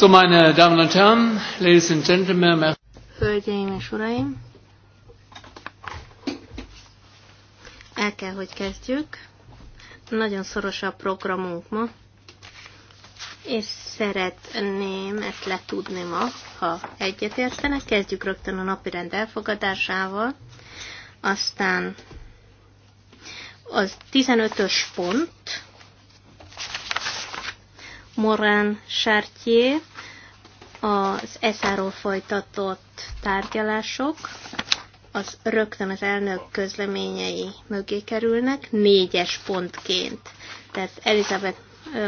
So, meine Damen und Herren, Ladies and Gentlemen, Hölgyeim és Uraim, el kell, hogy kezdjük. Nagyon szoros a programunk ma, és szeretném ezt letudni ma, ha egyetértenek. Kezdjük rögtön a rend elfogadásával, aztán az 15-ös pont, Morán Sártyé, az ESZ-ról folytatott tárgyalások az rögtön az elnök közleményei mögé kerülnek, négyes pontként. Tehát Elizabeth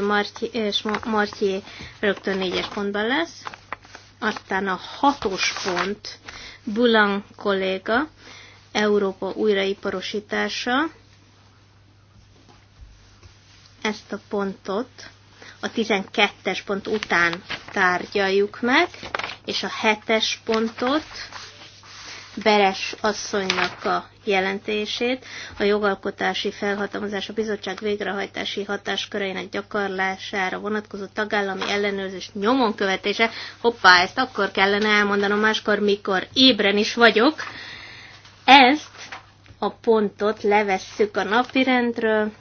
Marty és Martyé rögtön négyes pontban lesz. Aztán a hatos pont, Bulan kolléga, Európa újraiparosítása. Ezt a pontot a 12-es pont után tárgyaljuk meg, és a hetes pontot, Beres asszonynak a jelentését, a jogalkotási felhatalmazás a bizottság végrehajtási hatásköreinek gyakorlására vonatkozó tagállami ellenőrzés nyomon követése. Hoppá, ezt akkor kellene elmondanom máskor, mikor ébren is vagyok. Ezt a pontot levesszük a napirendről,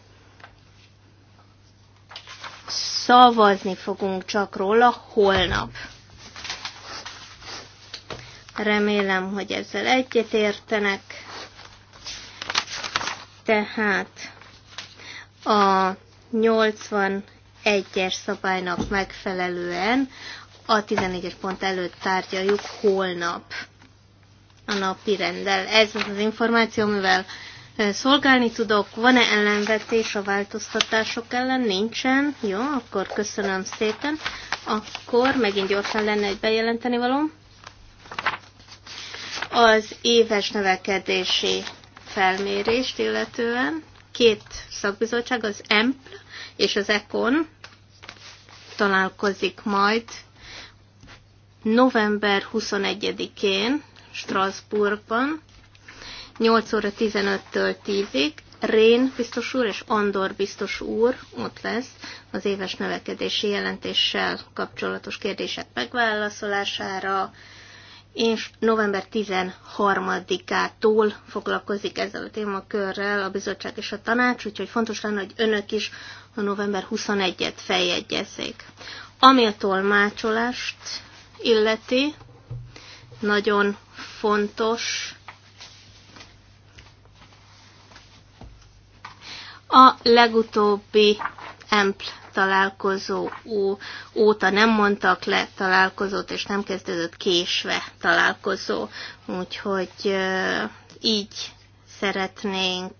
Szavazni fogunk csak róla holnap. Remélem, hogy ezzel egyet értenek. Tehát a 81-es szabálynak megfelelően a 14-es pont előtt tárgyaljuk holnap a napi rendel. Ez az az információ, amivel szolgálni tudok. Van-e ellenvetés a változtatások ellen? Nincsen. Jó, akkor köszönöm szépen. Akkor megint gyorsan lenne egy bejelenteni való. Az éves növekedési felmérést illetően két szakbizottság, az EMP és az ECON találkozik majd november 21-én Strasbourgban, 8 óra 15-től 10-ig. Rén biztos úr és Andor biztos úr ott lesz az éves növekedési jelentéssel kapcsolatos kérdések megválaszolására, és november 13-ától foglalkozik ezzel a témakörrel a bizottság és a tanács, úgyhogy fontos lenne, hogy önök is a november 21-et feljegyezzék. Ami a tolmácsolást illeti, nagyon fontos A legutóbbi EMPL találkozó óta nem mondtak le találkozót, és nem kezdődött késve találkozó. Úgyhogy így szeretnénk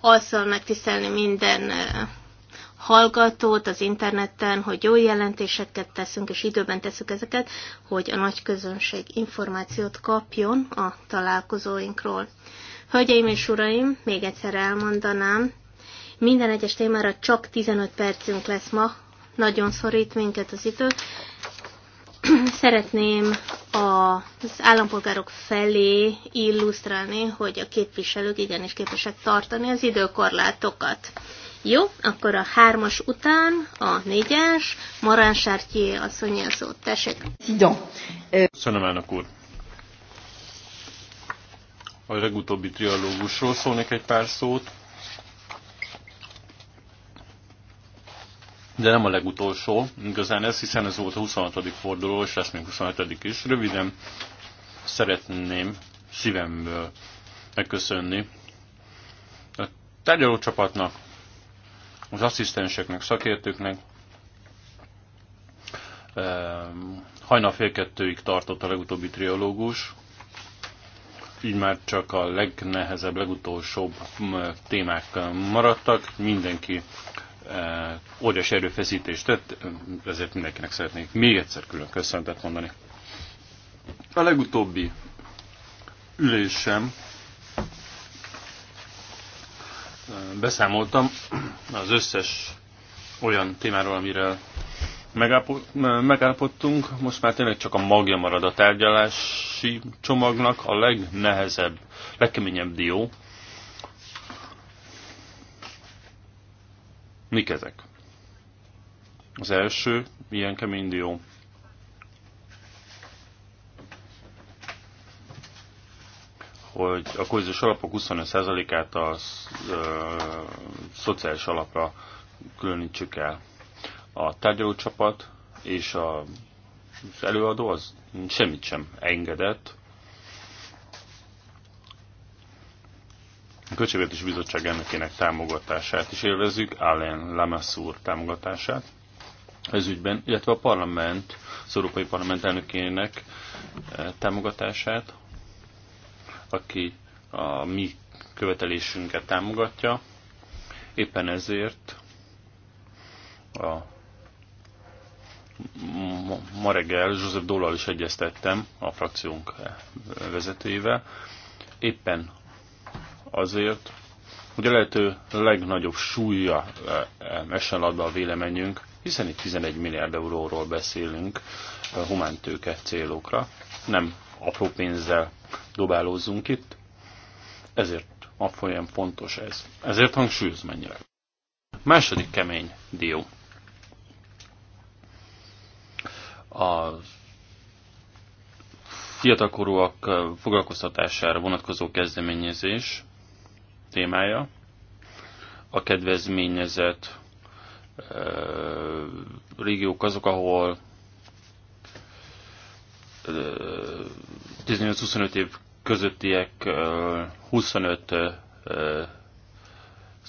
azzal megtisztelni minden hallgatót az interneten, hogy jó jelentéseket teszünk, és időben teszünk ezeket, hogy a nagy közönség információt kapjon a találkozóinkról. Hölgyeim és uraim, még egyszer elmondanám, minden egyes témára csak 15 percünk lesz ma, nagyon szorít minket az idő. Szeretném az állampolgárok felé illusztrálni, hogy a képviselők igenis képesek tartani az időkorlátokat. Jó, akkor a hármas után a négyes, Marán Sártyé asszonyi a szót. Tessék. Köszönöm, elnök úr a legutóbbi trialógusról szólnék egy pár szót, de nem a legutolsó igazán ez, hiszen ez volt a 26. forduló, és lesz még 27. is. Röviden szeretném szívemből megköszönni a tárgyalócsapatnak, az asszisztenseknek, szakértőknek, ehm, hajnal fél kettőig tartott a legutóbbi triológus, így már csak a legnehezebb, legutolsóbb hm, témák maradtak. Mindenki eh, óriási erőfeszítést tett, ezért mindenkinek szeretnék még egyszer külön köszöntet mondani. A legutóbbi ülésem eh, beszámoltam az összes olyan témáról, amire megállapodtunk, most már tényleg csak a magja marad a tárgyalási csomagnak, a legnehezebb, legkeményebb dió. Mik ezek? Az első ilyen kemény dió. hogy a közös alapok 25%-át a szociális alapra különítsük el a tárgyalócsapat és a, az előadó az semmit sem engedett. A Költségvetési Bizottság elnökének támogatását is élvezzük, Allen Lamassur támogatását ez ügyben, illetve a parlament, az Európai Parlament elnökének eh, támogatását, aki a mi követelésünket támogatja. Éppen ezért a ma reggel József Dóllal is egyeztettem, a frakciónk vezetőjével, éppen azért, hogy a lehető legnagyobb súlya eh, essen adva a véleményünk, hiszen itt 11 milliárd euróról beszélünk eh, humántőke célokra, nem apró pénzzel dobálózunk itt, ezért a folyam fontos ez. Ezért hangsúlyoz mennyire. Második kemény dió. a fiatalkorúak foglalkoztatására vonatkozó kezdeményezés témája, a kedvezményezett régiók azok, ahol 18-25 év közöttiek 25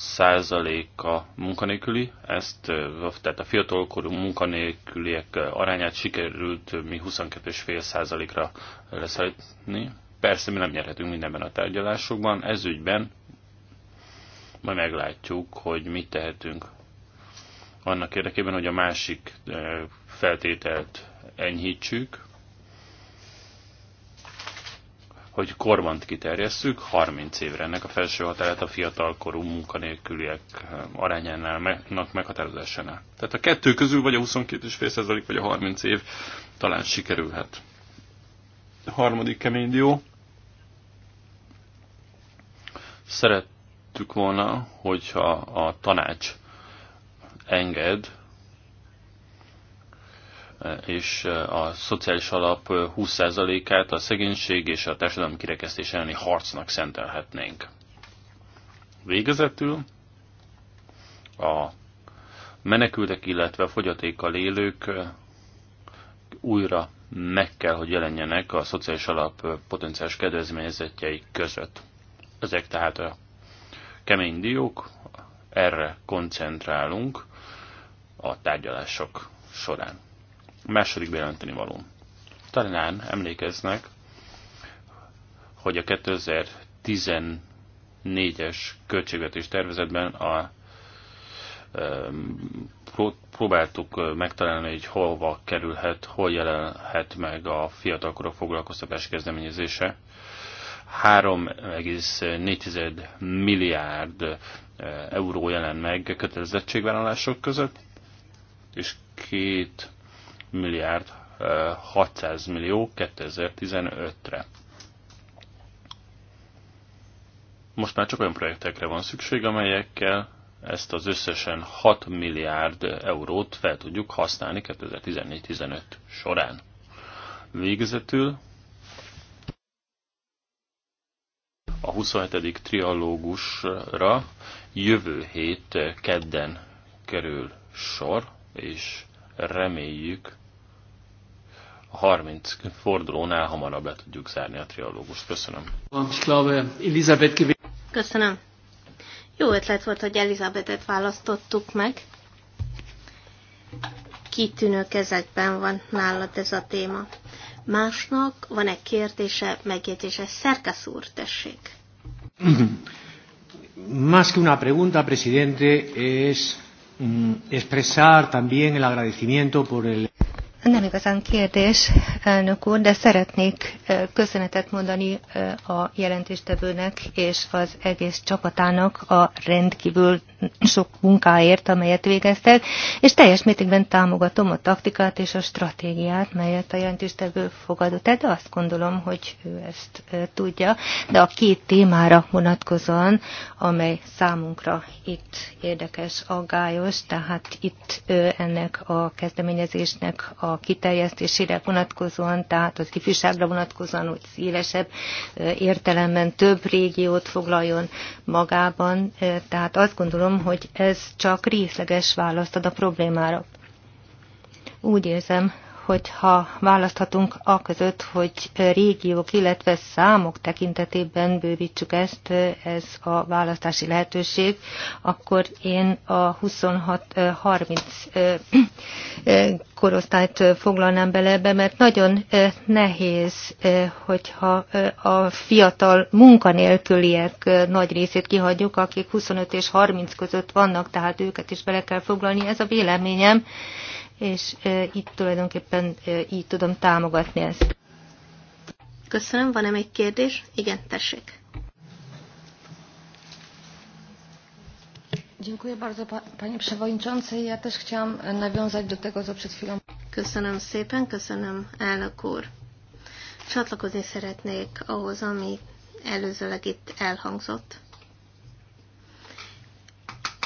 százaléka munkanélküli, ezt, tehát a fiatalkorú munkanélküliek arányát sikerült mi 22,5 százalékra leszállítani. Persze mi nem nyerhetünk mindenben a tárgyalásokban, ez ügyben majd meglátjuk, hogy mit tehetünk annak érdekében, hogy a másik feltételt enyhítsük, hogy kormant kiterjesszük, 30 évre ennek a felső határát a fiatalkorú munkanélküliek eh, arányának meghatározásánál. Tehát a kettő közül vagy a 22,5% vagy a 30 év talán sikerülhet. A harmadik kemény dió. Szerettük volna, hogyha a tanács enged és a szociális alap 20%-át a szegénység és a társadalmi kirekesztés elleni harcnak szentelhetnénk. Végezetül a menekültek, illetve a fogyatékkal élők újra meg kell, hogy jelenjenek a szociális alap potenciális kedvezményezetjei között. Ezek tehát a kemény diók, erre koncentrálunk a tárgyalások során. A második bejelenteni való. Talán emlékeznek, hogy a 2014-es költségvetés tervezetben a próbáltuk megtalálni, hogy hova kerülhet, hol jelenhet meg a fiatalkorok foglalkoztatás kezdeményezése. 3,4 milliárd eh, euró jelen meg kötelezettségvállalások között, és két milliárd 600 millió 2015-re. Most már csak olyan projektekre van szükség, amelyekkel ezt az összesen 6 milliárd eurót fel tudjuk használni 2014-15 során. Végezetül a 27. trialógusra jövő hét kedden kerül sor, és reméljük, a 30 fordulónál hamarabb le tudjuk zárni a triológust. Köszönöm. Köszönöm. Jó ötlet volt, hogy Elizabetet választottuk meg. Kitűnő kezekben van nálad ez a téma. Másnak van-e kérdése, megjegyzése? Szerkesz úr, tessék. Más que una pregunta, presidente, es mm, expresar también el agradecimiento por el nem igazán kérdés, elnök úr, de szeretnék köszönetet mondani a jelentéstevőnek és az egész csapatának a rendkívül sok munkáért, amelyet végeztek, és teljes mértékben támogatom a taktikát és a stratégiát, melyet a jelentéstevő fogadott el, de azt gondolom, hogy ő ezt tudja, de a két témára vonatkozóan, amely számunkra itt érdekes, aggályos, tehát itt ennek a kezdeményezésnek a a kiterjesztésére vonatkozóan, tehát az ifjúságra vonatkozóan, hogy szélesebb értelemben több régiót foglaljon magában. Tehát azt gondolom, hogy ez csak részleges választ ad a problémára. Úgy érzem, hogyha választhatunk a között, hogy régiók, illetve számok tekintetében bővítsük ezt, ez a választási lehetőség, akkor én a 26-30 korosztályt foglalnám bele ebbe, mert nagyon nehéz, hogyha a fiatal munkanélküliek nagy részét kihagyjuk, akik 25 és 30 között vannak, tehát őket is bele kell foglalni. Ez a véleményem és itt tulajdonképpen így tudom támogatni ezt. Köszönöm, van-e még kérdés? Igen, tessék. Dziękuję bardzo, panie przewodniczący. Ja też chciałam e, nawiązać do tego, co przed chwilą. Köszönöm szépen, köszönöm, elnök úr. Csatlakozni szeretnék ahhoz, ami előzőleg itt elhangzott.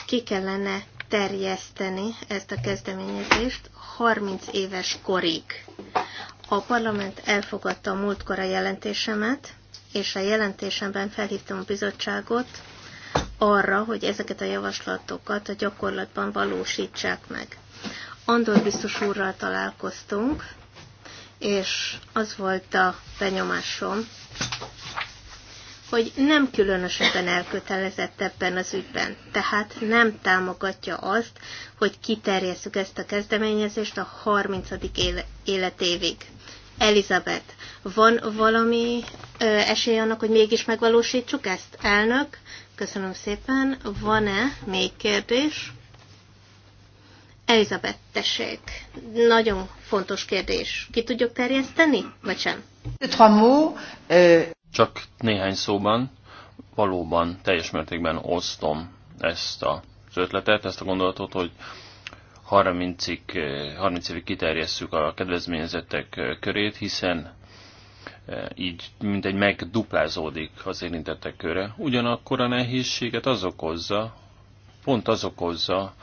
Ki kellene terjeszteni ezt a kezdeményezést 30 éves korig. A parlament elfogadta a múltkor a jelentésemet, és a jelentésemben felhívtam a bizottságot arra, hogy ezeket a javaslatokat a gyakorlatban valósítsák meg. Andor biztos úrral találkoztunk, és az volt a benyomásom, hogy nem különösebben elkötelezett ebben az ügyben. Tehát nem támogatja azt, hogy kiterjesszük ezt a kezdeményezést a 30. életévig. Elizabeth, van valami ö, esély annak, hogy mégis megvalósítsuk ezt? Elnök, köszönöm szépen. Van-e még kérdés? Elizabeth, tessék. Nagyon fontos kérdés. Ki tudjuk terjeszteni, vagy sem? Csak néhány szóban valóban teljes mértékben osztom ezt az ötletet, ezt a gondolatot, hogy 30 30 évig kiterjesszük a kedvezményezettek eh, körét, hiszen eh, így mintegy megduplázódik az érintettek köre. Ugyanakkor a nehézséget az okozza, pont az okozza,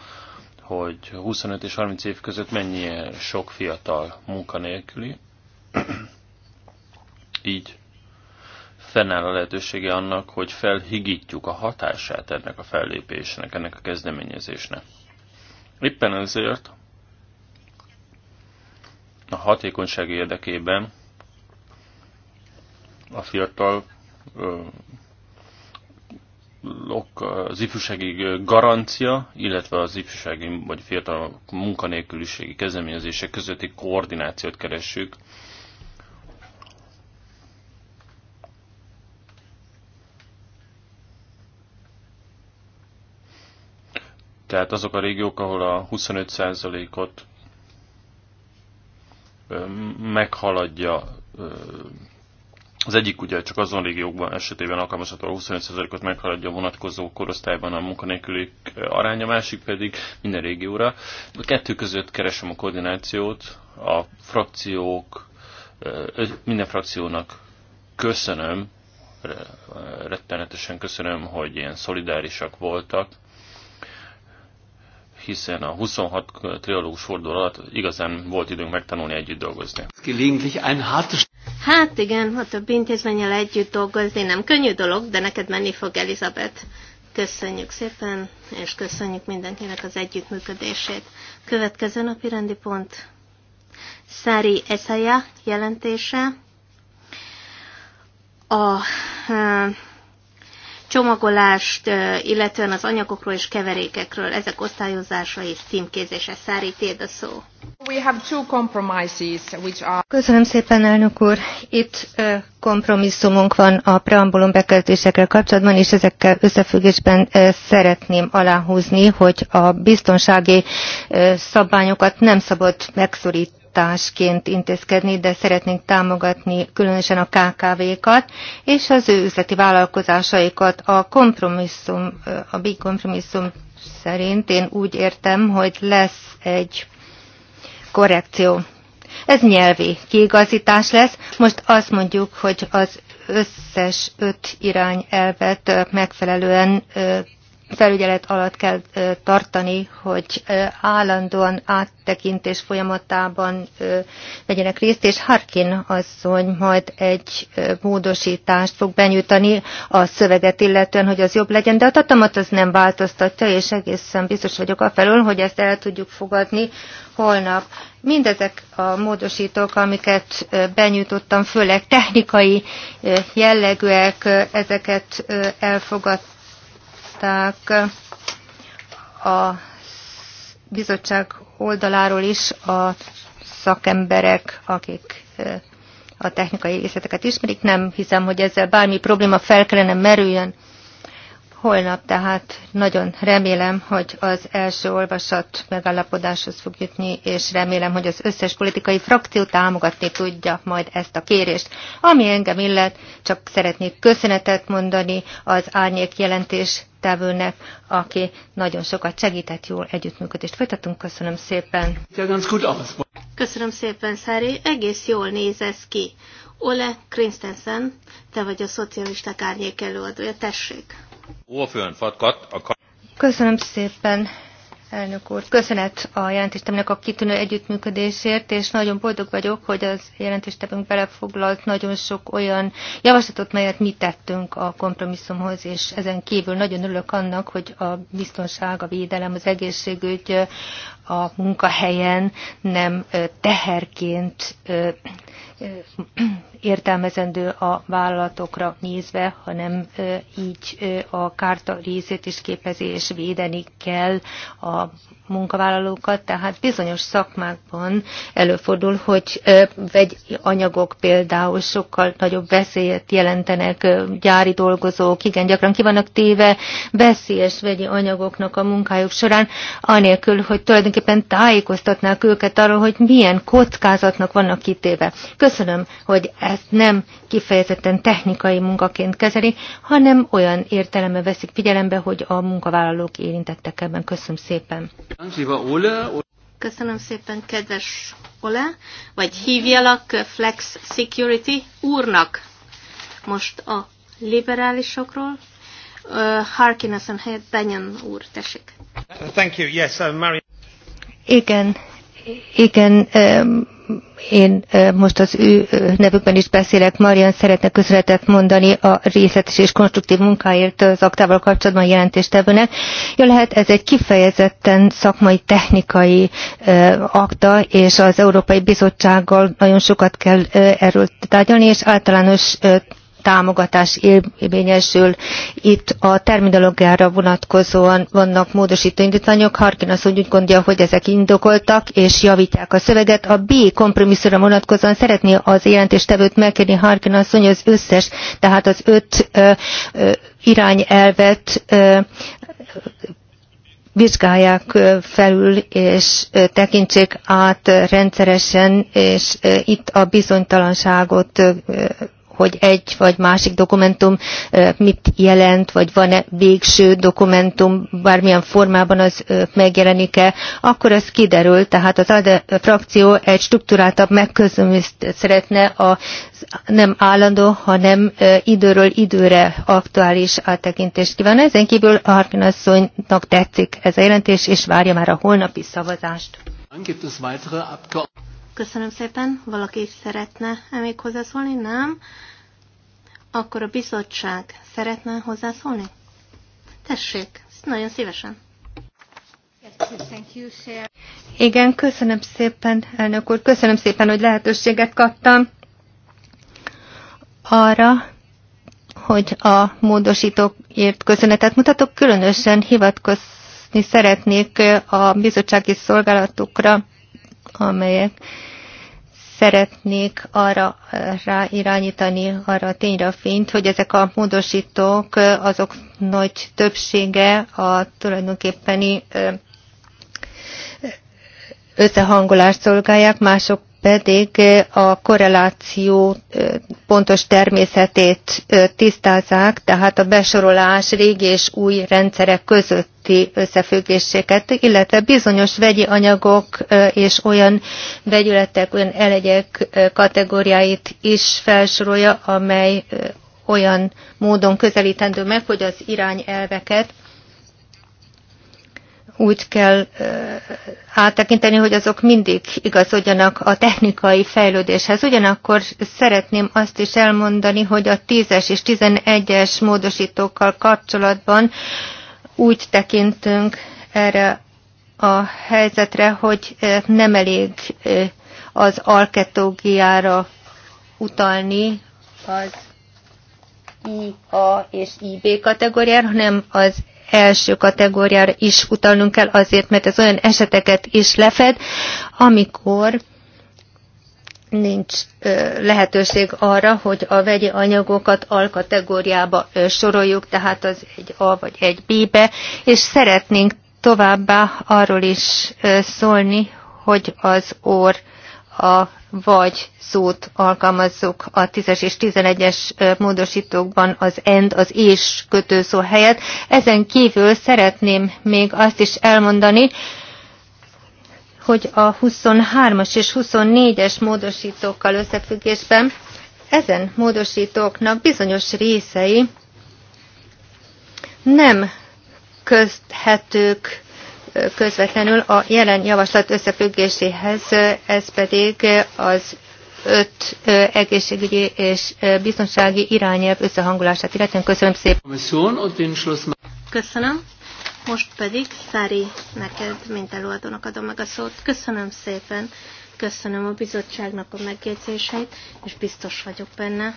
hogy 25 és 30 év között mennyi sok fiatal munkanélküli. így fennáll a lehetősége annak, hogy felhigítjuk a hatását ennek a fellépésnek, ennek a kezdeményezésnek. Éppen ezért a hatékonyság érdekében a fiatal az ifjúsági garancia, illetve az ifjúsági vagy fiatal munkanélküliségi kezdeményezések közötti koordinációt keressük, Tehát azok a régiók, ahol a 25%-ot meghaladja az egyik ugye csak azon régiókban esetében alkalmazható a 25%-ot meghaladja a vonatkozó korosztályban a munkanélkülik aránya, másik pedig minden régióra. A kettő között keresem a koordinációt, a frakciók, minden frakciónak köszönöm, rettenetesen köszönöm, hogy ilyen szolidárisak voltak, hiszen a 26 triológus forduló alatt igazán volt időnk megtanulni együtt dolgozni. Hát igen, a több intézménnyel együtt dolgozni nem könnyű dolog, de neked menni fog Elizabeth. Köszönjük szépen, és köszönjük mindenkinek az együttműködését. Következő napi rendi pont. Szári Eszaja jelentése. A csomagolást, illetően az anyagokról és keverékekről, ezek osztályozása és címkézése. Szári, a szó. We have two compromises, which are... Köszönöm szépen, elnök úr. Itt uh, kompromisszumunk van a preambulum bekezdésekkel kapcsolatban, és ezekkel összefüggésben uh, szeretném aláhúzni, hogy a biztonsági uh, szabványokat nem szabad megszorítani támogatásként intézkedni, de szeretnénk támogatni különösen a KKV-kat és az ő üzleti vállalkozásaikat. A kompromisszum, a big kompromisszum szerint én úgy értem, hogy lesz egy korrekció. Ez nyelvi kiigazítás lesz. Most azt mondjuk, hogy az összes öt irányelvet megfelelően felügyelet alatt kell tartani, hogy állandóan áttekintés folyamatában vegyenek részt, és Harkin asszony majd egy módosítást fog benyújtani a szöveget illetően, hogy az jobb legyen, de a tatamat az nem változtatja, és egészen biztos vagyok afelől, hogy ezt el tudjuk fogadni holnap. Mindezek a módosítók, amiket benyújtottam, főleg technikai jellegűek, ezeket elfogadtam megvizsgálták a bizottság oldaláról is a szakemberek, akik a technikai részleteket ismerik. Nem hiszem, hogy ezzel bármi probléma fel kellene merüljön. Holnap tehát nagyon remélem, hogy az első olvasat megállapodáshoz fog jutni, és remélem, hogy az összes politikai frakció támogatni tudja majd ezt a kérést. Ami engem illet, csak szeretnék köszönetet mondani az árnyék jelentés tevőnek, aki nagyon sokat segített, jól együttműködést folytatunk. Köszönöm szépen. Köszönöm szépen, Szári. Egész jól néz ez ki. Ole Christensen, te vagy a szocialisták árnyék előadója. Tessék. Köszönöm szépen, elnök úr. Köszönet a jelentéstemnek a kitűnő együttműködésért, és nagyon boldog vagyok, hogy az jelentéstemünk belefoglalt nagyon sok olyan javaslatot, melyet mi tettünk a kompromisszumhoz, és ezen kívül nagyon örülök annak, hogy a biztonság, a védelem, az egészségügy, a munkahelyen nem teherként értelmezendő a vállalatokra nézve, hanem így a kárta részét is képezi, és védeni kell a munkavállalókat. Tehát bizonyos szakmákban előfordul, hogy vegy anyagok például sokkal nagyobb veszélyet jelentenek gyári dolgozók, igen, gyakran ki vannak téve veszélyes vegyi anyagoknak a munkájuk során, anélkül, hogy tulajdonképpen tulajdonképpen tájékoztatnák őket arról, hogy milyen kockázatnak vannak kitéve. Köszönöm, hogy ezt nem kifejezetten technikai munkaként kezeli, hanem olyan értelemben veszik figyelembe, hogy a munkavállalók érintettek ebben. Köszönöm szépen. Köszönöm szépen, kedves Ole, vagy hívjalak Flex Security úrnak. Most a liberálisokról. Uh, Harkin Benyon úr, tessék. Thank you. Yes, uh, Marian. Igen, igen, én most az ő nevükben is beszélek. Marian szeretne köszönetet mondani a részletes és konstruktív munkáért az aktával kapcsolatban jelentéstevőnek. Ja, lehet, ez egy kifejezetten szakmai, technikai akta, és az Európai Bizottsággal nagyon sokat kell erről tárgyalni, és általános támogatás érvényesül. Itt a terminológiára vonatkozóan vannak módosító indítványok. Harkin az úgy gondolja, hogy ezek indokoltak és javítják a szöveget. A B kompromisszumra vonatkozóan szeretné az jelentéstevőt megkérni Harkin asszony az összes, tehát az öt ö, ö, irányelvet ö, vizsgálják felül és tekintsék át rendszeresen, és itt a bizonytalanságot hogy egy vagy másik dokumentum mit jelent, vagy van-e végső dokumentum, bármilyen formában az megjelenik-e, akkor ez kiderül, tehát az ALDE frakció egy struktúráltabb megközelítést szeretne a nem állandó, hanem időről időre aktuális áttekintést kíván. Ezen kívül a Harkin asszonynak tetszik ez a jelentés, és várja már a holnapi szavazást. Köszönöm szépen. Valaki is szeretne még hozzászólni? Nem. Akkor a bizottság szeretne hozzászólni? Tessék, nagyon szívesen. Igen, köszönöm szépen, elnök úr, köszönöm szépen, hogy lehetőséget kaptam arra, hogy a módosítókért köszönetet mutatok, különösen hivatkozni szeretnék a bizottsági szolgálatokra, amelyek szeretnék arra rá irányítani arra a tényre a fényt, hogy ezek a módosítók, azok nagy többsége a tulajdonképpeni összehangolást szolgálják, mások pedig a korreláció pontos természetét tisztázák, tehát a besorolás régi és új rendszerek közötti összefüggéseket, illetve bizonyos vegyi anyagok és olyan vegyületek, olyan elegyek kategóriáit is felsorolja, amely olyan módon közelítendő meg, hogy az irányelveket úgy kell áttekinteni, hogy azok mindig igazodjanak a technikai fejlődéshez. Ugyanakkor szeretném azt is elmondani, hogy a 10-es és 11-es módosítókkal kapcsolatban úgy tekintünk erre a helyzetre, hogy nem elég az alketógiára utalni az IA és IB kategóriára, hanem az első kategóriára is utalnunk kell azért, mert ez olyan eseteket is lefed, amikor nincs lehetőség arra, hogy a vegyi anyagokat alkategóriába soroljuk, tehát az egy A vagy egy B-be, és szeretnénk továbbá arról is szólni, hogy az orr a vagy szót alkalmazzuk a 10-es és 11-es módosítókban az end, az és kötőszó helyett. Ezen kívül szeretném még azt is elmondani, hogy a 23-as és 24-es módosítókkal összefüggésben ezen módosítóknak bizonyos részei nem közthetők közvetlenül a jelen javaslat összefüggéséhez, ez pedig az öt egészségügyi és biztonsági irányelv összehangolását illetően. Köszönöm szépen. Köszönöm. Most pedig Szári, neked, mint előadónak adom meg a szót. Köszönöm szépen, köszönöm a bizottságnak a megjegyzéseit, és biztos vagyok benne,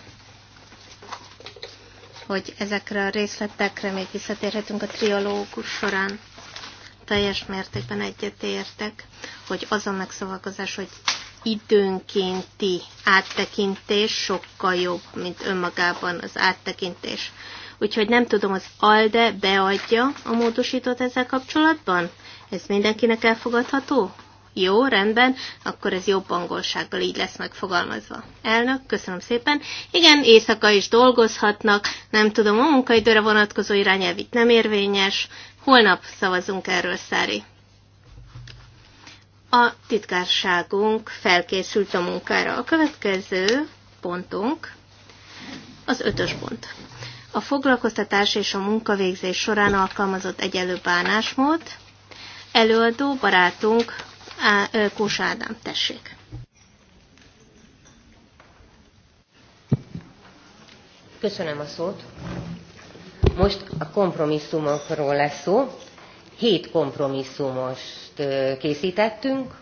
hogy ezekre a részletekre még visszatérhetünk a trialógus során teljes mértékben egyetértek, hogy az a megszavakozás, hogy időnkénti áttekintés sokkal jobb, mint önmagában az áttekintés. Úgyhogy nem tudom, az ALDE beadja a módosítót ezzel kapcsolatban? Ez mindenkinek elfogadható? Jó, rendben, akkor ez jobb angolsággal így lesz megfogalmazva. Elnök, köszönöm szépen. Igen, éjszaka is dolgozhatnak, nem tudom, a munkaidőre vonatkozó irányelv itt nem érvényes, Holnap szavazunk erről, Szári. A titkárságunk felkészült a munkára. A következő pontunk az ötös pont. A foglalkoztatás és a munkavégzés során alkalmazott egyelő bánásmód. Előadó barátunk Kós Ádám, tessék. Köszönöm a szót. Most a kompromisszumokról lesz szó. Hét kompromisszumost készítettünk.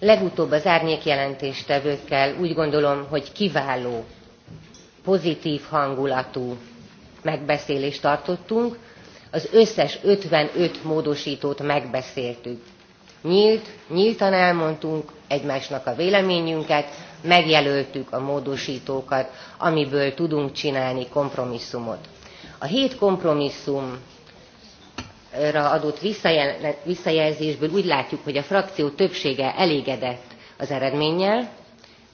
Legutóbb az árnyékjelentéstevőkkel úgy gondolom, hogy kiváló, pozitív hangulatú megbeszélést tartottunk. Az összes 55 módosítót megbeszéltük. Nyílt, nyíltan elmondtunk egymásnak a véleményünket, megjelöltük a módosítókat, amiből tudunk csinálni kompromisszumot. A hét kompromisszum adott visszajelzésből úgy látjuk, hogy a frakció többsége elégedett az eredménnyel.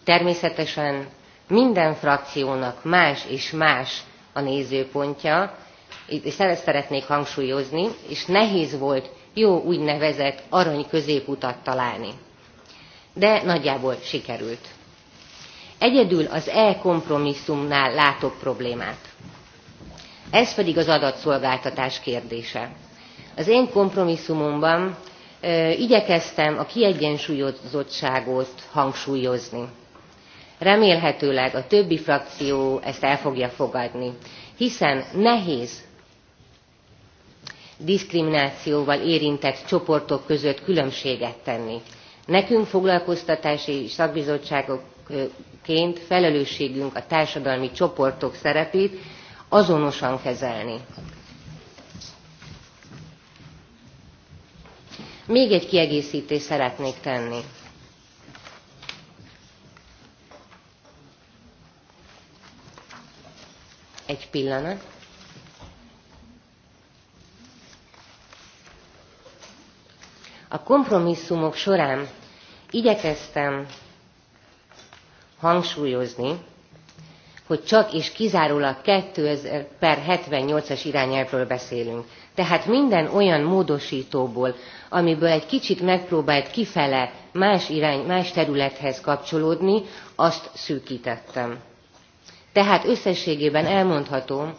Természetesen minden frakciónak más és más a nézőpontja, és ezt szeretnék hangsúlyozni, és nehéz volt jó úgynevezett arany középutat találni. De nagyjából sikerült. Egyedül az e-kompromisszumnál látok problémát. Ez pedig az adatszolgáltatás kérdése. Az én kompromisszumomban e, igyekeztem a kiegyensúlyozottságot hangsúlyozni. Remélhetőleg a többi frakció ezt el fogja fogadni, hiszen nehéz diszkriminációval érintett csoportok között különbséget tenni. Nekünk foglalkoztatási szakbizottságok ként felelősségünk a társadalmi csoportok szerepét azonosan kezelni. Még egy kiegészítést szeretnék tenni. Egy pillanat. A kompromisszumok során igyekeztem hangsúlyozni, hogy csak és kizárólag 2000 per 78-as irányelvről beszélünk. Tehát minden olyan módosítóból, amiből egy kicsit megpróbált kifele más, irány, más területhez kapcsolódni, azt szűkítettem. Tehát összességében elmondhatom,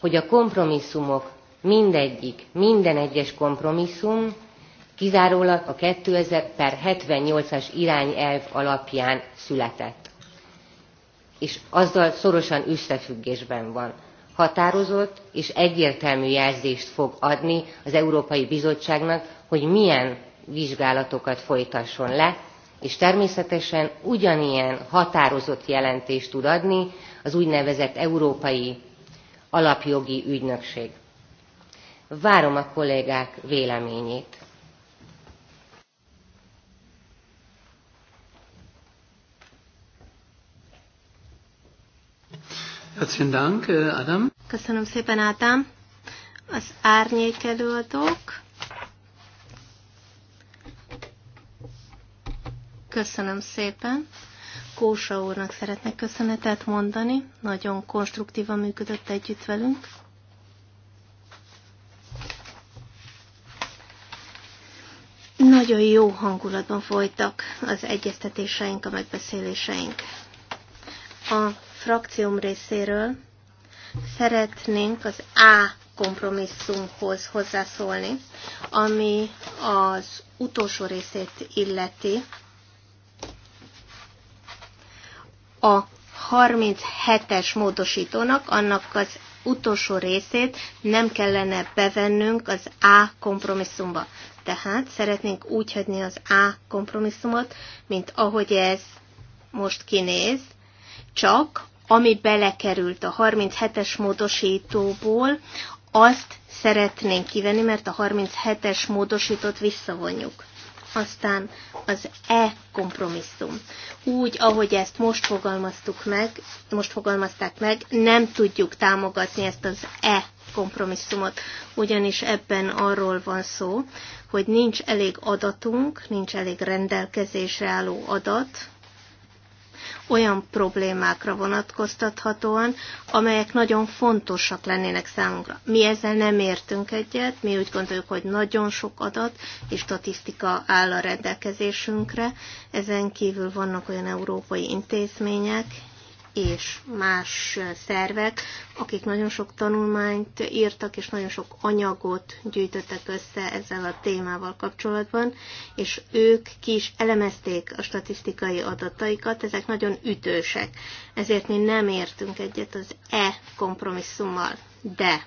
hogy a kompromisszumok mindegyik, minden egyes kompromisszum kizárólag a 2000 per 78-as irányelv alapján született. És azzal szorosan összefüggésben van. Határozott és egyértelmű jelzést fog adni az Európai Bizottságnak, hogy milyen vizsgálatokat folytasson le, és természetesen ugyanilyen határozott jelentést tud adni az úgynevezett Európai Alapjogi Ügynökség. Várom a kollégák véleményét. Dank, äh, Adam. Köszönöm szépen, Ádám. Az árnyék előadók. Köszönöm szépen. Kósa úrnak szeretnék köszönetet mondani. Nagyon konstruktívan működött együtt velünk. Nagyon jó hangulatban folytak az egyeztetéseink, a megbeszéléseink. A frakcióm részéről szeretnénk az A kompromisszumhoz hozzászólni, ami az utolsó részét illeti. A 37-es módosítónak annak az utolsó részét nem kellene bevennünk az A kompromisszumba. Tehát szeretnénk úgy hagyni az A kompromisszumot, mint ahogy ez most kinéz, csak ami belekerült a 37-es módosítóból, azt szeretnénk kivenni, mert a 37-es módosítót visszavonjuk. Aztán az E kompromisszum. Úgy, ahogy ezt most fogalmaztuk meg, most fogalmazták meg, nem tudjuk támogatni ezt az E kompromisszumot, ugyanis ebben arról van szó, hogy nincs elég adatunk, nincs elég rendelkezésre álló adat, olyan problémákra vonatkoztathatóan, amelyek nagyon fontosak lennének számunkra. Mi ezzel nem értünk egyet, mi úgy gondoljuk, hogy nagyon sok adat és statisztika áll a rendelkezésünkre, ezen kívül vannak olyan európai intézmények, és más szervek, akik nagyon sok tanulmányt írtak, és nagyon sok anyagot gyűjtöttek össze ezzel a témával kapcsolatban, és ők ki is elemezték a statisztikai adataikat, ezek nagyon ütősek, ezért mi nem értünk egyet az E kompromisszummal. De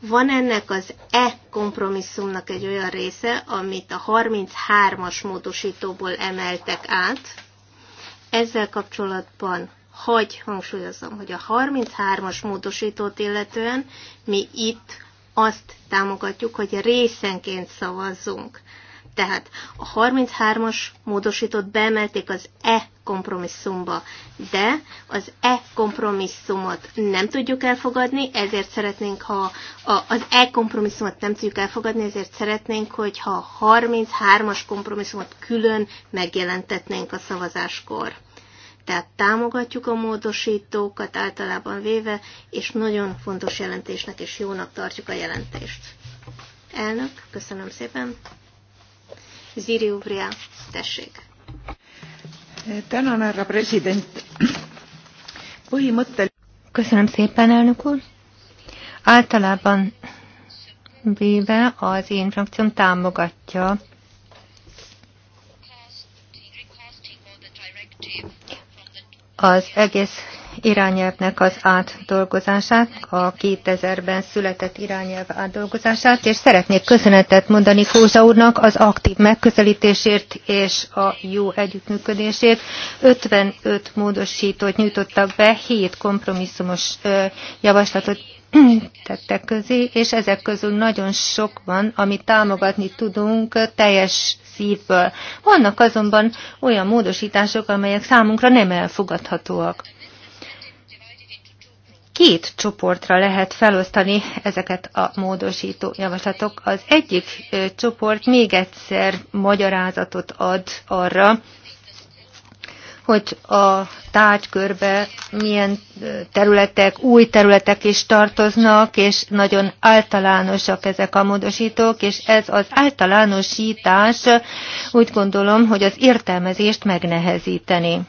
Van ennek az e kompromisszumnak egy olyan része, amit a 33-as módosítóból emeltek át. Ezzel kapcsolatban hagy hangsúlyozom, hogy a 33-as módosítót illetően mi itt azt támogatjuk, hogy részenként szavazzunk. Tehát a 33-as módosított beemelték az E kompromisszumba, de az E kompromisszumot nem tudjuk elfogadni, ezért szeretnénk, ha a, az E kompromisszumot nem tudjuk elfogadni, ezért szeretnénk, hogyha a 33-as kompromisszumot külön megjelentetnénk a szavazáskor. Tehát támogatjuk a módosítókat általában véve, és nagyon fontos jelentésnek és jónak tartjuk a jelentést. Elnök, köszönöm szépen. Ziri Uvria, tessék. Tänan, president. Köszönöm szépen, elnök úr. Általában véve az én frakcióm támogatja az egész irányelvnek az átdolgozását, a 2000-ben született irányelv átdolgozását, és szeretnék köszönetet mondani Kósa úrnak az aktív megközelítésért és a jó együttműködésért. 55 módosítót nyújtottak be, 7 kompromisszumos javaslatot tettek közé, és ezek közül nagyon sok van, amit támogatni tudunk teljes szívből. Vannak azonban olyan módosítások, amelyek számunkra nem elfogadhatóak két csoportra lehet felosztani ezeket a módosító javaslatok. Az egyik csoport még egyszer magyarázatot ad arra, hogy a tárgykörbe milyen területek, új területek is tartoznak, és nagyon általánosak ezek a módosítók, és ez az általánosítás úgy gondolom, hogy az értelmezést megnehezíteni.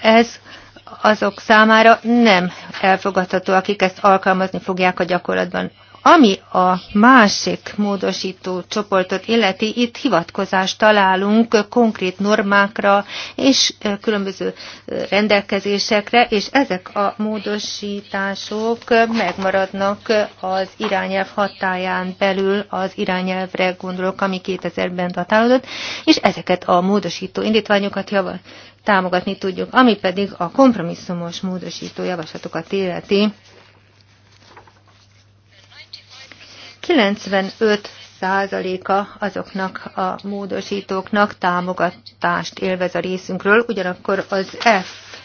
Ez azok számára nem elfogadható, akik ezt alkalmazni fogják a gyakorlatban. Ami a másik módosító csoportot illeti, itt hivatkozást találunk konkrét normákra és különböző rendelkezésekre, és ezek a módosítások megmaradnak az irányelv hatáján belül, az irányelvre gondolok, ami 2000-ben datálódott, és ezeket a módosító indítványokat javasl támogatni tudjuk. Ami pedig a kompromisszumos módosító javaslatokat illeti, 95 százaléka azoknak a módosítóknak támogatást élvez a részünkről, ugyanakkor az F,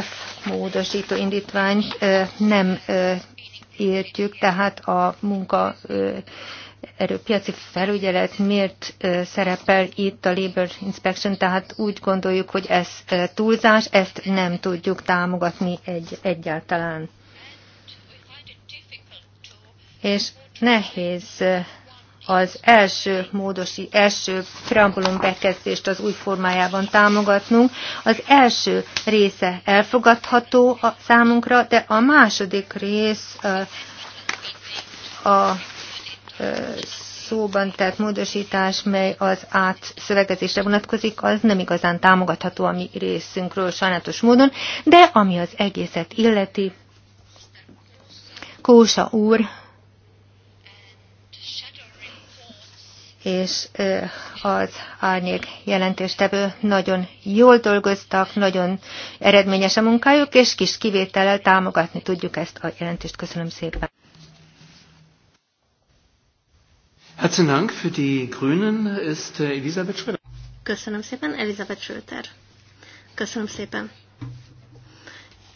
F módosító indítvány nem értjük, tehát a munka erőpiaci felügyelet miért szerepel itt a Labor Inspection, tehát úgy gondoljuk, hogy ez túlzás, ezt nem tudjuk támogatni egy, egyáltalán. És nehéz az első módosi, első preambulum bekezdést az új formájában támogatnunk. Az első része elfogadható a számunkra, de a második rész a, a szóban tehát módosítás, mely az átszövegezésre vonatkozik, az nem igazán támogatható a mi részünkről sajnálatos módon, de ami az egészet illeti, Kósa úr és az árnyék jelentéstevő nagyon jól dolgoztak, nagyon eredményes a munkájuk, és kis kivétellel támogatni tudjuk ezt a jelentést. Köszönöm szépen. Herzlichen Dank für die Grünen ist äh, Elisabeth Schröter. Köszönöm szépen, Elisabeth Schröter. Köszönöm szépen.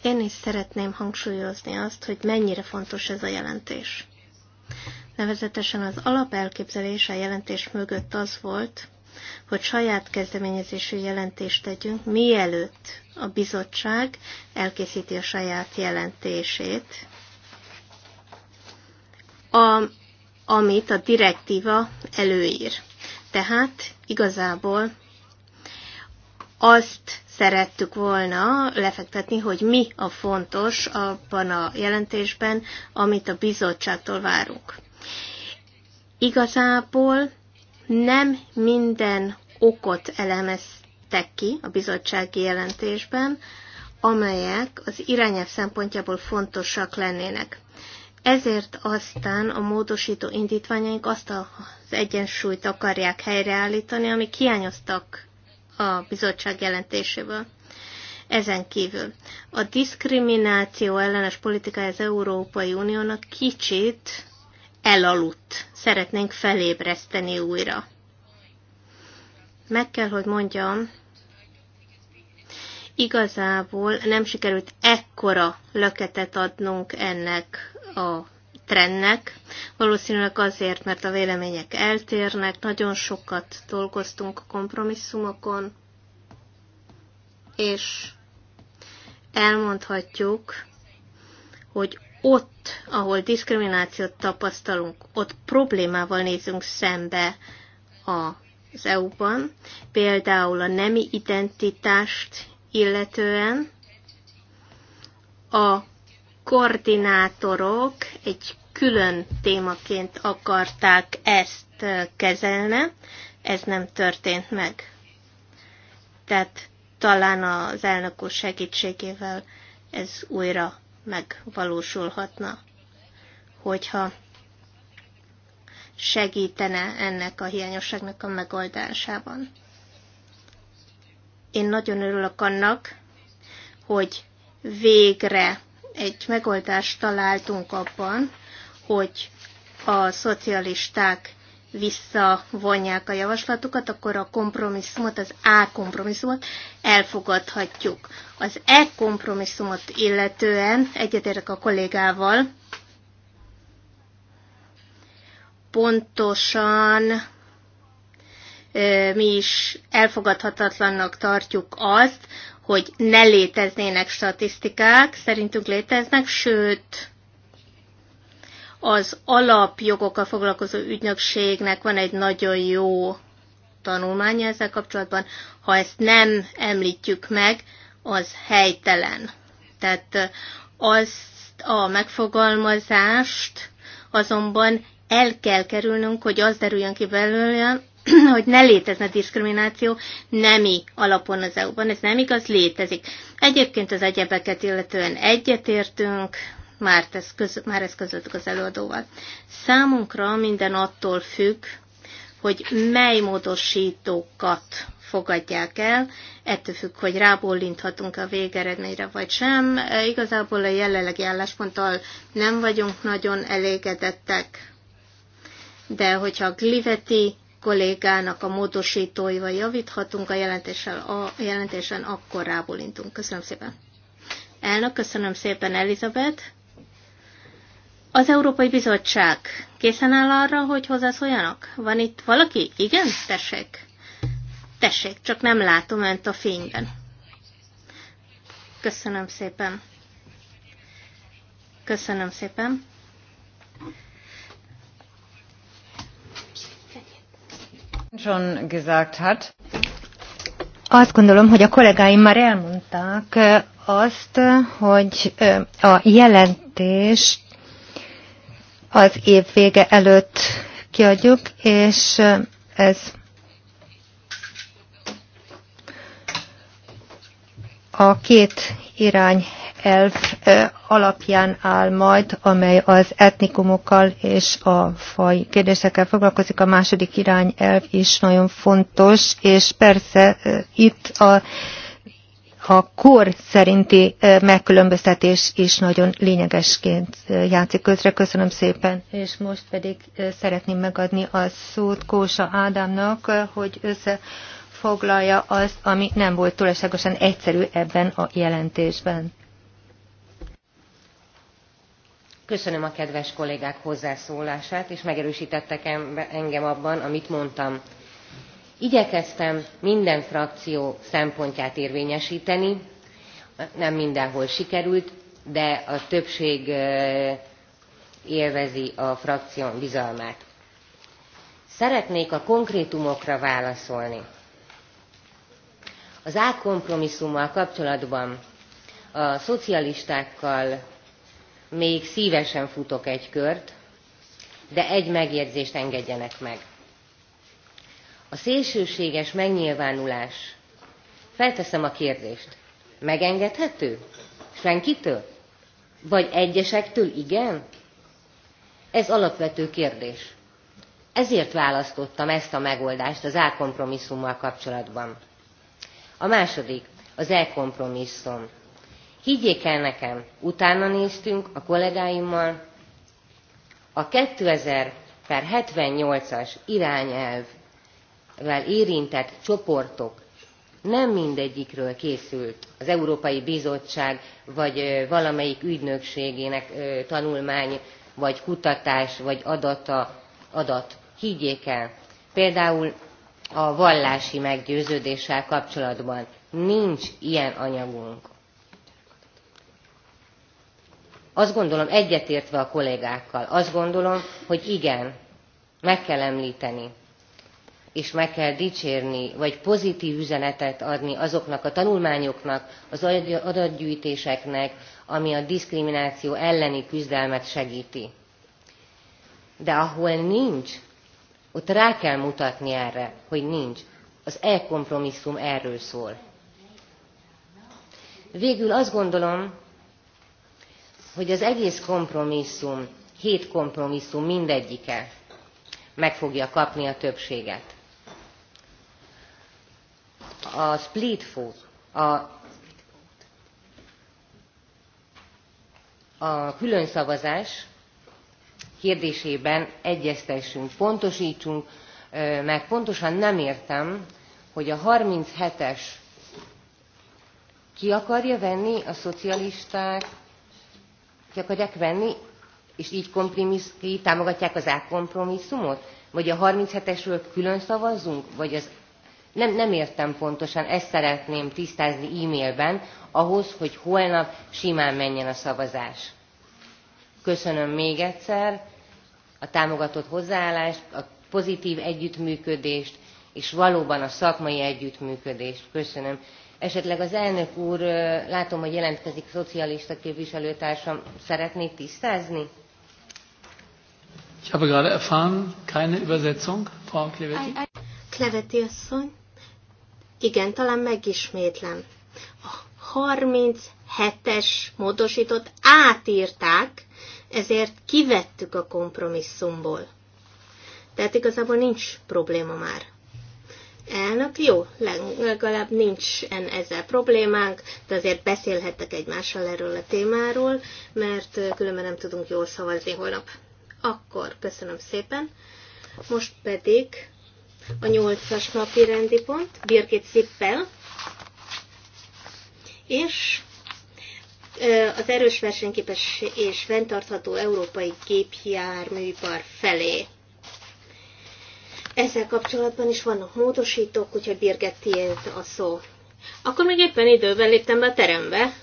Én is szeretném hangsúlyozni azt, hogy mennyire fontos ez a jelentés. Nevezetesen az alapelképzelése a jelentés mögött az volt, hogy saját kezdeményezésű jelentést tegyünk, mielőtt a bizottság elkészíti a saját jelentését, a, amit a direktíva előír. Tehát igazából azt szerettük volna lefektetni, hogy mi a fontos abban a jelentésben, amit a bizottságtól várunk. Igazából nem minden okot elemeztek ki a bizottsági jelentésben, amelyek az irányelv szempontjából fontosak lennének. Ezért aztán a módosító indítványaink azt az egyensúlyt akarják helyreállítani, ami hiányoztak a bizottság jelentéséből. Ezen kívül a diszkrimináció ellenes politikája az Európai Uniónak kicsit elaludt. Szeretnénk felébreszteni újra. Meg kell, hogy mondjam, igazából nem sikerült ekkora löketet adnunk ennek a trendnek. Valószínűleg azért, mert a vélemények eltérnek, nagyon sokat dolgoztunk a kompromisszumokon, és elmondhatjuk, hogy ott, ahol diszkriminációt tapasztalunk, ott problémával nézünk szembe az EU-ban, például a nemi identitást illetően, a koordinátorok egy külön témaként akarták ezt kezelni, ez nem történt meg. Tehát talán az elnök úr segítségével ez újra megvalósulhatna, hogyha segítene ennek a hiányosságnak a megoldásában. Én nagyon örülök annak, hogy végre egy megoldást találtunk abban, hogy a szocialisták visszavonják a javaslatukat, akkor a kompromisszumot, az A kompromisszumot elfogadhatjuk. Az E kompromisszumot illetően egyetértek a kollégával, pontosan mi is elfogadhatatlannak tartjuk azt, hogy ne léteznének statisztikák, szerintünk léteznek, sőt, az alapjogokkal foglalkozó ügynökségnek van egy nagyon jó tanulmánya ezzel kapcsolatban. Ha ezt nem említjük meg, az helytelen. Tehát azt a megfogalmazást azonban el kell kerülnünk, hogy az derüljön ki belőle, hogy ne létezne diszkrimináció nemi alapon az EU-ban. Ez nem igaz, létezik. Egyébként az egyebeket illetően egyetértünk, már, ez köz, már ez közöttük az előadóval. Számunkra minden attól függ, hogy mely módosítókat fogadják el, ettől függ, hogy rábólinthatunk a végeredményre vagy sem. E, igazából a jelenlegi állásponttal nem vagyunk nagyon elégedettek, de hogyha a Gliveti kollégának a módosítóival javíthatunk a jelentéssel, a jelentésen, akkor rábólintunk. Köszönöm szépen. Elnök, köszönöm szépen Elizabeth. Az Európai Bizottság készen áll arra, hogy hozzászóljanak? Van itt valaki? Igen? Tessék. Tessék, csak nem látom önt a fényben. Köszönöm szépen. Köszönöm szépen. Schon gesagt hat. Azt gondolom, hogy a kollégáim már elmondták azt, hogy a jelentést az év vége előtt kiadjuk, és ez a két irány elv alapján áll majd, amely az etnikumokkal és a faj kérdésekkel foglalkozik. A második irány elv is nagyon fontos, és persze itt a a kor szerinti megkülönböztetés is nagyon lényegesként játszik közre. Köszönöm szépen. És most pedig szeretném megadni a szót Kósa Ádámnak, hogy összefoglalja azt, ami nem volt túlságosan egyszerű ebben a jelentésben. Köszönöm a kedves kollégák hozzászólását, és megerősítettek engem abban, amit mondtam igyekeztem minden frakció szempontját érvényesteni nem mindenhol sikerült de a többség élvezi a frakcióm bizalmát. Szeretnék a konkrétumokra válaszolni. Az átkompromisszummal kapcsolatban a szocialistákkal még szívesen futok egy kört, de egy megjegyzést engedjenek meg. A szélsőséges megnyilvánulás. Felteszem a kérdést. Megengedhető? Senkitől? Vagy egyesektől igen? Ez alapvető kérdés. Ezért választottam ezt a megoldást az elkompromisszummal kapcsolatban. A második, az elkompromisszum. Higgyék el nekem, utána néztünk a kollégáimmal, a 2000 per 78-as irányelv érintett csoportok nem mindegyikről készült az Európai Bizottság vagy valamelyik ügynökségének tanulmány, vagy kutatás, vagy adata, adat. Higgyék el, például a vallási meggyőződéssel kapcsolatban nincs ilyen anyagunk. Azt gondolom, egyetértve a kollégákkal, azt gondolom, hogy igen, meg kell említeni és meg kell dicsérni, vagy pozitív üzenetet adni azoknak a tanulmányoknak, az adatgyűjtéseknek, ami a diszkrimináció elleni küzdelmet segíti. De ahol nincs, ott rá kell mutatni erre, hogy nincs. Az e-kompromisszum erről szól. Végül azt gondolom, hogy az egész kompromisszum, hét kompromisszum mindegyike meg fogja kapni a többséget a split vote, a, a külön szavazás kérdésében egyeztessünk, pontosítsunk, mert pontosan nem értem, hogy a 37-es ki akarja venni a szocialisták, ki akarják venni, és így ki támogatják az átkompromisszumot? Vagy a 37-esről külön szavazzunk? Vagy az nem, nem értem pontosan, ezt szeretném tisztázni e-mailben, ahhoz, hogy holnap simán menjen a szavazás. Köszönöm még egyszer a támogatott hozzáállást, a pozitív együttműködést, és valóban a szakmai együttműködést. Köszönöm. Esetleg az elnök úr, látom, hogy jelentkezik szocialista képviselőtársam, szeretné tisztázni? Ich habe gerade erfahren, keine Übersetzung, Frau Kleveti. Kleveti asszony. Igen, talán megismétlem. A 37-es módosított átírták, ezért kivettük a kompromisszumból. Tehát igazából nincs probléma már. Elnök, jó, legalább nincs en ezzel problémánk, de azért beszélhettek egymással erről a témáról, mert különben nem tudunk jól szavazni holnap. Akkor köszönöm szépen. Most pedig a nyolcas napi rendi pont, Birgit Szippel, és az erős versenyképes és fenntartható európai gépjárműipar felé. Ezzel kapcsolatban is vannak módosítók, úgyhogy Birgit tiéd a szó. Akkor még éppen időben léptem be a terembe.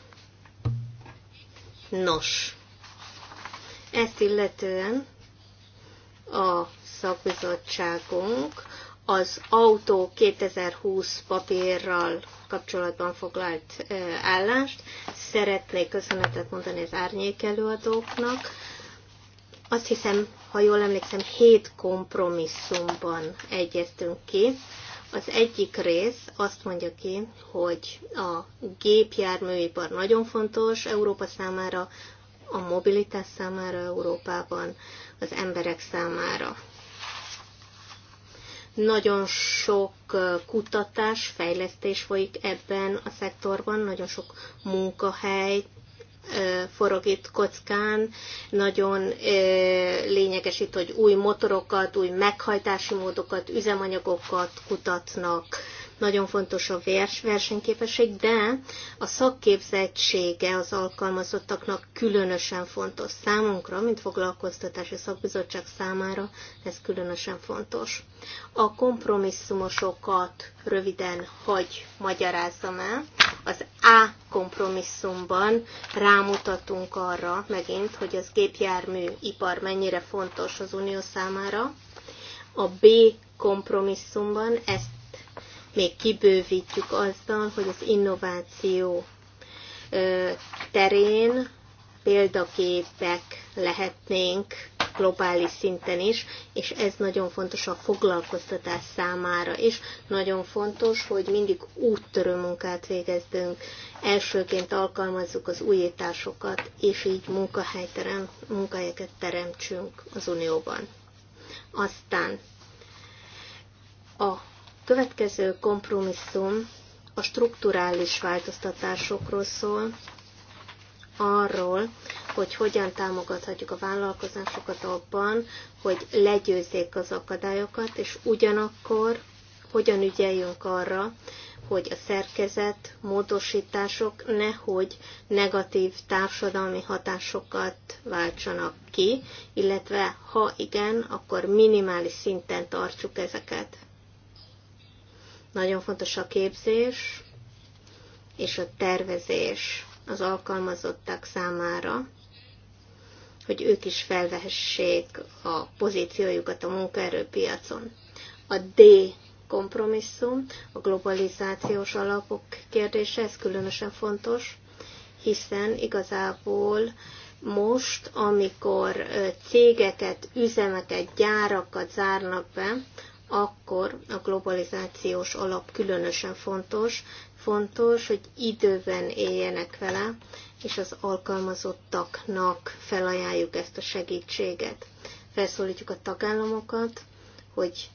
Nos, ezt illetően a szakbizottságunk az autó 2020 papírral kapcsolatban foglalt állást. Szeretnék köszönetet mondani az árnyék előadóknak. Azt hiszem, ha jól emlékszem, hét kompromisszumban egyeztünk ki. Az egyik rész azt mondja ki, hogy a gépjárműipar nagyon fontos Európa számára, a mobilitás számára Európában, az emberek számára. Nagyon sok kutatás, fejlesztés folyik ebben a szektorban, nagyon sok munkahely forog itt kockán, nagyon lényeges itt, hogy új motorokat, új meghajtási módokat, üzemanyagokat kutatnak, nagyon fontos a vers, versenyképesség, de a szakképzettsége az alkalmazottaknak különösen fontos számunkra, mint foglalkoztatási szakbizottság számára, ez különösen fontos. A kompromisszumosokat röviden hagy magyarázzam el. Az A kompromisszumban rámutatunk arra megint, hogy az gépjármű ipar mennyire fontos az unió számára. A B kompromisszumban ezt még kibővítjük azzal, hogy az innováció terén példaképek lehetnénk globális szinten is, és ez nagyon fontos a foglalkoztatás számára is. Nagyon fontos, hogy mindig úttörő munkát végezzünk, elsőként alkalmazzuk az újításokat, és így munkahelyterem, munkahelyeket teremtsünk az Unióban. Aztán a Következő kompromisszum a strukturális változtatásokról szól, arról, hogy hogyan támogathatjuk a vállalkozásokat abban, hogy legyőzzék az akadályokat, és ugyanakkor hogyan ügyeljünk arra, hogy a szerkezet, módosítások nehogy negatív társadalmi hatásokat váltsanak ki, illetve ha igen, akkor minimális szinten tartsuk ezeket. Nagyon fontos a képzés és a tervezés az alkalmazottak számára, hogy ők is felvehessék a pozíciójukat a munkaerőpiacon. A D kompromisszum, a globalizációs alapok kérdése, ez különösen fontos, hiszen igazából most, amikor cégeket, üzemeket, gyárakat zárnak be, akkor a globalizációs alap különösen fontos. Fontos, hogy időben éljenek vele, és az alkalmazottaknak felajánljuk ezt a segítséget. Felszólítjuk a tagállamokat, hogy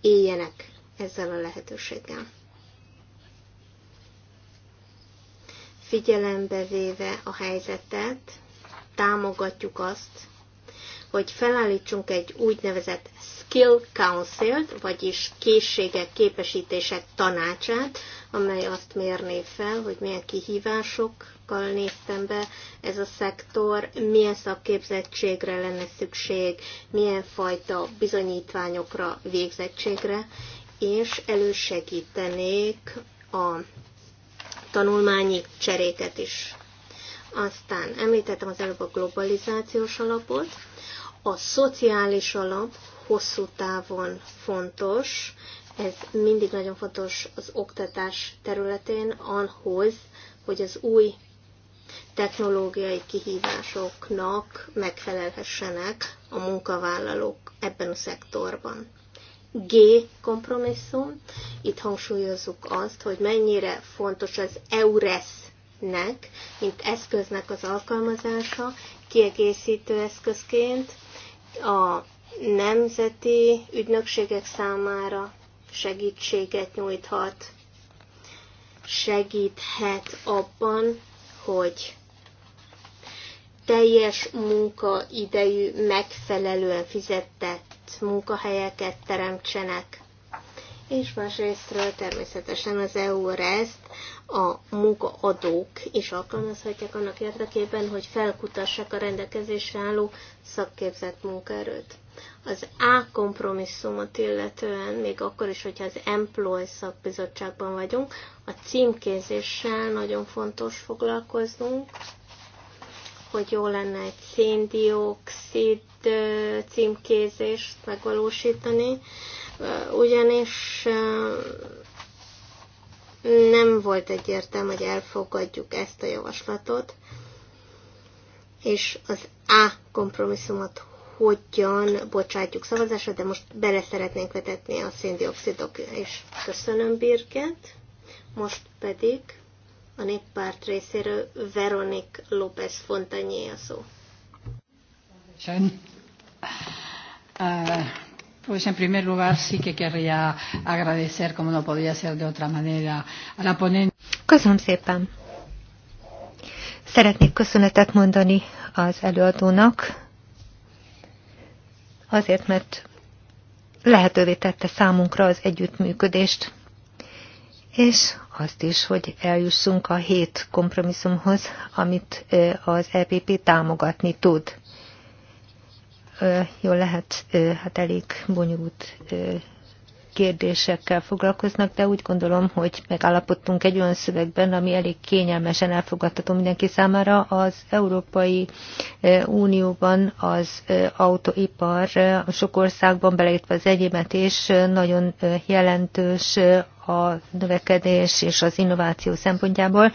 éljenek ezzel a lehetőséggel. Figyelembe véve a helyzetet, támogatjuk azt, hogy felállítsunk egy úgynevezett Skill council vagyis készségek, képesítések tanácsát, amely azt mérné fel, hogy milyen kihívásokkal néztem be ez a szektor, milyen szakképzettségre lenne szükség, milyen fajta bizonyítványokra, végzettségre, és elősegítenék a tanulmányi cseréket is. Aztán említettem az előbb a globalizációs alapot, a szociális alap, hosszú távon fontos. Ez mindig nagyon fontos az oktatás területén, ahhoz, hogy az új technológiai kihívásoknak megfelelhessenek a munkavállalók ebben a szektorban. G kompromisszum. Itt hangsúlyozzuk azt, hogy mennyire fontos az EURES-nek, mint eszköznek az alkalmazása, kiegészítő eszközként a nemzeti ügynökségek számára segítséget nyújthat, segíthet abban, hogy teljes munkaidejű, megfelelően fizetett munkahelyeket teremtsenek. És másrésztről természetesen az EU ezt a munkaadók is alkalmazhatják annak érdekében, hogy felkutassák a rendelkezésre álló szakképzett munkaerőt. Az A kompromisszumot illetően, még akkor is, hogyha az Employ szakbizottságban vagyunk, a címkézéssel nagyon fontos foglalkoznunk, hogy jó lenne egy széndiokszid címkézést megvalósítani, ugyanis nem volt egyértelmű, hogy elfogadjuk ezt a javaslatot, és az A kompromisszumot hogyan bocsátjuk szavazásra, de most bele szeretnénk vetetni a széndiokszidok és köszönöm Birget. Most pedig a néppárt részéről Veronik López Fontanyé a szó. Sen. Uh, pues en primer lugar sí que querría agradecer, como no podía ser de otra manera, a la ponente. Köszönöm szépen. Szeretnék köszönetet mondani az előadónak, azért, mert lehetővé tette számunkra az együttműködést, és azt is, hogy eljussunk a hét kompromisszumhoz, amit az EPP támogatni tud. Jól lehet, hát elég bonyolult kérdésekkel foglalkoznak, de úgy gondolom, hogy megállapodtunk egy olyan szövegben, ami elég kényelmesen elfogadható mindenki számára. Az Európai e, Unióban az e, autóipar e, sok országban, beleértve az egyémet is, nagyon jelentős a növekedés és az innováció szempontjából.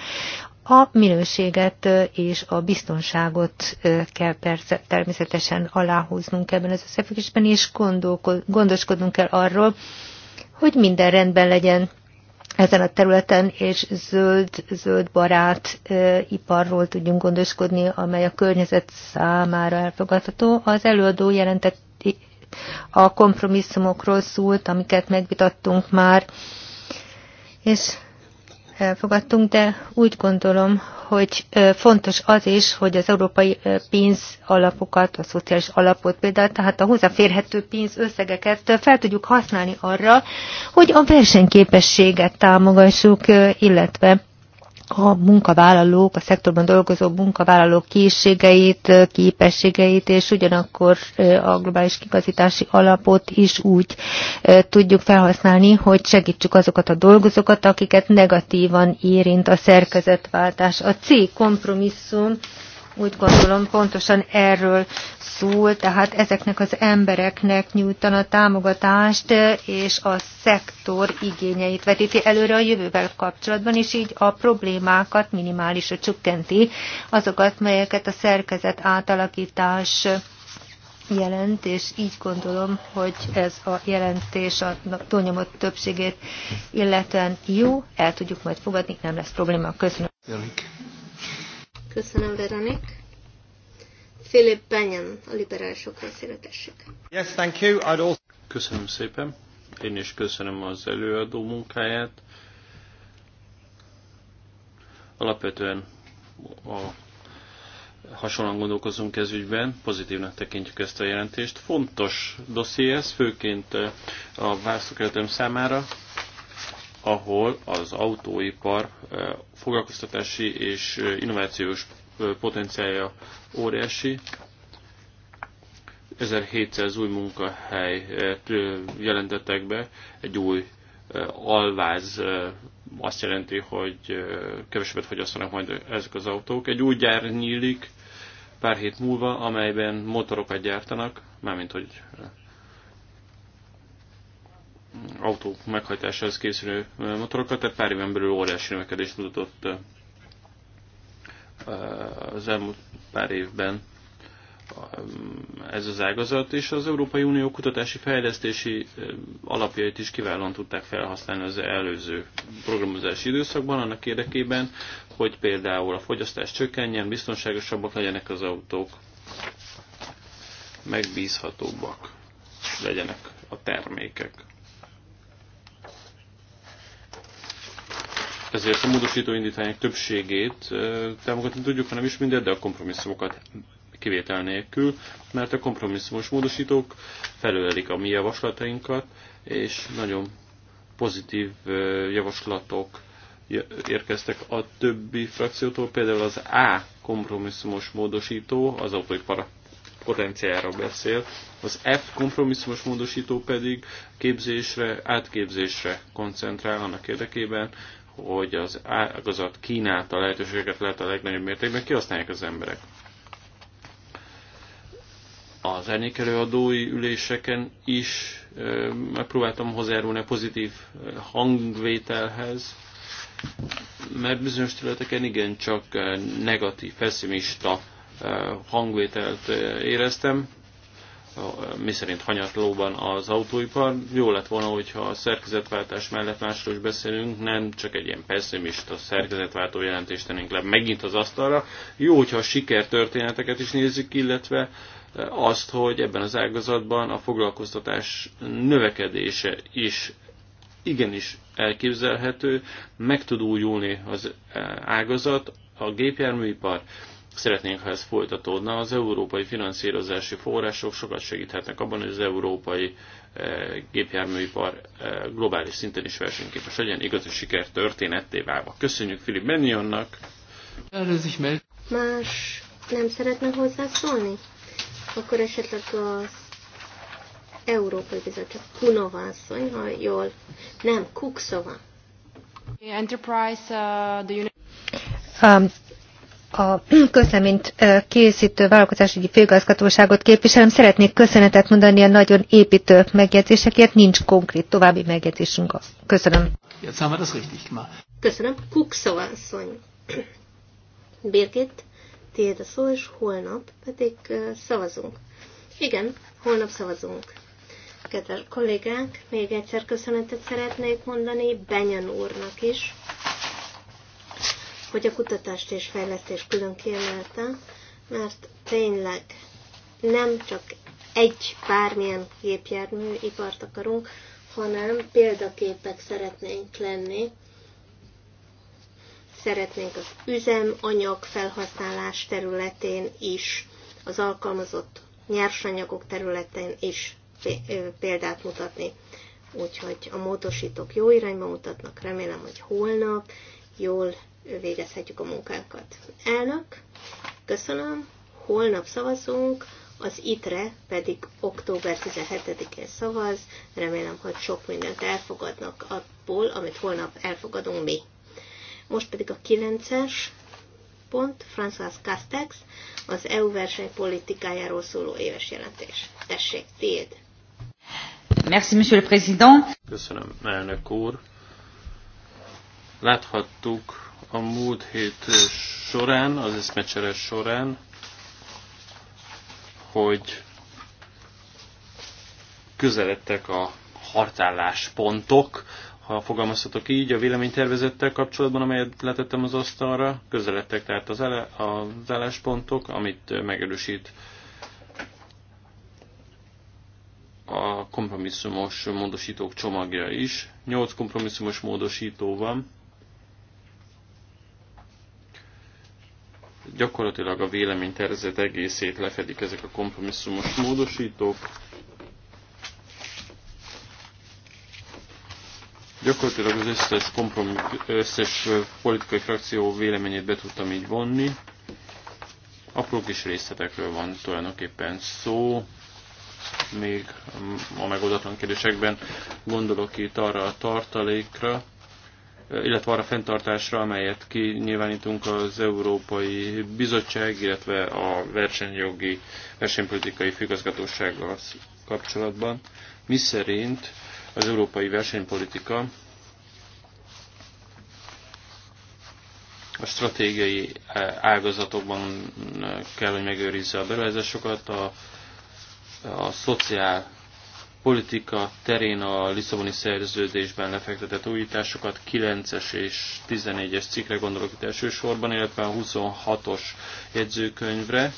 A minőséget és a biztonságot kell persze természetesen aláhúznunk ebben az összefüggésben, és gondoskodnunk kell arról, hogy minden rendben legyen ezen a területen, és zöld, zöld barát e, iparról tudjunk gondoskodni, amely a környezet számára elfogadható. Az előadó jelentett a kompromisszumokról szólt, amiket megvitattunk már, és elfogadtunk, de úgy gondolom, hogy fontos az is, hogy az európai pénzalapokat, a szociális alapot például, tehát a hozzáférhető pénzösszegeket fel tudjuk használni arra, hogy a versenyképességet támogassuk, illetve a munkavállalók, a szektorban dolgozó munkavállalók készségeit, képességeit, és ugyanakkor a globális kigazítási alapot is úgy tudjuk felhasználni, hogy segítsük azokat a dolgozókat, akiket negatívan érint a szerkezetváltás. A C kompromisszum úgy gondolom pontosan erről szól, tehát ezeknek az embereknek nyújtana támogatást, eh, és a szektor igényeit vetíti előre a jövővel kapcsolatban, és így a problémákat minimálisra csökkenti, azokat, melyeket a szerkezet átalakítás jelent, és így gondolom, hogy ez a jelentés a túlnyomott többségét illetően jó, el tudjuk majd fogadni, nem lesz probléma. Köszönöm. Köszönöm, Veronik. Philip Benyon, a liberálisok részére Yes, thank you. I'd also... Köszönöm szépen. Én is köszönöm az előadó munkáját. Alapvetően a hasonlóan gondolkozunk ez ügyben, pozitívnak tekintjük ezt a jelentést. Fontos dosszié ez, főként eh, a választókeretem számára ahol az autóipar eh, foglalkoztatási és eh, innovációs eh, potenciálja óriási. 1700 új munkahelyet jelentettek be, egy új alváz azt jelenti, hogy kevesebbet fogyasztanak majd ezek az autók. Egy új gyár nyílik pár hét múlva, amelyben motorokat gyártanak, mármint hogy autók meghajtásához készülő motorokat, tehát pár éven belül óriási növekedést mutatott az elmúlt pár évben ez az ágazat, és az Európai Unió kutatási fejlesztési alapjait is kiválóan tudták felhasználni az előző programozási időszakban, annak érdekében, hogy például a fogyasztás csökkenjen, biztonságosabbak legyenek az autók, megbízhatóbbak legyenek a termékek. ezért a módosító indítványok többségét támogatni tudjuk, hanem is mindent, de a kompromisszumokat kivétel nélkül, mert a kompromisszumos módosítók felölelik a mi javaslatainkat, és nagyon pozitív javaslatok érkeztek a többi frakciótól, például az A kompromisszumos módosító, az autói para potenciára beszél, az F kompromisszumos módosító pedig képzésre, átképzésre koncentrál annak érdekében, hogy az ágazat kínálta lehetőségeket lehet a legnagyobb mértékben kihasználják az emberek. Az adói üléseken is megpróbáltam hozzájárulni a pozitív hangvételhez, mert bizonyos területeken igen csak negatív, pessimista hangvételt éreztem, miszerint hanyatlóban az autóipar. Jó lett volna, hogyha a szerkezetváltás mellett másról is beszélünk, nem csak egy ilyen pessimista szerkezetváltó jelentést tennénk le megint az asztalra. Jó, hogyha a sikertörténeteket is nézzük, illetve eh, azt, hogy ebben az ágazatban a foglalkoztatás növekedése is igenis elképzelhető, meg tud újulni az eh, ágazat, a gépjárműipar, szeretnénk, ha ez folytatódna. Az európai finanszírozási források sokat segíthetnek abban, hogy az európai eh, gépjárműipar eh, globális szinten is versenyképes legyen, igazi siker történetté válva. Köszönjük Filip Bennionnak! Más nem szeretne hozzászólni? Akkor esetleg az Európai Bizottság Kunovászony, ha jól, nem, Kukszova. Enterprise, uh, the... Um, a közleményt készítő vállalkozásügyi főgazgatóságot képviselem. Szeretnék köszönetet mondani a nagyon építő megjegyzésekért. Nincs konkrét további megjegyzésünk. Köszönöm. Köszönöm. Kukszavászony. Birgit, tiéd a szó, és holnap pedig szavazunk. Igen, holnap szavazunk. Kedves kollégák, még egyszer köszönetet szeretnék mondani Benyan úrnak is, hogy a kutatást és fejlesztést külön kiemelte, mert tényleg nem csak egy bármilyen gépjármű ipart akarunk, hanem példaképek szeretnénk lenni. Szeretnénk az üzemanyag felhasználás területén is, az alkalmazott nyersanyagok területén is példát mutatni. Úgyhogy a módosítók jó irányba mutatnak, remélem, hogy holnap jól végezhetjük a munkánkat. Elnök, köszönöm, holnap szavazunk, az ITRE pedig október 17-én szavaz, remélem, hogy sok mindent elfogadnak abból, amit holnap elfogadunk mi. Most pedig a 9-es pont, François Castex, az EU versenypolitikájáról szóló éves jelentés. Tessék, tiéd! Merci, Monsieur le Président! Köszönöm, elnök úr! Láthattuk, a múlt hét során, az eszmecsere során, hogy közeledtek a hartálláspontok, ha fogalmazhatok így, a véleménytervezettel kapcsolatban, amelyet letettem az asztalra, közeledtek tehát az, ele, az álláspontok, amit megerősít a kompromisszumos módosítók csomagja is. Nyolc kompromisszumos módosító van, Gyakorlatilag a véleménytervezet egészét lefedik ezek a kompromisszumos módosítók. Gyakorlatilag az összes, összes politikai frakció véleményét be tudtam így vonni. Apró kis részletekről van tulajdonképpen szó, még a megoldatlan kérdésekben gondolok itt arra a tartalékra, illetve arra fenntartásra, amelyet kinyilvánítunk az Európai Bizottság, illetve a versenyjogi, versenypolitikai függazgatósággal kapcsolatban, miszerint az európai versenypolitika a stratégiai e, ágazatokban e, kell, hogy megőrizze a beruházásokat, a, a szociál politika terén a Lisszaboni szerződésben lefektetett újításokat 9-es és 14-es cikkre gondolok itt elsősorban, illetve a 26-os jegyzőkönyvre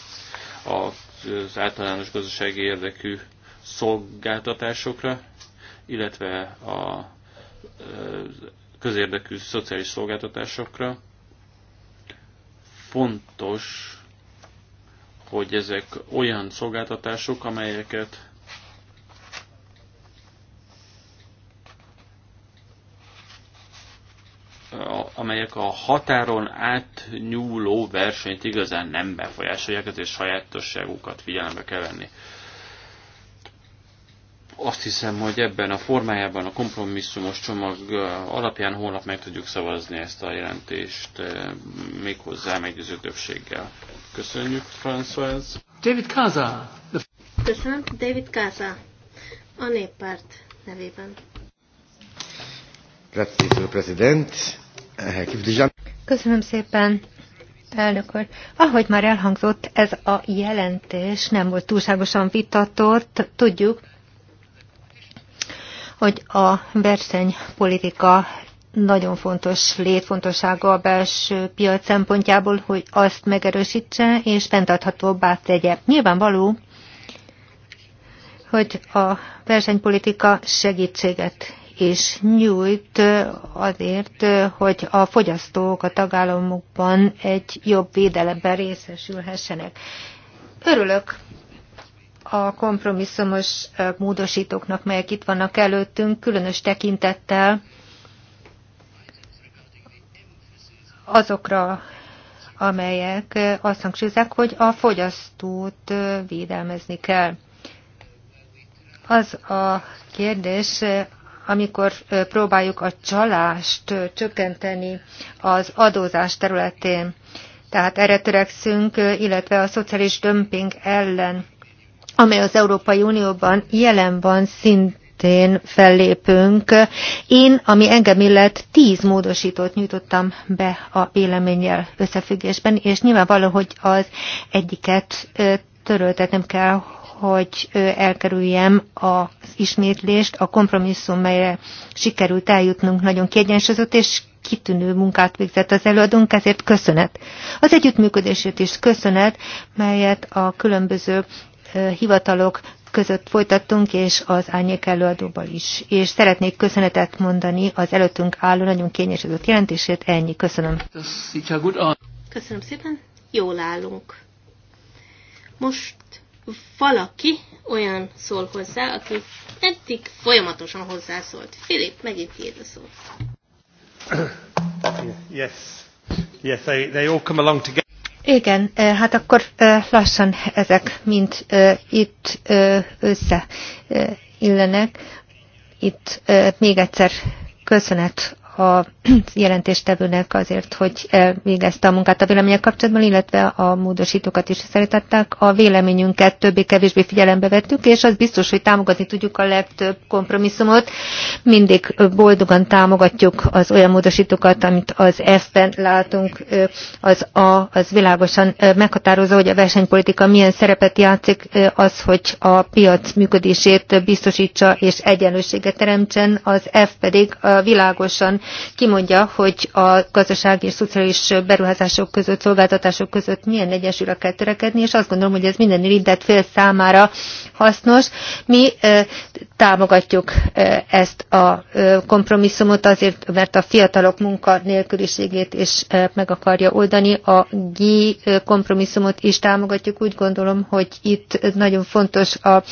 az általános gazdasági érdekű szolgáltatásokra, illetve a közérdekű szociális szolgáltatásokra. Fontos, hogy ezek olyan szolgáltatások, amelyeket amelyek a határon átnyúló versenyt igazán nem befolyásolják, ezért sajátosságukat figyelembe kell venni. Azt hiszem, hogy ebben a formájában a kompromisszumos csomag alapján holnap meg tudjuk szavazni ezt a jelentést méghozzá meggyőző többséggel. Köszönjük, François. David Kaza. Köszönöm, David Kaza. A néppárt nevében. Grazie, Presidente. Köszönöm szépen, elnök úr. Ahogy már elhangzott, ez a jelentés nem volt túlságosan vitatott. Tudjuk, hogy a versenypolitika nagyon fontos létfontossága a belső piac szempontjából, hogy azt megerősítse és fenntarthatóbbá tegye. Nyilvánvaló, hogy a versenypolitika segítséget és nyújt azért, hogy a fogyasztók a tagállamokban egy jobb védelemben részesülhessenek. Örülök a kompromisszumos módosítóknak, melyek itt vannak előttünk, különös tekintettel azokra, amelyek azt hangsúlyozzák, hogy a fogyasztót védelmezni kell. Az a kérdés, amikor próbáljuk a csalást csökkenteni az adózás területén. Tehát erre törekszünk, illetve a szociális dömping ellen, amely az Európai Unióban jelen van szint fellépünk. Én, ami engem illet, tíz módosítót nyújtottam be a véleménnyel összefüggésben, és nyilvánvaló, hogy az egyiket töröltetnem kell, hogy elkerüljem az ismétlést, a kompromisszum, melyre sikerült eljutnunk, nagyon kiegyensúlyozott és kitűnő munkát végzett az előadónk, ezért köszönet. Az együttműködését is köszönet, melyet a különböző hivatalok között folytattunk, és az Ányék előadóval is. És szeretnék köszönetet mondani az előttünk álló nagyon kényesedett jelentését. Ennyi, köszönöm. Köszönöm szépen, jól állunk. Most valaki olyan szól hozzá, aki eddig folyamatosan hozzászólt. Filip, megint tiéd a szó. Yes. Yes, they, they all come along together. Igen, eh, hát akkor eh, lassan ezek mind eh, itt összeillenek. Itt még egyszer köszönet a jelentéstevőnek azért, hogy végezte eh, a munkát a vélemények kapcsolatban, illetve a módosítókat is szeretettek. A véleményünket többé-kevésbé figyelembe vettük, és az biztos, hogy támogatni tudjuk a legtöbb kompromisszumot. Mindig eh, boldogan támogatjuk az olyan módosítókat, amit az ESZ-ben látunk. Eh, az, a, az világosan meghatározó, hogy a versenypolitika milyen szerepet játszik az, hogy a piac működését biztosítsa és egyenlőséget teremtsen. Az F pedig világosan kimondja, hogy a gazdasági és szociális beruházások között, szolgáltatások között milyen egyensúlyra kell törekedni, és azt gondolom, hogy ez minden érintett fél számára hasznos. Mi támogatjuk ezt a kompromisszumot azért, mert a fiatalok munkanélküliségét is meg akarja oldani. A G kompromisszumot is támogatjuk. Úgy gondolom, hogy itt nagyon fontos a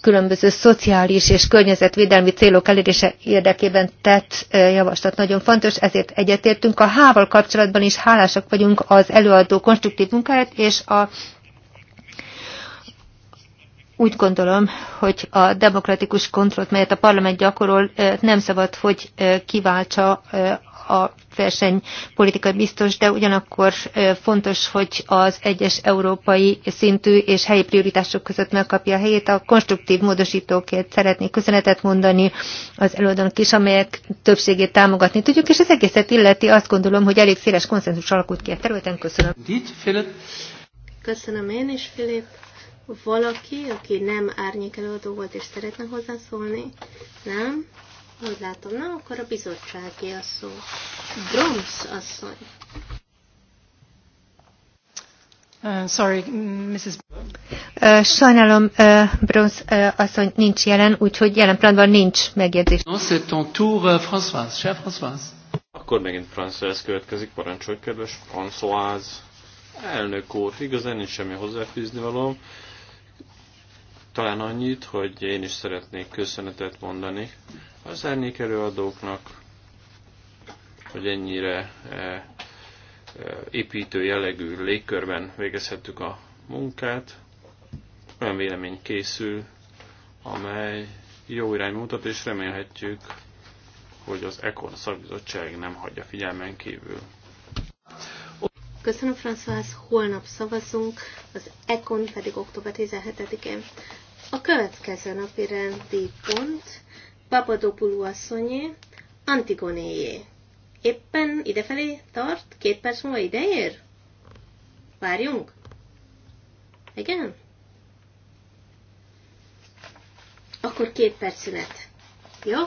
különböző szociális és környezetvédelmi célok elérése érdekében tett javaslat nagyon fontos, ezért egyetértünk. A H-val kapcsolatban is hálásak vagyunk az előadó konstruktív munkáját és a úgy gondolom, hogy a demokratikus kontrollt, melyet a parlament gyakorol, nem szabad, hogy kiváltsa a politikai biztos, de ugyanakkor fontos, hogy az egyes európai szintű és helyi prioritások között megkapja a helyét. A konstruktív módosítókért szeretnék köszönetet mondani az előadónak is, amelyek többségét támogatni tudjuk, és az egészet illeti azt gondolom, hogy elég széles konszenzus alakult ki a területen. Köszönöm. Köszönöm én is, Filip. Valaki, aki nem árnyékelőadó volt és szeretne hozzászólni? Nem? Úgy látom, na akkor a bizottsági a szó. Broms asszony. Uh, sorry, Mrs. Uh, sajnálom, uh, Bronz uh, asszony nincs jelen, úgyhogy jelen pillanatban nincs megjegyzés. Non, c'est ton tour, uh, Françoise. Chef Françoise. Akkor megint Françoise következik, parancsolj, kedves Françoise. Elnök úr, igazán nincs semmi hozzáfűzni valóm. Talán annyit, hogy én is szeretnék köszönetet mondani az árnyék előadóknak, hogy ennyire eh, eh, építő jellegű légkörben végezhettük a munkát. Olyan vélemény készül, amely jó irány mutat, és remélhetjük, hogy az ECON szakbizottság nem hagyja figyelmen kívül. Köszönöm, François, holnap szavazunk, az ECON pedig október 17-én. A következő napi rendi pont Papadopulú asszonyé, Antigonéjé. Éppen idefelé tart, két perc múlva ideér? Várjunk? Igen? Akkor két perc szünet. Jó?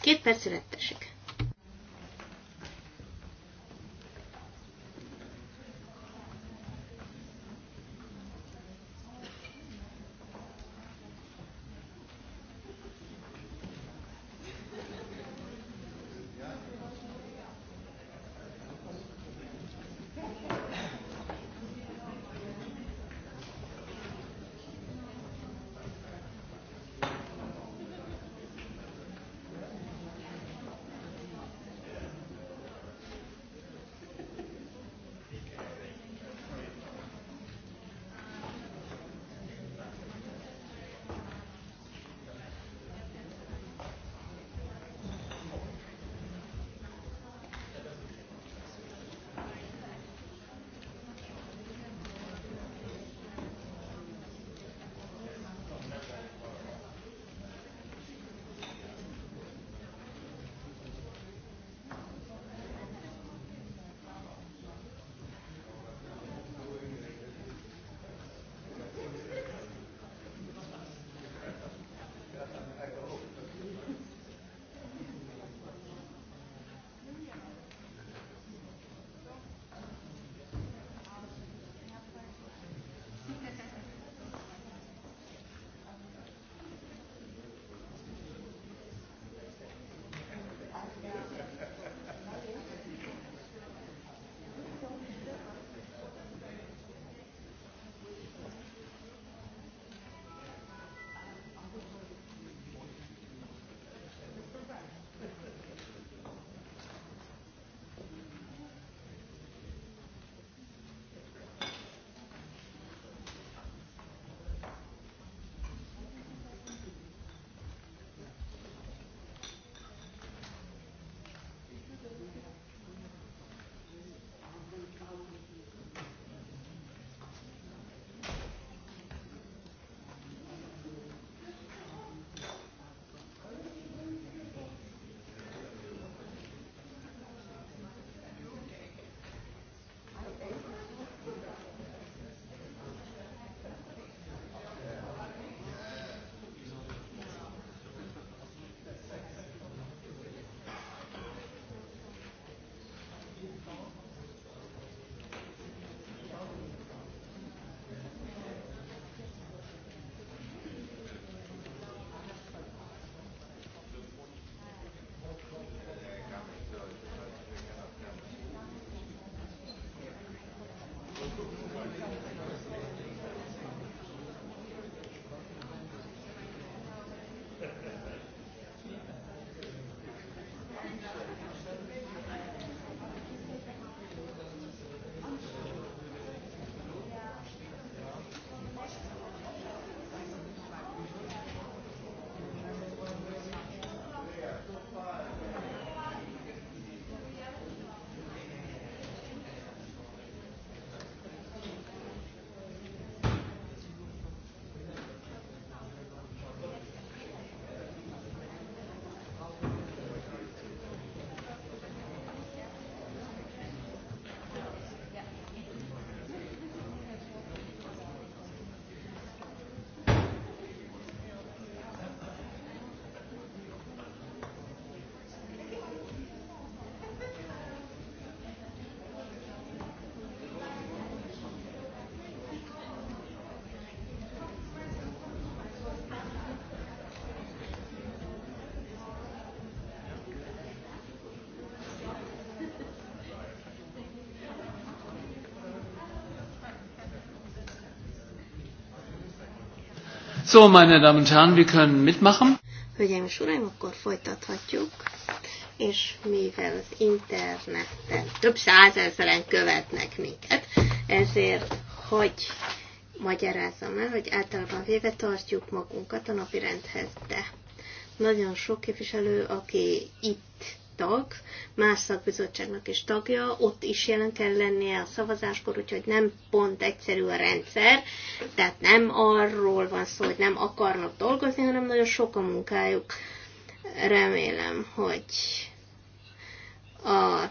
Két perc szünet, tessék. So, meine Damen und Herren, wir können mitmachen. Hölgyeim és Uraim, akkor folytathatjuk. És mivel az interneten több százezeren követnek minket, ezért hogy magyarázom el, hogy általában véve tartjuk magunkat a napi rendhez, de nagyon sok képviselő, aki itt tag, más szakbizottságnak is tagja, ott is jelen kell lennie a szavazáskor, úgyhogy nem pont egyszerű a rendszer, tehát nem arról van szó, hogy nem akarnak dolgozni, hanem nagyon sok a munkájuk. Remélem, hogy a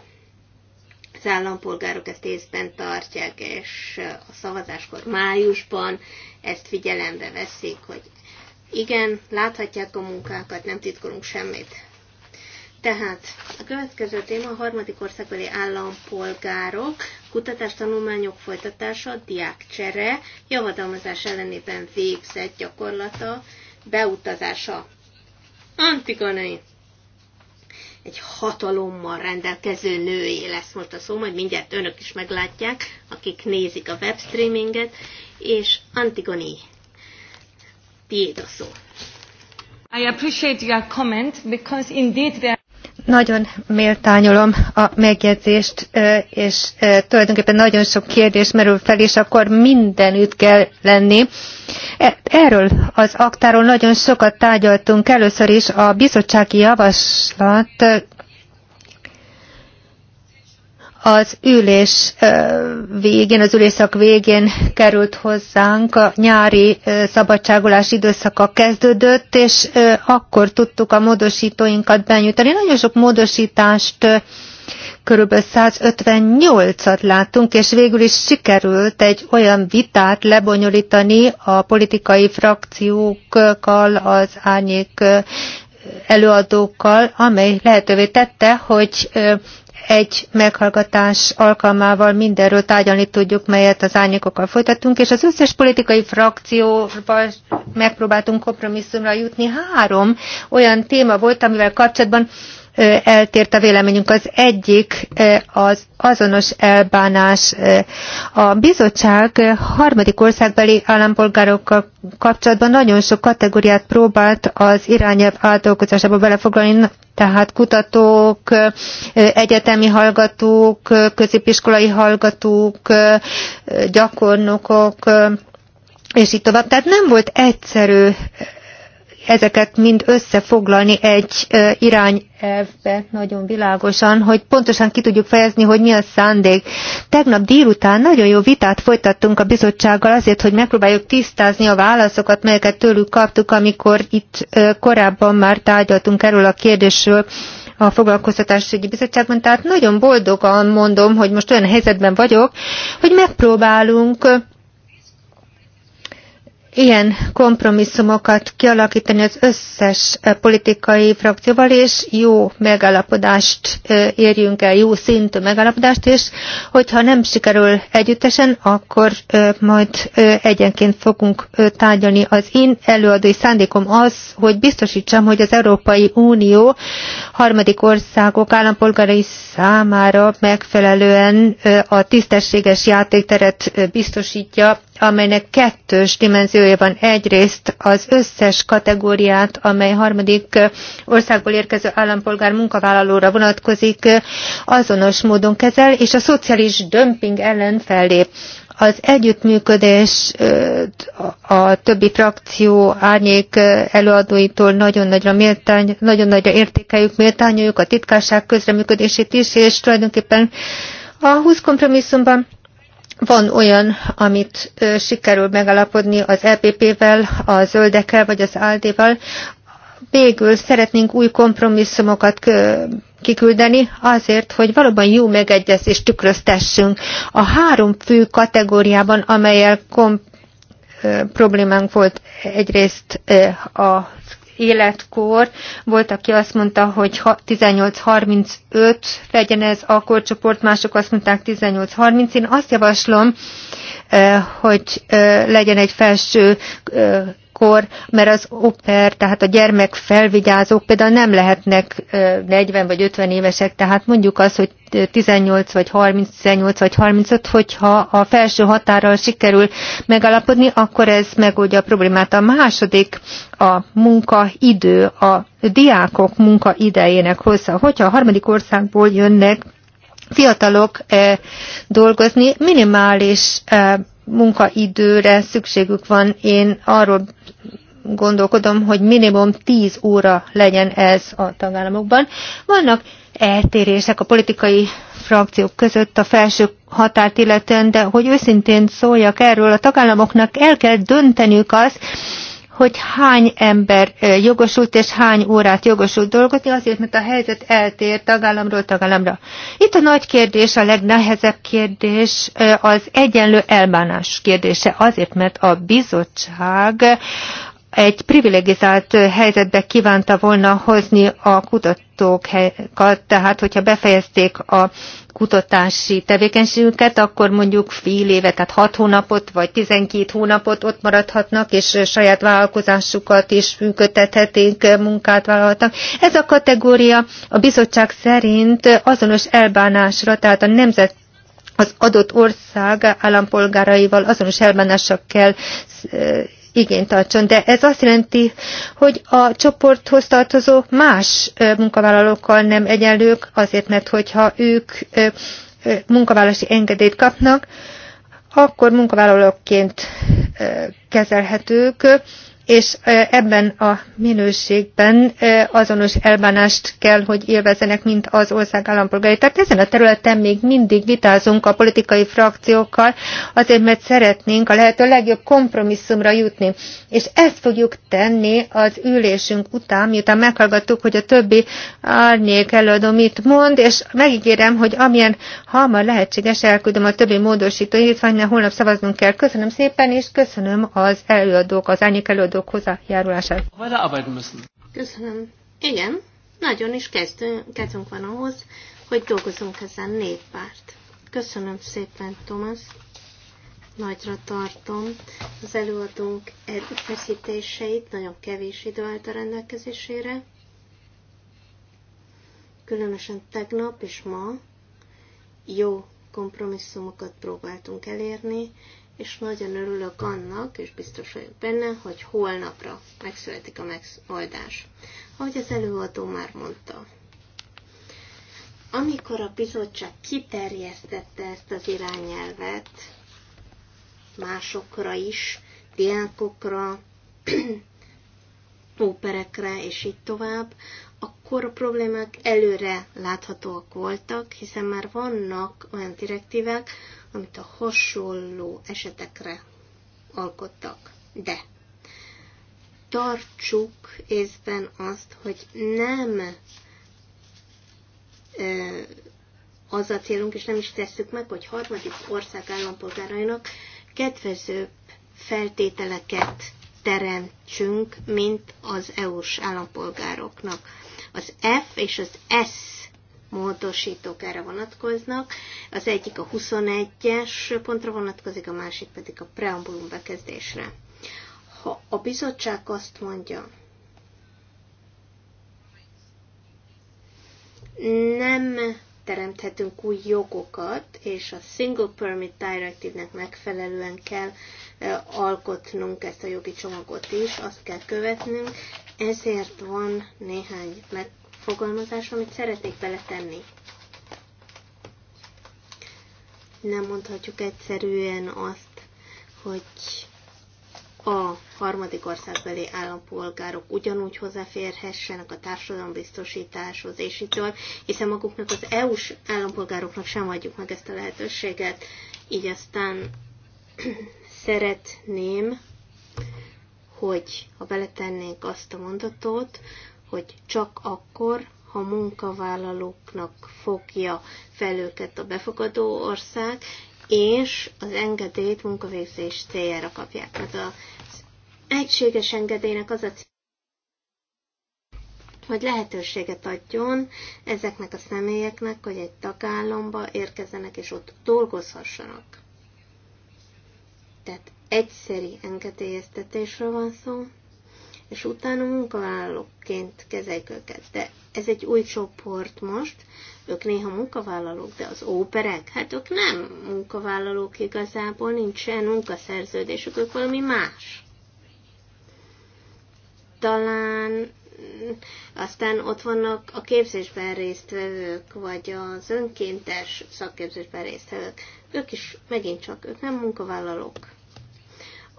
az állampolgárok ezt észben tartják, és a szavazáskor májusban ezt figyelembe veszik, hogy igen, láthatják a munkákat, nem titkolunk semmit. Tehát a következő téma a harmadik országbeli állampolgárok, kutatástanulmányok folytatása, diákcsere, javadalmazás ellenében végzett gyakorlata, beutazása. Antigone egy hatalommal rendelkező nőé lesz most a szó, majd mindjárt önök is meglátják, akik nézik a webstreaminget, és Antigoni, tiéd a szó. I appreciate your comment because indeed there nagyon méltányolom a megjegyzést, és tulajdonképpen nagyon sok kérdés merül fel, és akkor mindenütt kell lenni. E, erről az aktáról nagyon sokat tárgyaltunk. Először is a bizottsági javaslat az ülés végén, az ülésszak végén került hozzánk, a nyári szabadságolás időszaka kezdődött, és akkor tudtuk a módosítóinkat benyújtani. Nagyon sok módosítást körülbelül 158-at láttunk, és végül is sikerült egy olyan vitát lebonyolítani a politikai frakciókkal, az árnyék előadókkal, amely lehetővé tette, hogy egy meghallgatás alkalmával mindenről tárgyalni tudjuk, melyet az árnyékokkal folytatunk, és az összes politikai frakcióval megpróbáltunk kompromisszumra jutni. Három olyan téma volt, amivel kapcsolatban eltért a véleményünk. Az egyik az azonos elbánás. A bizottság harmadik országbeli állampolgárokkal kapcsolatban nagyon sok kategóriát próbált az irányelv átolkozásába belefoglalni, tehát kutatók, egyetemi hallgatók, középiskolai hallgatók, gyakornokok, és így tovább. Tehát nem volt egyszerű ezeket mind összefoglalni egy irányelvbe nagyon világosan, hogy pontosan ki tudjuk fejezni, hogy mi a szándék. Tegnap délután nagyon jó vitát folytattunk a bizottsággal azért, hogy megpróbáljuk tisztázni a válaszokat, melyeket tőlük kaptuk, amikor itt korábban már tárgyaltunk erről a kérdésről a foglalkoztatási bizottságban. Tehát nagyon boldogan mondom, hogy most olyan helyzetben vagyok, hogy megpróbálunk ilyen kompromisszumokat kialakítani az összes politikai frakcióval, és jó megállapodást érjünk el, jó szintű megállapodást, és hogyha nem sikerül együttesen, akkor majd egyenként fogunk tárgyalni. Az én előadói szándékom az, hogy biztosítsam, hogy az Európai Unió harmadik országok állampolgárai számára megfelelően a tisztességes játékteret biztosítja amelynek kettős dimenziója van. Egyrészt az összes kategóriát, amely harmadik országból érkező állampolgár munkavállalóra vonatkozik, azonos módon kezel, és a szociális dömping ellen fellép az együttműködés a többi frakció árnyék előadóitól nagyon nagyra, méltány, nagyon nagyra értékeljük, méltányoljuk a titkárság közreműködését is, és tulajdonképpen a 20 kompromisszumban van olyan, amit sikerül megalapodni az LPP-vel, e a zöldekkel vagy az ald val Végül szeretnénk új kompromisszumokat kiküldeni azért, hogy valóban jó megegyezést tükröztessünk a három fő kategóriában, amelyel kom- problémánk volt egyrészt a életkor. Volt, aki azt mondta, hogy 18-35 legyen ez a korcsoport, mások azt mondták 18-30. Én azt javaslom, eh, hogy eh, legyen egy felső eh, akkor, mert az oper, tehát a gyermek felvigyázók például nem lehetnek 40 vagy 50 évesek, tehát mondjuk az, hogy 18 vagy 30, 18 vagy 35, hogyha a felső határral sikerül megalapodni, akkor ez megoldja a problémát. A második a munkaidő, a diákok munkaidejének hossza. Hogyha a harmadik országból jönnek fiatalok eh, dolgozni, minimális eh, munkaidőre szükségük van. Én arról gondolkodom, hogy minimum 10 óra legyen ez a tagállamokban. Vannak eltérések a politikai frakciók között a felső határt illetően, de hogy őszintén szóljak erről, a tagállamoknak el kell dönteniük azt, hogy hány ember jogosult és hány órát jogosult dolgozni, azért, mert a helyzet eltér tagállamról tagállamra. Itt a nagy kérdés, a legnehezebb kérdés az egyenlő elbánás kérdése, azért, mert a bizottság egy privilegizált helyzetbe kívánta volna hozni a kutatókat, tehát hogyha befejezték a kutatási tevékenységüket, akkor mondjuk fél évet, tehát hat hónapot vagy tizenkét hónapot ott maradhatnak, és saját vállalkozásukat is működtethetik, munkát vállalhatnak. Ez a kategória a bizottság szerint azonos elbánásra, tehát a nemzet az adott ország állampolgáraival azonos elbánással kell igényt tartson, de ez azt jelenti, hogy a csoporthoz tartozó más munkavállalókkal nem egyenlők, azért mert hogyha ők munkavállalási engedélyt kapnak, akkor munkavállalóként kezelhetők, és ebben a minőségben azonos elbánást kell, hogy élvezenek, mint az ország állampolgárai. Tehát ezen a területen még mindig vitázunk a politikai frakciókkal, azért, mert szeretnénk a lehető legjobb kompromisszumra jutni. És ezt fogjuk tenni az ülésünk után, miután meghallgattuk, hogy a többi árnyék előadó mit mond, és megígérem, hogy amilyen hamar lehetséges, elküldöm a többi módosító indítványt, holnap szavaznunk kell. Köszönöm szépen, és köszönöm az előadók, az árnyék előadók előadók hozzájárulását. Köszönöm. Igen, nagyon is kezdünk, van ahhoz, hogy dolgozunk ezen néppárt. Köszönöm szépen, Thomas. Nagyra tartom az előadónk feszítéseit, nagyon kevés idő állt a rendelkezésére. Különösen tegnap és ma jó kompromisszumokat próbáltunk elérni, és nagyon örülök annak, és biztos vagyok benne, hogy holnapra megszületik a megoldás. Ahogy az előadó már mondta, amikor a bizottság kiterjesztette ezt az irányelvet másokra is, diákokra, óperekre, és így tovább, akkor a problémák előre láthatóak voltak, hiszen már vannak olyan direktívek amit a hasonló esetekre alkottak. De tartsuk észben azt, hogy nem ö, az a célunk, és nem is tesszük meg, hogy harmadik ország állampolgárainak kedvezőbb feltételeket teremtsünk, mint az EU-s állampolgároknak. Az F és az S módosítók erre vonatkoznak. Az egyik a 21-es pontra vonatkozik, a másik pedig a preambulum bekezdésre. Ha a bizottság azt mondja, nem teremthetünk új jogokat, és a Single Permit Directive-nek megfelelően kell alkotnunk ezt a jogi csomagot is, azt kell követnünk, ezért van néhány fogalmazás, amit szeretnék beletenni. Nem mondhatjuk egyszerűen azt, hogy a harmadik országbeli állampolgárok ugyanúgy hozzáférhessenek a társadalombiztosításhoz, és így tovább, hiszen maguknak az EU-s állampolgároknak sem adjuk meg ezt a lehetőséget, így aztán szeretném, hogy ha beletennénk azt a mondatot, hogy csak akkor, ha munkavállalóknak fogja fel őket a befogadó ország, és az engedélyt munkavégzés céljára kapják. Tehát az egységes engedélynek az a cél, hogy lehetőséget adjon ezeknek a személyeknek, hogy egy tagállamba érkezzenek és ott dolgozhassanak. Tehát egyszeri engedélyeztetésről van szó, és utána munkavállalóként kezeljük őket. De ez egy új csoport most, ők néha munkavállalók, de az óperek, hát ők nem munkavállalók igazából, nincsen munkaszerződésük, ők valami más. Talán aztán ott vannak a képzésben résztvevők, vagy az önkéntes szakképzésben résztvevők. Ők is megint csak, ők nem munkavállalók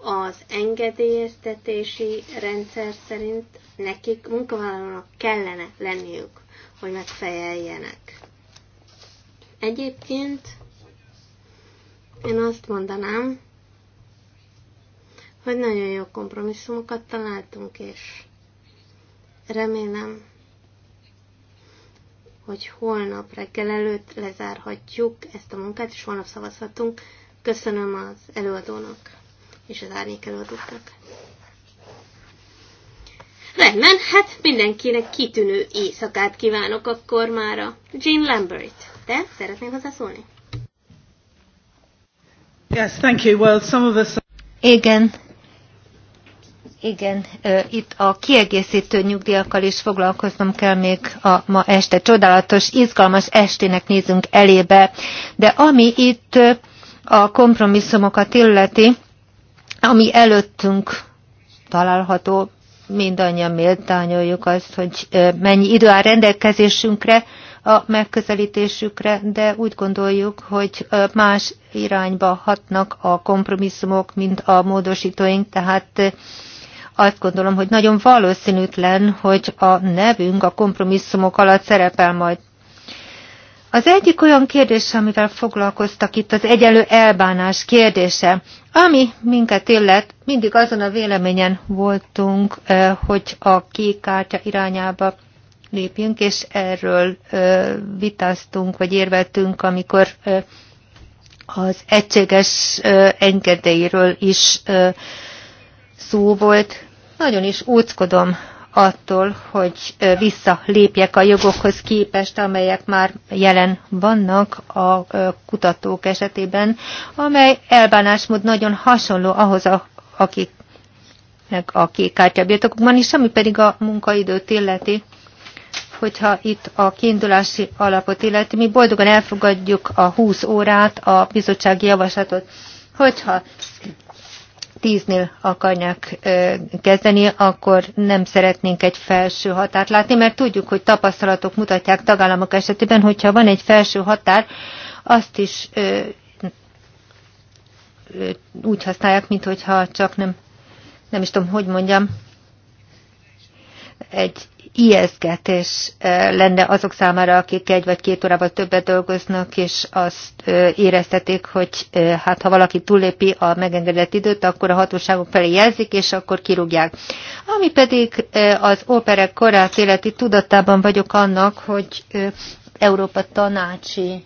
az engedélyeztetési rendszer szerint nekik munkavállalónak kellene lenniük, hogy megfejeljenek. Egyébként én azt mondanám, hogy nagyon jó kompromisszumokat találtunk, és remélem, hogy holnap reggel előtt lezárhatjuk ezt a munkát, és holnap szavazhatunk. Köszönöm az előadónak és az árnyékelőadóknak. Rendben, hát mindenkinek kitűnő éjszakát kívánok akkor már a Jean Lambert. Te szeretnél hozzászólni? Yes, thank you. Well, some of us... Igen, igen, itt a kiegészítő nyugdíjakkal is foglalkoznom kell még a ma este. Csodálatos, izgalmas estének nézünk elébe, de ami itt a kompromisszumokat illeti, ami előttünk található, mindannyian méltányoljuk azt, hogy mennyi idő áll rendelkezésünkre, a megközelítésükre, de úgy gondoljuk, hogy más irányba hatnak a kompromisszumok, mint a módosítóink, tehát azt gondolom, hogy nagyon valószínűtlen, hogy a nevünk a kompromisszumok alatt szerepel majd. Az egyik olyan kérdés, amivel foglalkoztak itt, az egyenlő elbánás kérdése. Ami minket illet, mindig azon a véleményen voltunk, eh, hogy a kék kártya irányába lépjünk, és erről eh, vitáztunk, vagy érveltünk, amikor eh, az egységes engedélyről is szó volt. Nagyon is úckodom attól, hogy visszalépjek a jogokhoz képest, amelyek már jelen vannak a kutatók esetében, amely elbánásmód nagyon hasonló ahhoz, akiknek a kék kártyabirtokokban is, ami pedig a munkaidőt illeti, hogyha itt a kiindulási alapot illeti, mi boldogan elfogadjuk a 20 órát, a bizottsági javaslatot. Hogyha tíznél akarják kezdeni, akkor nem szeretnénk egy felső határt látni, mert tudjuk, hogy tapasztalatok mutatják tagállamok esetében, hogyha van egy felső határ, azt is úgy használják, mintha csak nem, nem is tudom, hogy mondjam, egy ijeszgetés lenne azok számára, akik egy vagy két órával többet dolgoznak, és azt éreztetik, hogy hát ha valaki túllépi a megengedett időt, akkor a hatóságok felé jelzik, és akkor kirúgják. Ami pedig az operek korát életi tudatában vagyok annak, hogy Európa tanácsi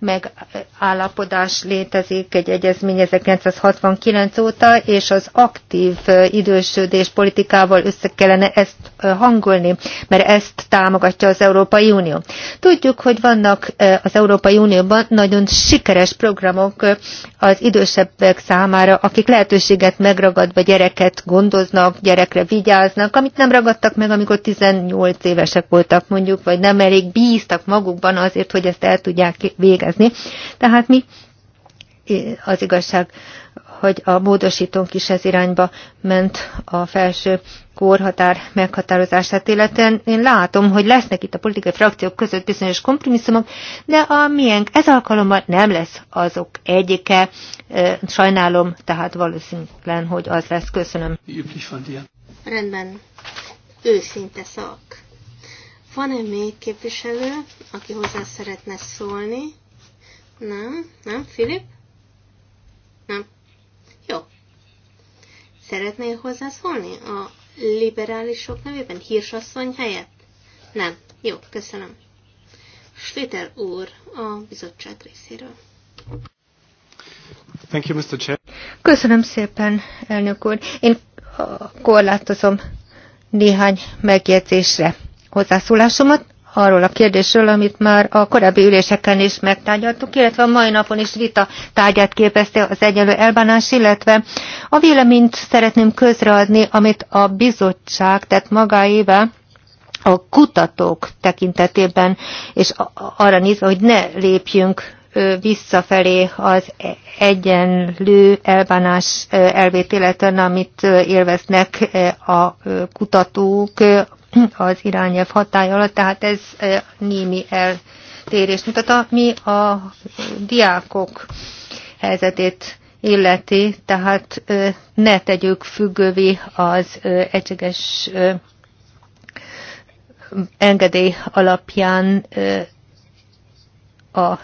megállapodás létezik, egy egyezmény 1969 óta, és az aktív idősödés politikával össze kellene ezt hangolni, mert ezt támogatja az Európai Unió. Tudjuk, hogy vannak az Európai Unióban nagyon sikeres programok az idősebbek számára, akik lehetőséget megragadva gyereket gondoznak, gyerekre vigyáznak, amit nem ragadtak meg, amikor 18 évesek voltak mondjuk, vagy nem elég bíztak magukban azért, hogy ezt el tudják végezni tisztázni. Tehát mi az igazság, hogy a módosítónk is ez irányba ment a felső kórhatár meghatározását, illetően én látom, hogy lesznek itt a politikai frakciók között bizonyos kompromisszumok, de a miénk ez alkalommal nem lesz azok egyike. Sajnálom, tehát valószínűleg, hogy az lesz. Köszönöm. Rendben. Őszinte szak. Van-e még képviselő, aki hozzá szeretne szólni? Nem, nem, Filip? Nem. Jó. Szeretnél hozzászólni a liberálisok nevében? Hírsasszony helyett? Nem. Jó, köszönöm. Schlitter úr a bizottság részéről. Thank you, Mr. Chair. Köszönöm szépen, elnök úr. Én korlátozom néhány megjegyzésre hozzászólásomat arról a kérdésről, amit már a korábbi üléseken is megtárgyaltuk, illetve a mai napon is vita tárgyát képezte az egyenlő elbánás, illetve a véleményt szeretném közreadni, amit a bizottság tett magáével, a kutatók tekintetében, és arra nézve, hogy ne lépjünk visszafelé az egyenlő elbánás elvét illetve, amit élveznek a kutatók, az irányelv hatája alatt, tehát ez némi eltérést mutat, ami a diákok helyzetét illeti, tehát ne tegyük függővé az egységes engedély alapján a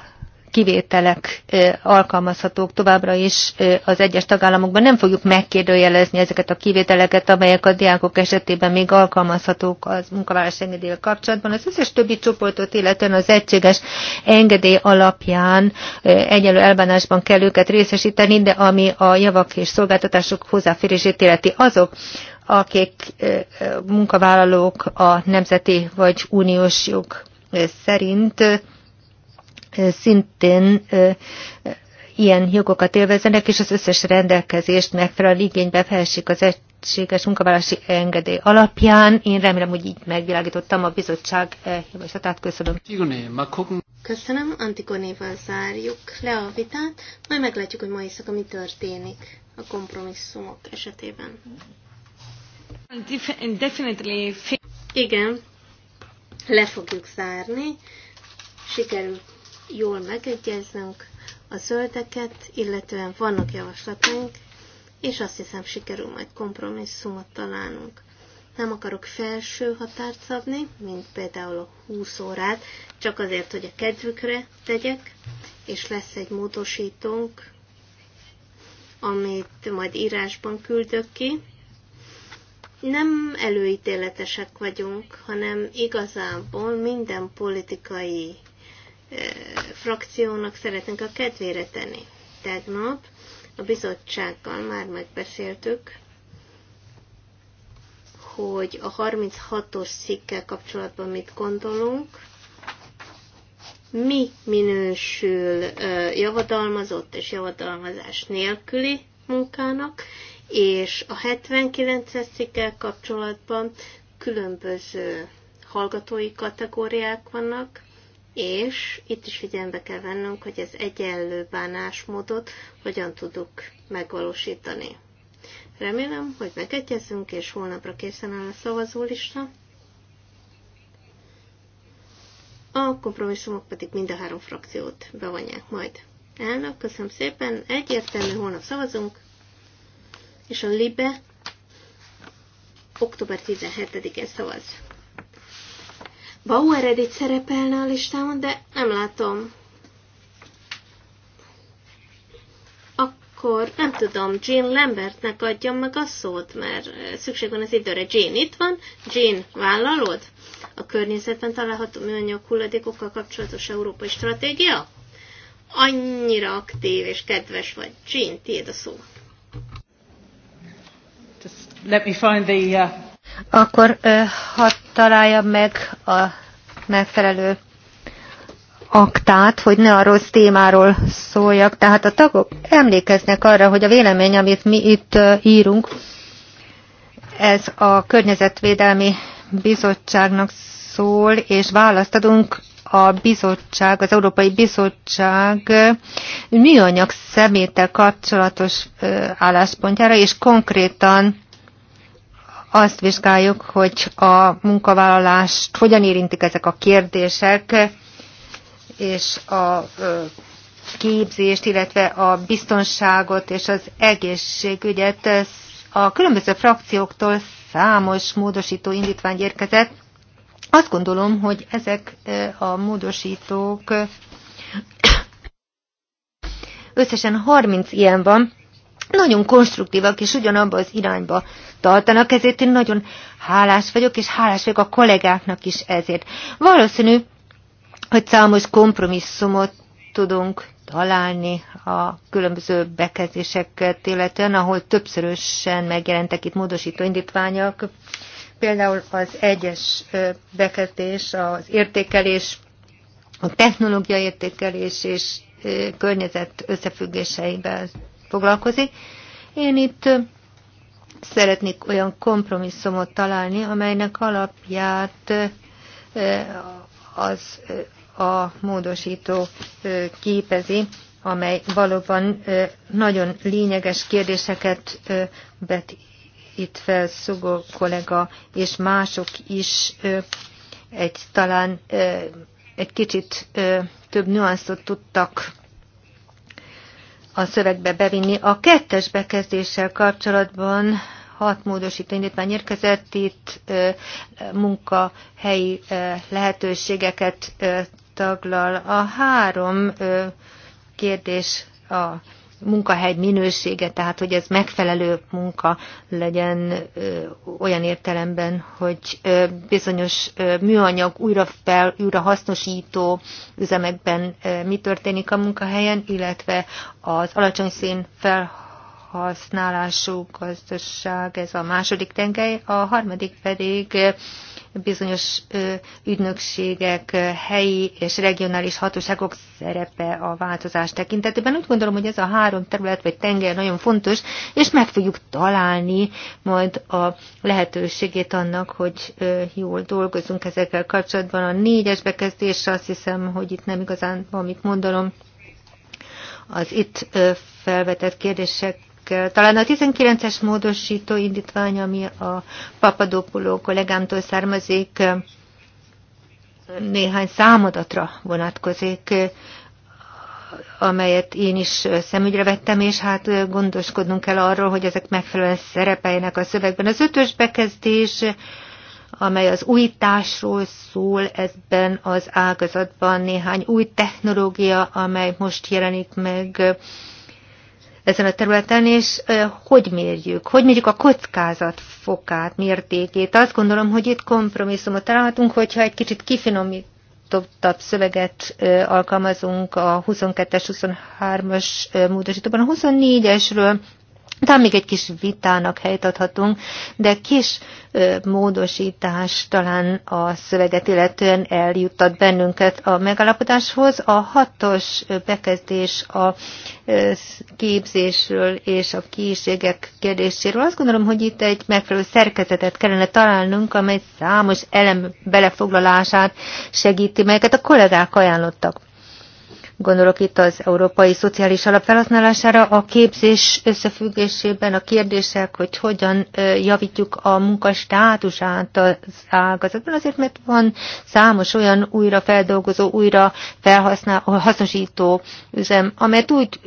kivételek alkalmazhatók továbbra is az egyes tagállamokban. Nem fogjuk megkérdőjelezni ezeket a kivételeket, amelyek a diákok esetében még alkalmazhatók az munkavállalás engedélyvel kapcsolatban. Az összes többi csoportot, illetően az egységes engedély alapján egyenlő elbánásban kell őket részesíteni, de ami a javak és szolgáltatások hozzáférését illeti azok, akik munkavállalók a nemzeti vagy uniós jog szerint szintén ilyen jogokat élvezenek, és az összes rendelkezést megfelelően igénybe felsik az egységes munkavállalási engedély alapján. Én remélem, hogy így megvilágítottam a bizottság javaslatát. Köszönöm. Köszönöm, Antigonéval zárjuk le a vitát, majd meglátjuk, hogy ma éjszaka mi történik a kompromisszumok esetében. Igen, le fogjuk zárni. Sikerült jól megegyeznünk a zöldeket, illetően vannak javaslataink, és azt hiszem sikerül majd kompromisszumot találnunk. Nem akarok felső határt szabni, mint például a 20 órát, csak azért, hogy a kedvükre tegyek, és lesz egy módosítónk, amit majd írásban küldök ki. Nem előítéletesek vagyunk, hanem igazából minden politikai frakciónak szeretnénk a kedvére tenni. Tegnap a bizottsággal már megbeszéltük, hogy a 36-os szikkel kapcsolatban mit gondolunk, mi minősül javadalmazott és javadalmazás nélküli munkának, és a 79-es szikkel kapcsolatban különböző hallgatói kategóriák vannak, és itt is figyelembe kell vennünk, hogy az egyenlő bánásmódot hogyan tudjuk megvalósítani. Remélem, hogy megegyezünk, és holnapra készen áll a szavazólista. A kompromisszumok pedig mind a három frakciót bevonják majd. Elnök, köszönöm szépen, egyértelmű, holnap szavazunk, és a LIBE október 17-én szavaz. Bauer Edith szerepelne a listámon, de nem látom. Akkor nem tudom, Jean Lambertnek adjam meg a szót, mert eh, szükség van az időre. Jean itt van, Jean vállalod? A környezetben található műanyag hulladékokkal kapcsolatos európai stratégia? Annyira aktív és kedves vagy. Jean, tiéd a szó. Just let me find the uh, akkor ha találja meg a megfelelő aktát, hogy ne a rossz témáról szóljak. Tehát a tagok emlékeznek arra, hogy a vélemény, amit mi itt írunk, ez a Környezetvédelmi Bizottságnak szól, és választ adunk a bizottság, az Európai Bizottság műanyag szeméttel kapcsolatos álláspontjára, és konkrétan azt vizsgáljuk, hogy a munkavállalást hogyan érintik ezek a kérdések, és a képzést, illetve a biztonságot és az egészségügyet a különböző frakcióktól számos módosító indítvány érkezett. Azt gondolom, hogy ezek a módosítók összesen 30 ilyen van, nagyon konstruktívak, és ugyanabba az irányba tartanak, ezért én nagyon hálás vagyok, és hálás vagyok a kollégáknak is ezért. Valószínű, hogy számos kompromisszumot tudunk találni a különböző bekezdéseket, illetően ahol többszörösen megjelentek itt módosító indítványok, például az egyes bekezdés, az értékelés, a technológia értékelés és környezet összefüggéseiben foglalkozik. Én itt szeretnék olyan kompromisszumot találni, amelynek alapját az a módosító képezi, amely valóban nagyon lényeges kérdéseket bet itt felszugó kollega és mások is egy talán egy kicsit több nüanszot tudtak a szövegbe bevinni. A kettes bekezdéssel kapcsolatban hat módosító indítvány érkezett, itt munkahelyi lehetőségeket taglal. A három kérdés a munkahely minősége, tehát hogy ez megfelelő munka legyen olyan értelemben, hogy bizonyos műanyag újra, fel, újra hasznosító üzemekben mi történik a munkahelyen, illetve az alacsony szín felhasználású gazdaság, ez a második tengely, a harmadik pedig bizonyos ügynökségek, helyi és regionális hatóságok szerepe a változás tekintetében. Úgy gondolom, hogy ez a három terület vagy tenger nagyon fontos, és meg fogjuk találni majd a lehetőségét annak, hogy jól dolgozunk ezekkel kapcsolatban. A négyes bekezdésre azt hiszem, hogy itt nem igazán valamit mondanom. Az itt felvetett kérdések talán a 19-es módosító indítvány, ami a Papadopuló kollégámtól származik, néhány számadatra vonatkozik, amelyet én is szemügyre vettem, és hát gondoskodnunk kell arról, hogy ezek megfelelően szerepeljenek a szövegben. Az ötös bekezdés, amely az újításról szól ebben az ágazatban, néhány új technológia, amely most jelenik meg ezen a területen, és hogy mérjük? Hogy mérjük a kockázat fokát, mértékét? Azt gondolom, hogy itt kompromisszumot találhatunk, hogyha egy kicsit kifinomítottabb szöveget alkalmazunk a 22-es, 23-as módosítóban. A 24-esről talán még egy kis vitának helyt adhatunk, de kis ö, módosítás talán a szöveget illetően eljuttat bennünket a megalapodáshoz. A hatos bekezdés a ö, képzésről és a készségek kérdéséről. Azt gondolom, hogy itt egy megfelelő szerkezetet kellene találnunk, amely számos elem belefoglalását segíti, melyeket a kollégák ajánlottak. Gondolok itt az Európai Szociális Alap felhasználására. A képzés összefüggésében a kérdések, hogy hogyan javítjuk a munka státusát az ágazatban, azért mert van számos olyan újra feldolgozó, újra felhasznál, hasznosító üzem, amelyet úgy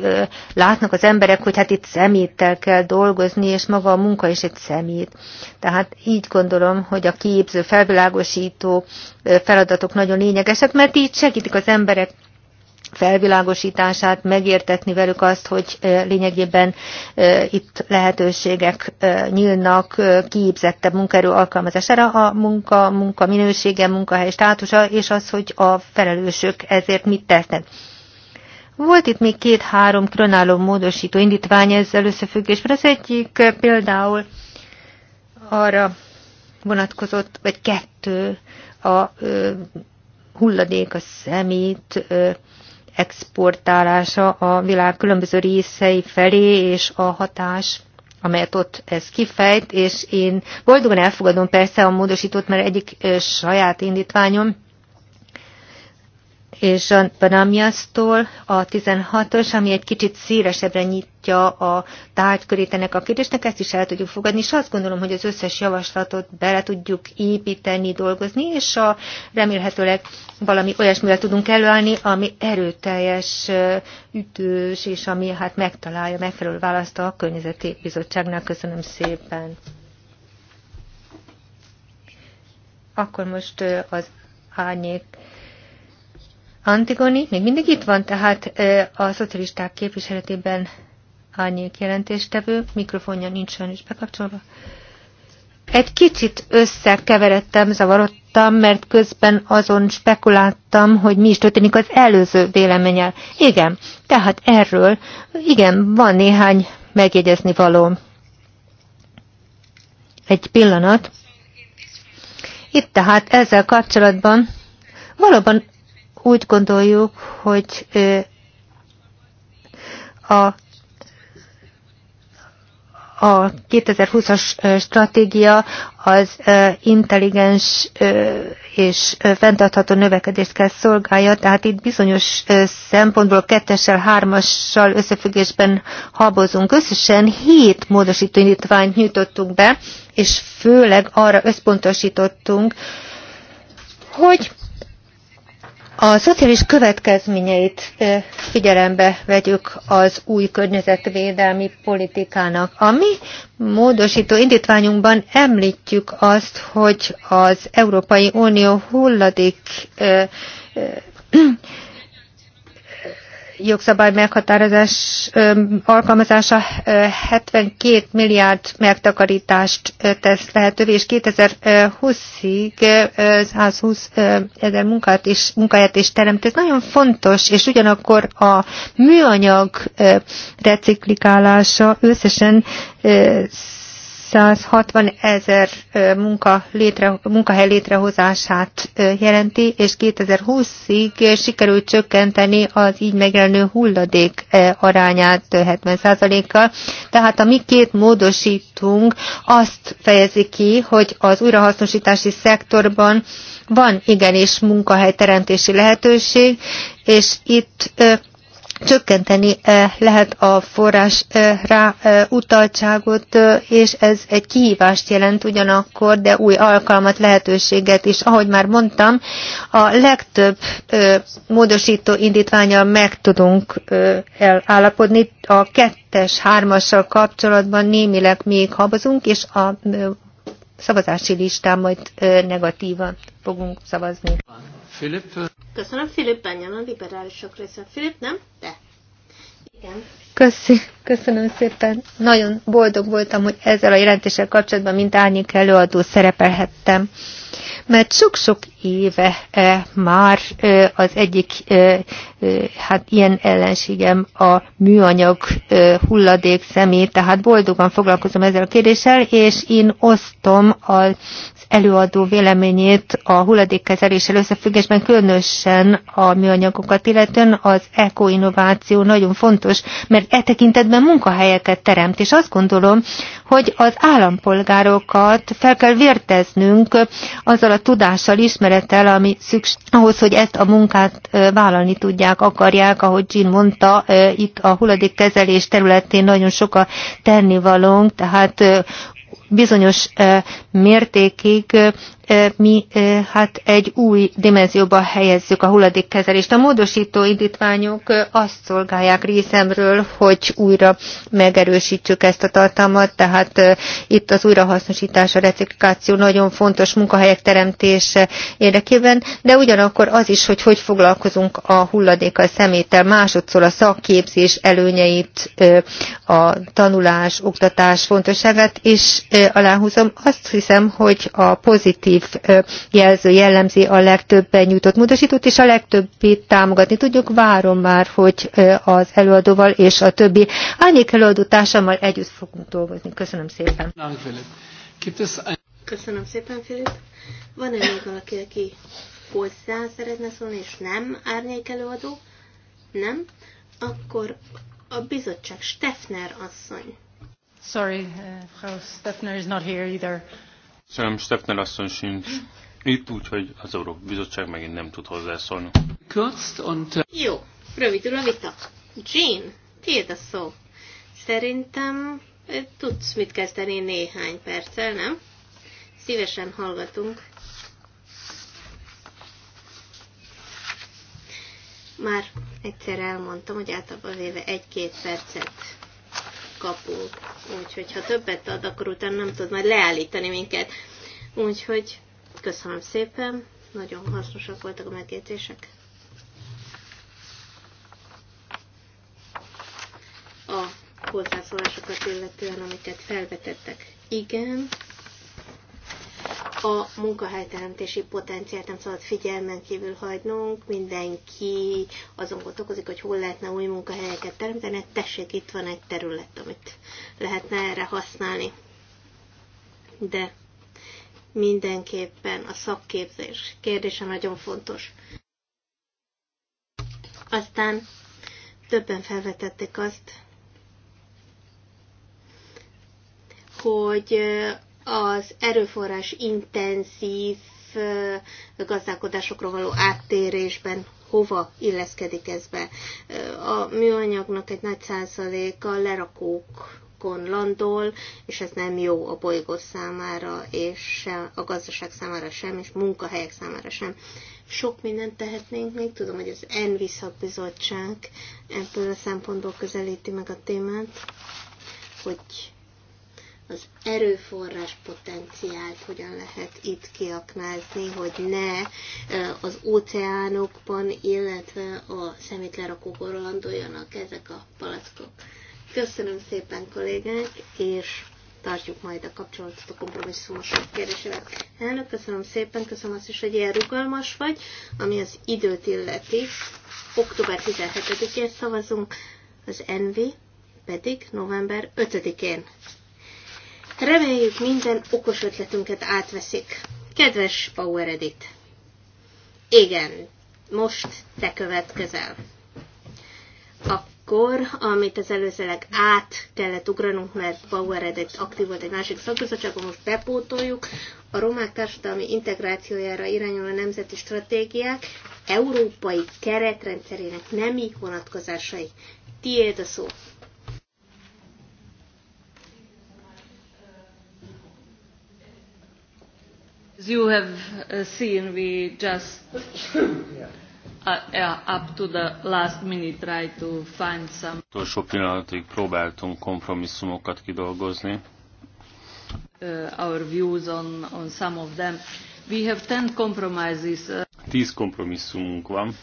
látnak az emberek, hogy hát itt szeméttel kell dolgozni, és maga a munka is egy szemét. Tehát így gondolom, hogy a képző, felvilágosító feladatok nagyon lényegesek, mert így segítik az emberek felvilágosítását, megértetni velük azt, hogy lényegében itt lehetőségek nyílnak kiépzettebb munkaerő alkalmazására, a munka, munka minősége, munkahely státusa, és az, hogy a felelősök ezért mit tesznek. Volt itt még két-három különálló módosító indítvány ezzel összefüggésben. Az egyik például arra vonatkozott, vagy kettő a ö, hulladék, a szemét, ö, exportálása a világ különböző részei felé, és a hatás amelyet ott ez kifejt, és én boldogan elfogadom persze a módosítót, mert egyik saját indítványom, és a Panamiasztól a 16-os, ami egy kicsit szélesebbre nyitja a tárgykörét ennek a kérdésnek, ezt is el tudjuk fogadni, és azt gondolom, hogy az összes javaslatot bele tudjuk építeni, dolgozni, és a, remélhetőleg valami olyasmire tudunk előállni, ami erőteljes, ütős, és ami hát megtalálja, megfelelő választ a Környezeti Bizottságnak. Köszönöm szépen. Akkor most az árnyék Antigoni még mindig itt van, tehát a szocialisták képviseletében árnyék jelentéstevő, mikrofonja nincs is bekapcsolva. Egy kicsit összekeveredtem, zavarodtam, mert közben azon spekuláltam, hogy mi is történik az előző véleményel. Igen, tehát erről, igen, van néhány megjegyezni való. Egy pillanat. Itt tehát ezzel kapcsolatban valóban úgy gondoljuk, hogy a a 2020-as stratégia az intelligens és fenntartható növekedést kell szolgálja, tehát itt bizonyos szempontból kettessel, hármassal összefüggésben habozunk. Összesen hét módosító indítványt nyújtottunk be, és főleg arra összpontosítottunk, hogy a szociális következményeit eh, figyelembe vegyük az új környezetvédelmi politikának. A mi módosító indítványunkban említjük azt, hogy az Európai Unió hulladék eh, eh, jogszabály meghatározás alkalmazása 72 milliárd megtakarítást tesz lehetővé, és 2020-ig 120 ezer munkát és, munkáját is teremt. Ez nagyon fontos, és ugyanakkor a műanyag reciklikálása összesen 160 ezer munka létre, munkahely létrehozását jelenti, és 2020-ig sikerült csökkenteni az így megjelenő hulladék arányát 70%-kal. Tehát a mi két módosítunk azt fejezi ki, hogy az újrahasznosítási szektorban van igenis munkahelyteremtési lehetőség, és itt Csökkenteni lehet a forrás rá utaltságot, és ez egy kihívást jelent ugyanakkor, de új alkalmat, lehetőséget is. Ahogy már mondtam, a legtöbb módosító indítványal meg tudunk elállapodni. A kettes, hármassal kapcsolatban némileg még habozunk, és a szavazási listán majd negatívan fogunk szavazni. Philip. Köszönöm, Filip Benyan, a liberálisok része. Filip, nem? De. Igen. Köszi, köszönöm szépen. Nagyon boldog voltam, hogy ezzel a jelentéssel kapcsolatban mint árnyék előadó szerepelhettem mert sok-sok éve e, már e, az egyik e, hát ilyen ellenségem a műanyag hulladék szemét, tehát boldogan foglalkozom ezzel a kérdéssel, és én osztom az előadó véleményét a hulladékkezeléssel összefüggésben, különösen a műanyagokat, illetően az ekoinnováció nagyon fontos, mert e tekintetben munkahelyeket teremt, és azt gondolom, hogy az állampolgárokat fel kell vérteznünk azzal a tudással, ismerettel, ami szükséges, ahhoz, hogy ezt a munkát vállalni tudják, akarják, ahogy Jean mondta, itt a hulladékkezelés területén nagyon sok a tennivalónk, tehát bizonyos mértékig mi hát egy új dimenzióba helyezzük a hulladékkezelést. A módosító indítványok azt szolgálják részemről, hogy újra megerősítsük ezt a tartalmat, tehát itt az újrahasznosítás, a reciklikáció nagyon fontos munkahelyek teremtése érdekében, de ugyanakkor az is, hogy hogy foglalkozunk a hulladékkal, szeméttel, másodszor a szakképzés előnyeit, a tanulás, oktatás fontosságát, és aláhúzom, azt hiszem, hogy a pozitív pozitív jelző jellemzi a legtöbben nyújtott módosítót, és a legtöbbit támogatni tudjuk. Várom már, hogy az előadóval és a többi árnyék előadó társammal együtt fogunk dolgozni. Köszönöm szépen. Köszönöm szépen, Filip. Van-e még valaki, aki hozzá szeretne szólni, és nem árnyék előadó? Nem? Akkor a bizottság Stefner asszony. Sorry, uh, Frau Stefner is not here either. Szerintem Stefner asszony sincs itt, úgyhogy az Európa Bizottság megint nem tud hozzászólni. Jó, rövidül a vita. Jean, tiéd a szó. Szerintem tudsz mit kezdeni néhány perccel, nem? Szívesen hallgatunk. Már egyszer elmondtam, hogy általában véve egy-két percet kapunk. Úgyhogy ha többet ad, akkor utána nem tud majd leállítani minket. Úgyhogy köszönöm szépen, nagyon hasznosak voltak a megjegyzések. A hozzászólásokat illetően, amiket felvetettek. Igen, a munkahelyteremtési potenciált nem szabad figyelmen kívül hagynunk, mindenki azon gondolkozik, hogy hol lehetne új munkahelyeket teremteni, hát tessék, itt van egy terület, amit lehetne erre használni. De mindenképpen a szakképzés kérdése nagyon fontos. Aztán többen felvetették azt, hogy az erőforrás intenzív gazdálkodásokra való áttérésben hova illeszkedik ez be. A műanyagnak egy nagy százaléka lerakók, landol, és ez nem jó a bolygó számára, és a gazdaság számára sem, és munkahelyek számára sem. Sok mindent tehetnénk még, tudom, hogy az ENVI szakbizottság ebből a szempontból közelíti meg a témát, hogy az erőforrás potenciált hogyan lehet itt kiaknázni, hogy ne az óceánokban, illetve a szemétlerakókon landoljanak ezek a palackok. Köszönöm szépen kollégák, és tartjuk majd a kapcsolatot a kompromisszumosabb kérdésével. Elnök, köszönöm szépen, köszönöm azt is, hogy ilyen rugalmas vagy, ami az időt illeti. Október 17-én szavazunk, az NV, pedig november 5-én. Hát reméljük minden okos ötletünket átveszik. Kedves Power Edit! Igen, most te következel. Akkor, amit az előzőleg át kellett ugranunk, mert Power Edit aktív volt egy másik csak most bepótoljuk, a romák társadalmi integrációjára irányuló nemzeti stratégiák európai keretrendszerének nemi vonatkozásai. Tiéd a szó. As you have uh, seen, we just uh, yeah, up to the last minute try to find some. Utolsó pillanatig próbáltunk kompromisszumokat kidolgozni. Uh, our views on, on some of them. We have ten compromises. Uh, Tíz kompromisszumunk van.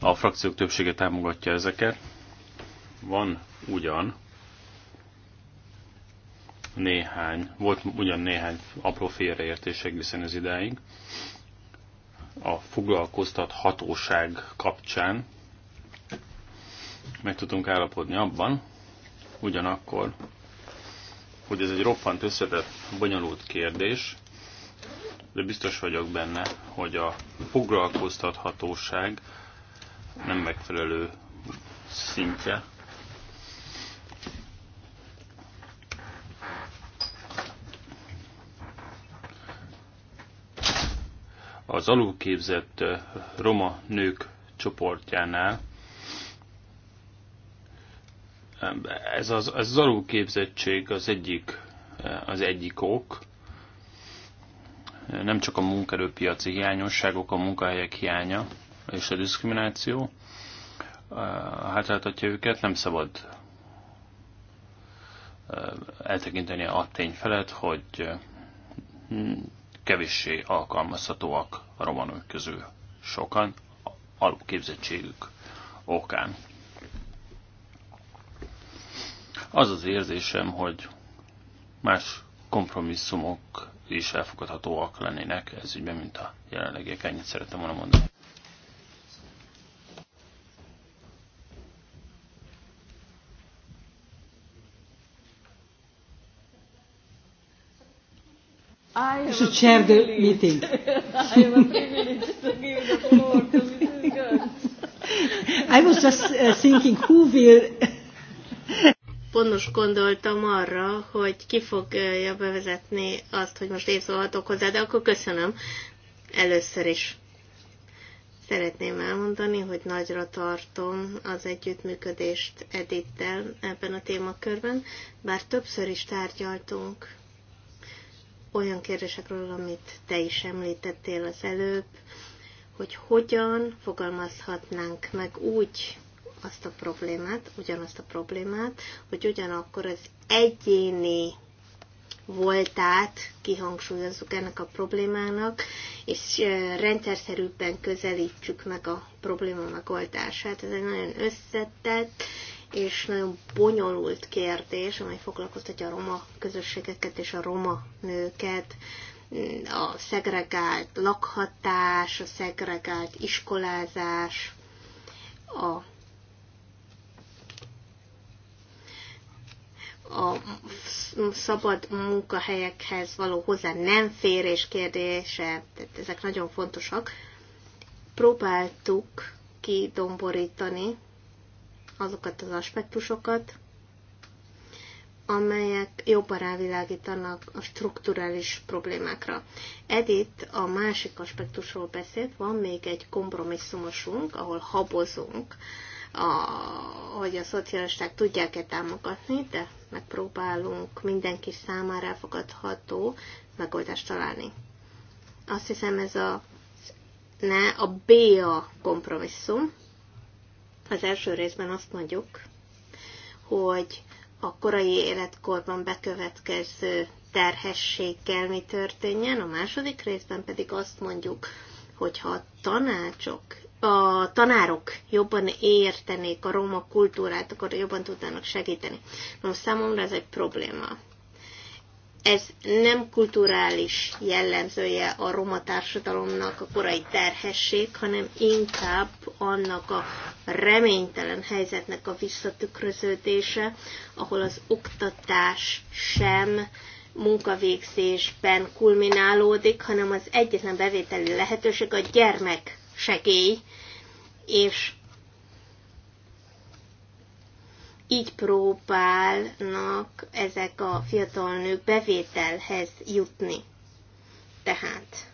A frakciók többsége támogatja ezeket. Van ugyan néhány, volt ugyan néhány apró félreértés egészen az idáig, a foglalkoztat hatóság kapcsán meg tudunk állapodni abban, ugyanakkor, hogy ez egy roppant összetett, bonyolult kérdés, de biztos vagyok benne, hogy a foglalkoztathatóság nem megfelelő szintje az alulképzett roma nők csoportjánál ez az, ez az alulképzettség az egyik, az egyik ok, nem csak a munkerőpiaci hiányosságok, a munkahelyek hiánya és a diszkrimináció hátráltatja őket, nem szabad eltekinteni a tény felett, hogy kevéssé alkalmazhatóak a romanok közül sokan alulképzettségük okán. Az az érzésem, hogy más kompromisszumok is elfogadhatóak lennének ez ügyben, mint a jelenlegiek. Ennyit szerettem volna mondani. I you should chair the meeting. I am privileged to give the floor to Mrs. Gertz. I was just uh, thinking who will... Pontos gondoltam arra, hogy ki fogja bevezetni azt, hogy most én szólhatok hozzá, de akkor köszönöm először is. Szeretném elmondani, hogy nagyra tartom az együttműködést Edittel ebben a témakörben, bár többször is tárgyaltunk olyan kérdésekről, amit te is említettél az előbb, hogy hogyan fogalmazhatnánk meg úgy azt a problémát, ugyanazt a problémát, hogy ugyanakkor az egyéni voltát kihangsúlyozzuk ennek a problémának, és rendszerszerűbben közelítsük meg a probléma megoldását. Ez egy nagyon összetett és nagyon bonyolult kérdés, amely foglalkoztatja a roma közösségeket és a roma nőket, a szegregált lakhatás, a szegregált iskolázás, a, a szabad munkahelyekhez való hozzá nem férés kérdése, tehát ezek nagyon fontosak. Próbáltuk kidomborítani azokat az aspektusokat, amelyek jobban rávilágítanak a strukturális problémákra. Edith a másik aspektusról beszélt, van még egy kompromisszumosunk, ahol habozunk, a, hogy a szocialisták tudják-e támogatni, de megpróbálunk mindenki számára elfogadható megoldást találni. Azt hiszem ez a ne a B-A kompromisszum, az első részben azt mondjuk, hogy a korai életkorban bekövetkező terhességgel mi történjen, a második részben pedig azt mondjuk, hogyha a tanácsok, a tanárok jobban értenék a roma kultúrát, akkor jobban tudnának segíteni. Na, számomra ez egy probléma ez nem kulturális jellemzője a roma társadalomnak a korai terhesség, hanem inkább annak a reménytelen helyzetnek a visszatükröződése, ahol az oktatás sem munkavégzésben kulminálódik, hanem az egyetlen bevételi lehetőség a gyermek segély, és így próbálnak ezek a fiatal nők bevételhez jutni. Tehát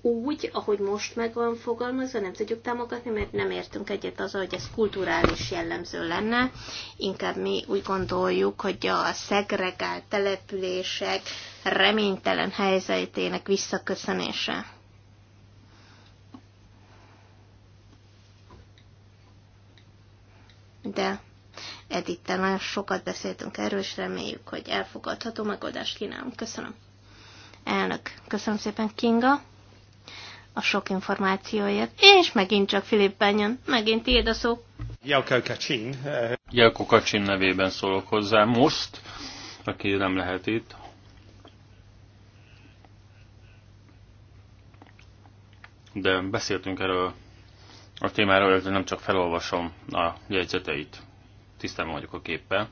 úgy, ahogy most meg van fogalmazva, nem tudjuk támogatni, mert nem értünk egyet azzal, hogy ez kulturális jellemző lenne. Inkább mi úgy gondoljuk, hogy a szegregált települések reménytelen helyzetének visszaköszönése. De Edittel nagyon sokat beszéltünk erről, és reméljük, hogy elfogadható megoldást kínálunk. Köszönöm. Elnök, köszönöm szépen Kinga a sok információért, és megint csak Filip Benyon, megint tiéd a szó. Jelko Kacsin. Eh, Jelko Kacsin nevében szólok hozzá most, aki nem lehet itt, de beszéltünk erről a témáról, hogy nem csak felolvasom a jegyzeteit tisztában vagyok a képpel.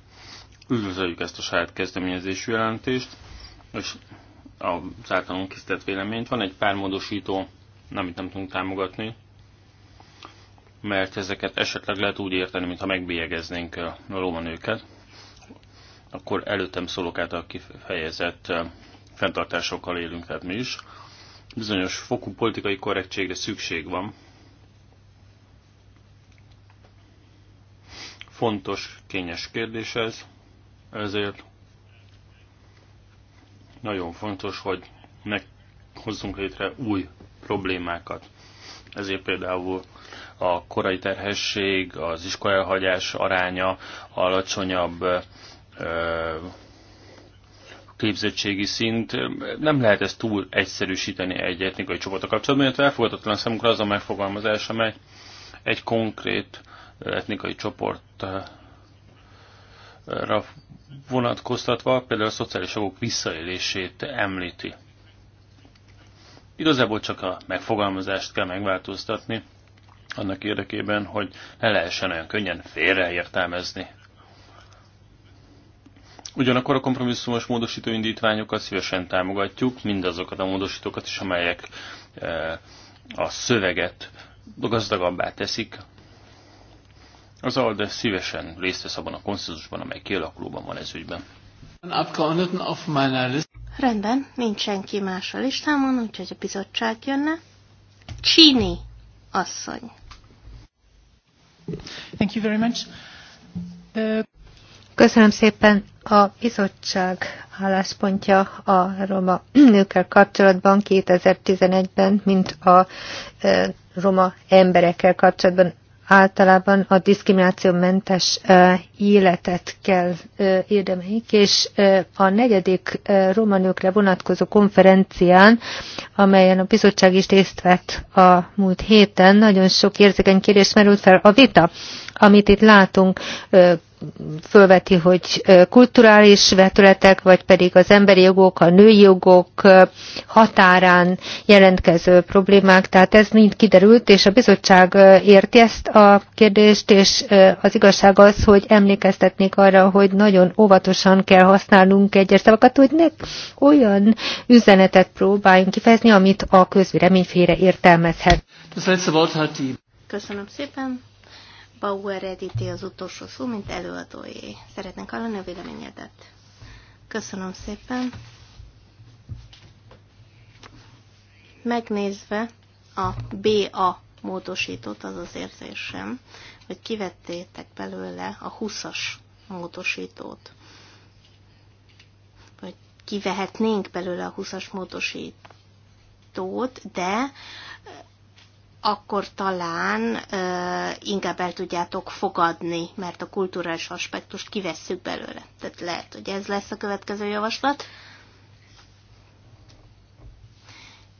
Üdvözöljük ezt a saját kezdeményezésű jelentést, és az általunk készített véleményt. Van egy pár módosító, amit nem tudunk támogatni, mert ezeket esetleg lehet úgy érteni, mintha megbélyegeznénk eh, a nőket, Akkor előttem át által kifejezett eh, fenntartásokkal élünk, tehát mi is. Bizonyos fokú politikai korrektségre szükség van, Fontos, kényes kérdés ez, ezért nagyon fontos, hogy ne hozzunk létre új problémákat. Ezért például a korai terhesség, az iskolahagyás aránya, alacsonyabb ö, képzettségi szint, nem lehet ezt túl egyszerűsíteni egy etnikai csoportra kapcsolatban, illetve elfogadatlan számunkra az a megfogalmazás, amely egy konkrét etnikai csoportra vonatkoztatva, például a szociális jogok visszaélését említi. Igazából csak a megfogalmazást kell megváltoztatni, annak érdekében, hogy ne lehessen olyan könnyen félreértelmezni. Ugyanakkor a kompromisszumos módosító indítványokat szívesen támogatjuk, mindazokat a módosítókat is, amelyek eh, a szöveget gazdagabbá teszik, az ALDE szívesen részt vesz abban a konszenzusban, amely kialakulóban van ez ügyben. Rendben, nincs senki más a listámon, úgyhogy a bizottság jönne. Csini asszony. Thank you very much. The... Köszönöm szépen. A bizottság álláspontja a roma nőkkel kapcsolatban 2011-ben, mint a roma emberekkel kapcsolatban általában a diszkriminációmentes életet kell érdemeljük, és a negyedik romanőkre vonatkozó konferencián, amelyen a bizottság is részt vett a múlt héten, nagyon sok érzékeny kérdés merült fel. A vita, amit itt látunk, fölveti, hogy kulturális vetületek, vagy pedig az emberi jogok, a női jogok határán jelentkező problémák. Tehát ez mind kiderült, és a bizottság érti ezt a kérdést, és az igazság az, hogy emlékeztetnék arra, hogy nagyon óvatosan kell használnunk egyes szavakat, hogy ne olyan üzenetet próbáljunk kifejezni, amit a közvéreményfére értelmezhet. Köszönöm szépen. Bauer Edité az utolsó szó, mint előadóé. Szeretnénk hallani a véleményedet. Köszönöm szépen. Megnézve a BA módosítót, az az érzésem, hogy kivettétek belőle a 20-as módosítót. Vagy kivehetnénk belőle a 20-as módosítót, de akkor talán ö, inkább el tudjátok fogadni, mert a kulturális aspektust kivesszük belőle. Tehát lehet, hogy ez lesz a következő javaslat.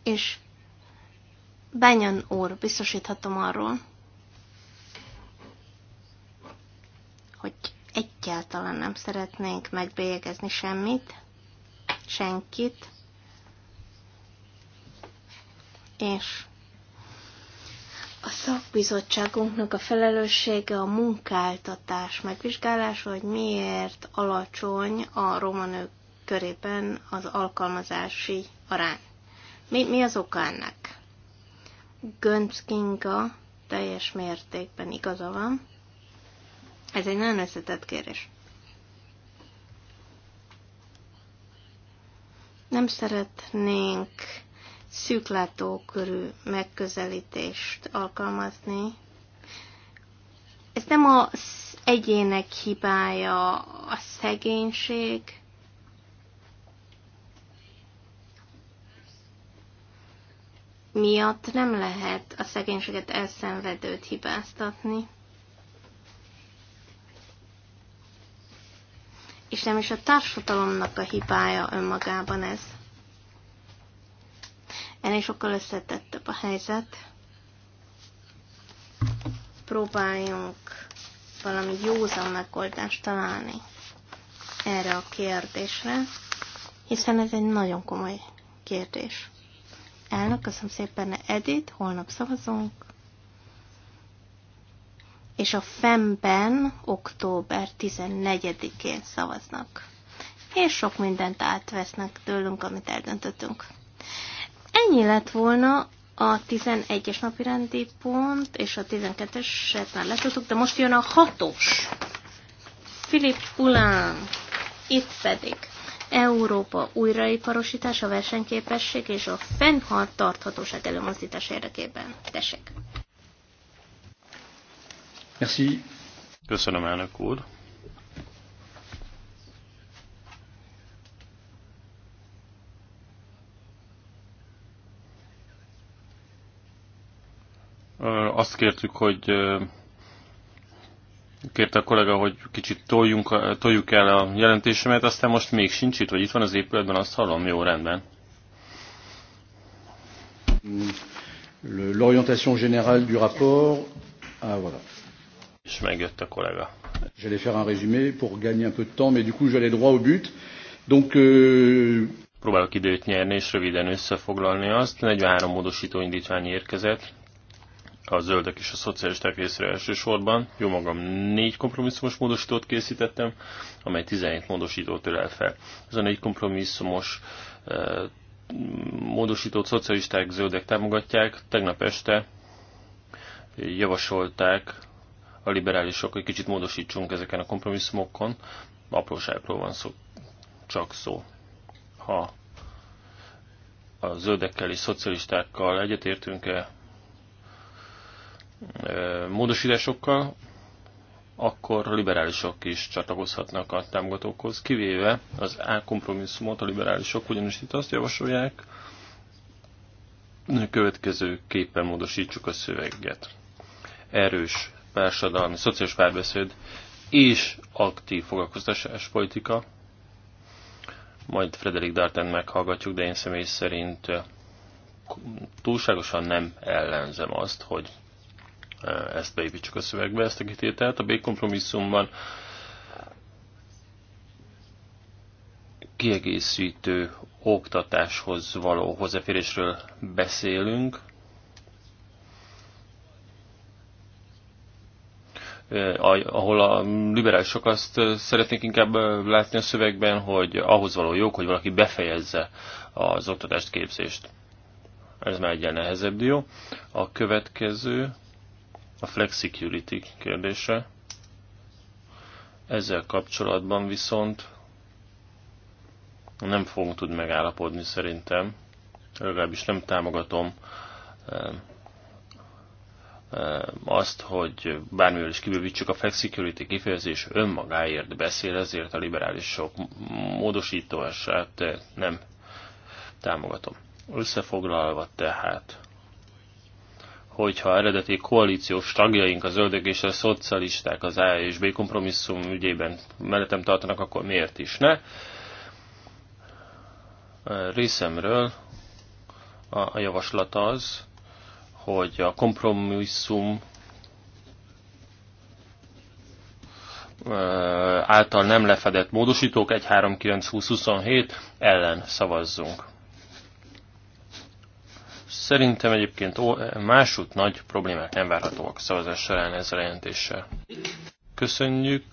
És Benyon úr, biztosíthatom arról, hogy egyáltalán nem szeretnénk megbélyegezni semmit, senkit, és a szakbizottságunknak a felelőssége a munkáltatás megvizsgálása, hogy miért alacsony a roma nők körében az alkalmazási arány. Mi, mi az oka ennek? Gönc Kinga teljes mértékben igaza van. Ez egy nagyon összetett kérés. Nem szeretnénk szűklátókörű megközelítést alkalmazni. Ez nem az egyének hibája a szegénység, miatt nem lehet a szegénységet elszenvedőt hibáztatni. És nem is a társadalomnak a hibája önmagában ez. Ennél sokkal összetettebb a helyzet. Próbáljunk valami józan megoldást találni erre a kérdésre, hiszen ez egy nagyon komoly kérdés. Elnök, köszönöm szépen, Edith, holnap szavazunk. És a FEM-ben október 14-én szavaznak. És sok mindent átvesznek tőlünk, amit eldöntöttünk. Ennyi lett volna a 11-es napi rendi pont, és a 12-eset már letudtuk, de most jön a 6-os. Philip Ulán. Itt pedig Európa újraiparosítása, versenyképesség és a tarthatóság előmozdítás érdekében. Tessék! Merci. Köszönöm, elnök úr. azt kértük, hogy kérte a kollega, hogy kicsit toljunk, toljuk el a jelentésemet, aztán most még sincs itt, vagy itt van az épületben, azt hallom, jó, rendben. L'orientation générale du rapport, ah voilà. És megjött a kollega. J'allais faire un résumé pour gagner un peu de temps, mais du coup j'allais droit au but. Donc, euh... Próbálok időt nyerni és röviden összefoglalni azt. 43 módosító indítvány érkezett, a zöldek és a szocialisták részre elsősorban. Jó magam négy kompromisszumos módosítót készítettem, amely 17 módosítót ölel fel. Ez a négy kompromisszumos e, módosítót szocialisták, zöldek támogatják. Tegnap este javasolták a liberálisok, hogy kicsit módosítsunk ezeken a kompromisszumokon. Apróságról van szó, csak szó. Ha a zöldekkel és szocialistákkal egyetértünk-e, módosításokkal, akkor a liberálisok is csatlakozhatnak a támogatókhoz, kivéve az A kompromisszumot a liberálisok, ugyanis itt azt javasolják, hogy következő képen módosítsuk a szöveget. Erős társadalmi, szociális párbeszéd és aktív foglalkoztatás politika. Majd Frederik Darten meghallgatjuk, de én személy szerint túlságosan nem ellenzem azt, hogy Eh, ezt beépítsük a szövegbe, ezt a kitételt. A B kompromisszumban kiegészítő oktatáshoz való hozzáférésről beszélünk. Eh, ahol a liberálisok azt eh, szeretnék inkább látni a szövegben, hogy ahhoz való jog, hogy valaki befejezze az oktatást, képzést. Ez már egy nehezebb dió. A következő a flexicurity kérdése. Ezzel kapcsolatban viszont nem fogunk tudni megállapodni szerintem, legalábbis nem támogatom eh, eh, azt, hogy bármivel is kibővítsük a flexicurity kifejezés önmagáért beszél, ezért a liberálisok módosítását eh, nem támogatom. Összefoglalva tehát hogyha eredeti koalíciós tagjaink, a zöldök és a szocialisták az A és B kompromisszum ügyében mellettem tartanak, akkor miért is ne? Részemről a javaslat az, hogy a kompromisszum által nem lefedett módosítók 1.3.9.20.27 ellen szavazzunk. Szerintem egyébként másút nagy problémák nem várhatóak a szavazás során ezzel a jelentéssel. Köszönjük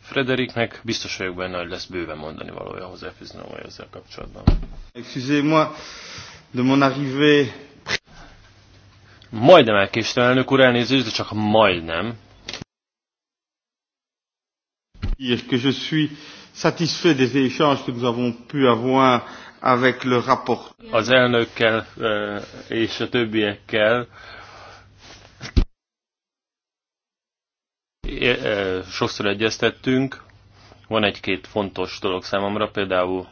Frederiknek, biztos vagyok benne, hogy lesz bőven mondani valója hozzá Fizinomai ezzel kapcsolatban. Excusez-moi de mon arrivée. Majdnem elkéstem, elnök úr, elnézést, de csak majdnem. Dire que je suis satisfait des échanges que nous avons pu avoir avec le rapport. Az elnökkel és a többiekkel sokszor egyeztettünk. Van egy-két fontos dolog számomra, például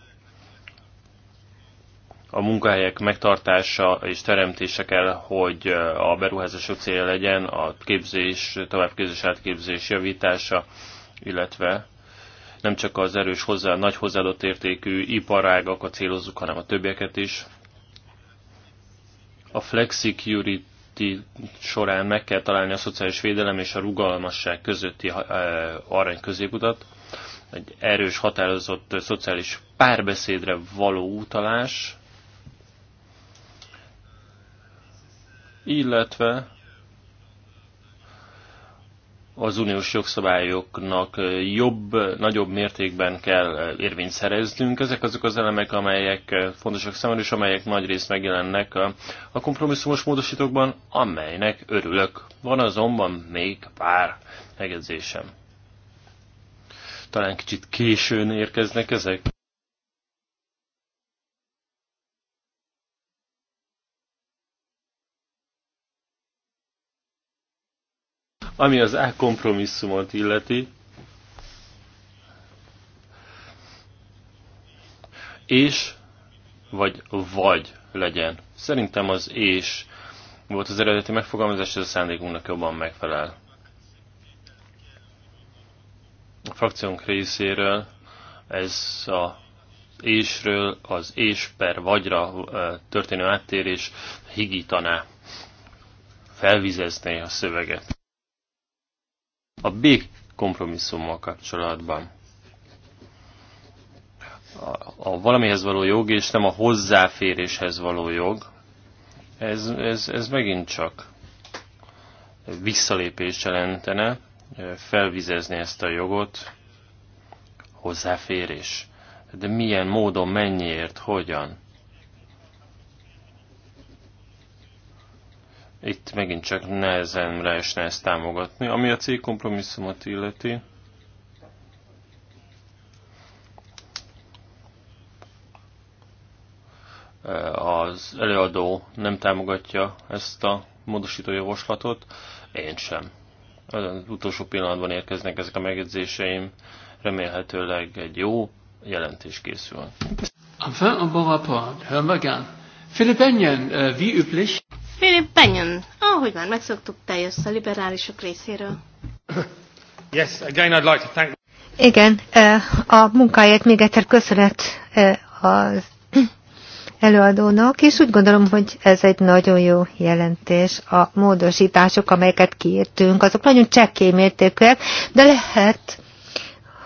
a munkahelyek megtartása és teremtése kell, hogy a beruházások célja legyen, a képzés, továbbképzés, átképzés javítása, illetve nem csak az erős hozzá, nagy hozzáadott értékű iparágakat célozzuk, hanem a többieket is. A flexicurity során meg kell találni a szociális védelem és a rugalmasság közötti eh, arany középutat. Egy erős, határozott szociális párbeszédre való utalás, illetve az uniós jogszabályoknak jobb, nagyobb mértékben kell érvényt szereznünk. Ezek azok az elemek, amelyek fontosak számára, és amelyek nagy megjelennek a, a kompromisszumos módosítókban, amelynek örülök. Van azonban még pár megjegyzésem. Talán kicsit későn érkeznek ezek. Ami az A kompromisszumot illeti, és vagy vagy legyen. Szerintem az és volt az eredeti megfogalmazás, ez a szándékunknak jobban megfelel. A frakciónk részéről ez a ésről az és per vagyra történő áttérés higítaná, felvizezné a szöveget. A bék kompromisszummal kapcsolatban. A, a valamihez való jog, és nem a hozzáféréshez való jog, ez, ez, ez megint csak visszalépés jelentene, felvizezni ezt a jogot, hozzáférés. De milyen módon, mennyiért, hogyan? itt megint csak nehezen is ezt támogatni. Ami a C kompromisszumot illeti, az előadó nem támogatja ezt a módosító javaslatot, én sem. Az utolsó pillanatban érkeznek ezek a megjegyzéseim, remélhetőleg egy jó jelentés készül. fin un bon rapport. Hören wir gern. Philipp euh, wie üblich. Philip Bennion, ahogy már megszoktuk, te jössz a liberálisok részéről. Yes, again I'd like to thank... Igen, eh, a munkáért még egyszer köszönet eh, az előadónak, és úgy gondolom, hogy ez egy nagyon jó jelentés. A módosítások, amelyeket kiírtünk, azok nagyon csekély mértékűek, de lehet,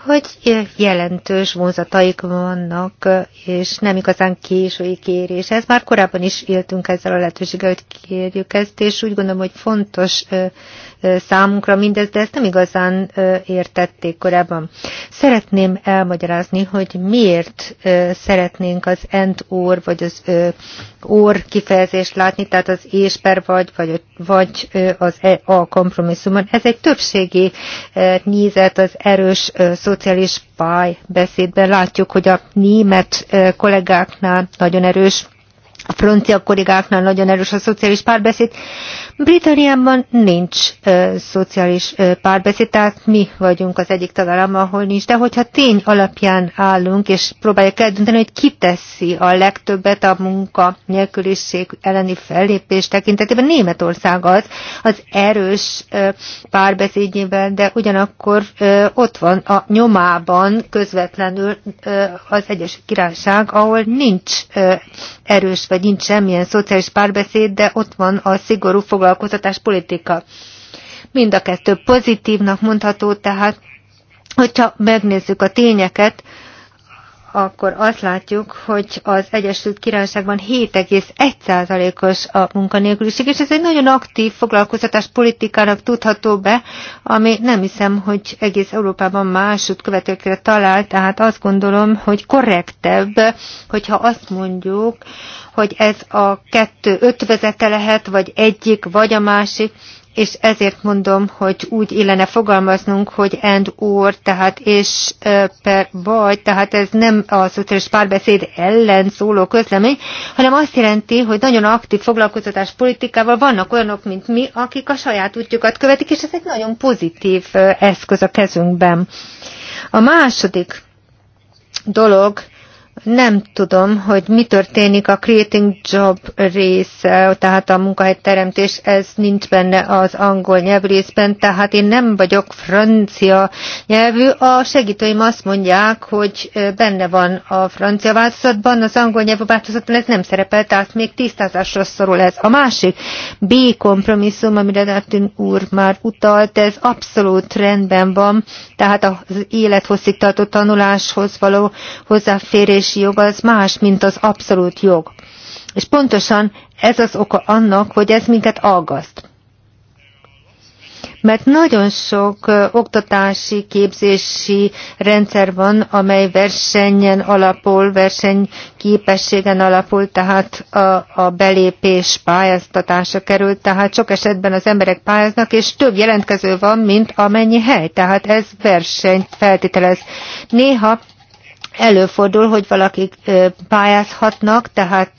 hogy jelentős vonzataik vannak, és nem igazán késői kérés. Ez már korábban is éltünk ezzel a lehetőséggel, hogy kérjük ezt, és úgy gondolom, hogy fontos számunkra mindez, de ezt nem igazán értették korábban. Szeretném elmagyarázni, hogy miért szeretnénk az end or, vagy az or kifejezést látni, tehát az ésper vagy, vagy, vagy az e, a kompromisszumon. Ez egy többségi nézet az erős szociális pály beszédben. Látjuk, hogy a német kollégáknál nagyon erős a francia kollégáknál nagyon erős a szociális párbeszéd. Britanniában nincs ö, szociális ö, párbeszéd, tehát mi vagyunk az egyik tagállam, ahol nincs, de hogyha tény alapján állunk, és próbáljuk eldönteni, hogy ki teszi a legtöbbet a munka nélküliség elleni fellépés tekintetében, Németország az, az erős ö, párbeszédjében, de ugyanakkor ö, ott van a nyomában közvetlenül ö, az Egyesült Királyság, ahol nincs ö, erős vagy vagy nincs semmilyen szociális párbeszéd, de ott van a szigorú foglalkoztatás politika. Mind a kettő pozitívnak mondható, tehát hogyha megnézzük a tényeket, akkor azt látjuk, hogy az Egyesült Királyságban 7,1%-os a munkanélküliség, és ez egy nagyon aktív foglalkoztatás politikának tudható be, ami nem hiszem, hogy egész Európában másút követőkre talál, tehát azt gondolom, hogy korrektebb, hogyha azt mondjuk, hogy ez a kettő ötvezete lehet, vagy egyik, vagy a másik, és ezért mondom, hogy úgy illene fogalmaznunk, hogy and or, tehát és per vagy, tehát ez nem a szociális párbeszéd ellen szóló közlemény, hanem azt jelenti, hogy nagyon aktív foglalkoztatás politikával vannak olyanok, mint mi, akik a saját útjukat követik, és ez egy nagyon pozitív eszköz a kezünkben. A második dolog, nem tudom, hogy mi történik a Creating Job része, tehát a munkahelyteremtés, ez nincs benne az angol nyelv részben, tehát én nem vagyok francia nyelvű. A segítőim azt mondják, hogy benne van a francia változatban, az angol nyelvű változatban ez nem szerepel, tehát még tisztázásra szorul ez. A másik B kompromisszum, amire Dátin úr már utalt, ez abszolút rendben van, tehát az élethosszígtartó tartó tanuláshoz való hozzáférés szerződési jog az más, mint az abszolút jog. És pontosan ez az oka annak, hogy ez minket aggaszt. Mert nagyon sok oktatási, képzési rendszer van, amely versenyen alapul, versenyképességen alapul, tehát a, a belépés pályáztatása került, tehát sok esetben az emberek pályáznak, és több jelentkező van, mint amennyi hely, tehát ez versenyt feltételez. Néha Előfordul, hogy valakik pályázhatnak, tehát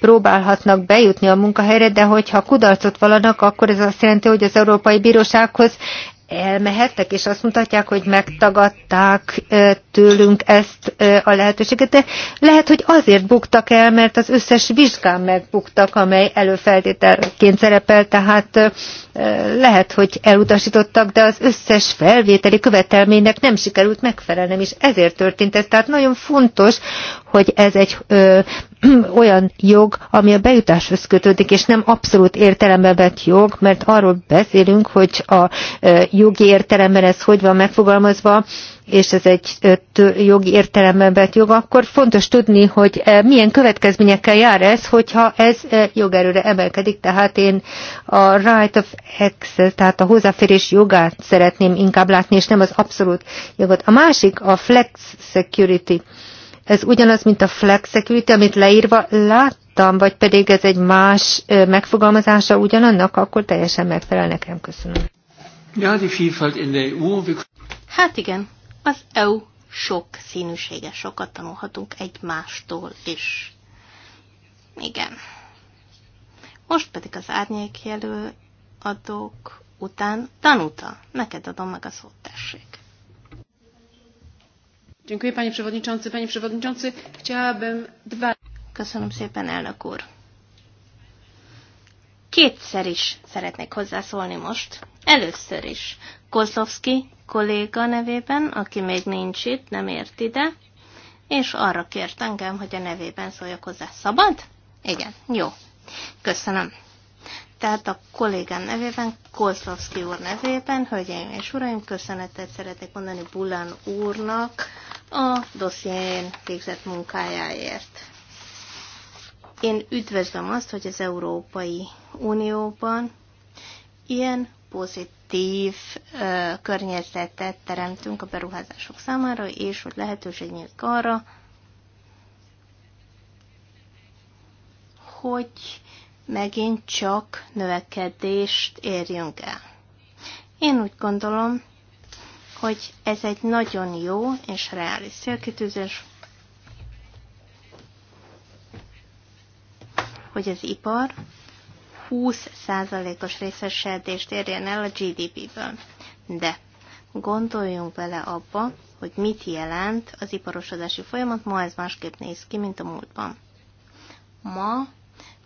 próbálhatnak bejutni a munkahelyre, de hogyha kudarcot valanak, akkor ez azt jelenti, hogy az Európai Bírósághoz elmehettek, és azt mutatják, hogy megtagadták tőlünk ezt a lehetőséget, de lehet, hogy azért buktak el, mert az összes vizsgán megbuktak, amely előfeltételként szerepel, tehát lehet, hogy elutasítottak, de az összes felvételi követelménynek nem sikerült megfelelnem, és ezért történt ez. Tehát nagyon fontos, hogy ez egy ö, ö, olyan jog, ami a bejutáshoz kötődik, és nem abszolút értelembe vett jog, mert arról beszélünk, hogy a ö, jogi értelemben ez hogy van megfogalmazva, és ez egy jogi értelemben vett jog, akkor fontos tudni, hogy milyen következményekkel jár ez, hogyha ez jogerőre emelkedik. Tehát én a right of access, tehát a hozzáférés jogát szeretném inkább látni, és nem az abszolút jogot. A másik a flex security. Ez ugyanaz, mint a flex security, amit leírva láttam, vagy pedig ez egy más megfogalmazása ugyanannak, akkor teljesen megfelel nekem. Köszönöm. E hát igen, az EU sok színűsége, sokat tanulhatunk egymástól is. Igen. Most pedig az árnyék adók után tanulta neked adom meg a szót, tessék. Dziękuję, panie przewodniczący. Panie przewodniczący, chciałabym dwa... Köszönöm szépen, elnök úr. Kétszer is szeretnék hozzászólni most, Először is Kozlovski kolléga nevében, aki még nincs itt, nem ért ide, és arra kért engem, hogy a nevében szóljak hozzá. Szabad? Igen, jó. Köszönöm. Tehát a kollégám nevében, Kozlovszki úr nevében, hölgyeim és uraim, köszönetet szeretnék mondani Bulán úrnak a dosszién végzett munkájáért. Én üdvözlöm azt, hogy az Európai Unióban ilyen pozitív ö, környezetet teremtünk a beruházások számára, és hogy lehetőség nyílik arra, hogy megint csak növekedést érjünk el. Én úgy gondolom, hogy ez egy nagyon jó és reális célkitűzés, hogy az ipar 20%-os részesedést érjen el a GDP-ből. De gondoljunk bele abba, hogy mit jelent az iparosodási folyamat, ma ez másképp néz ki, mint a múltban. Ma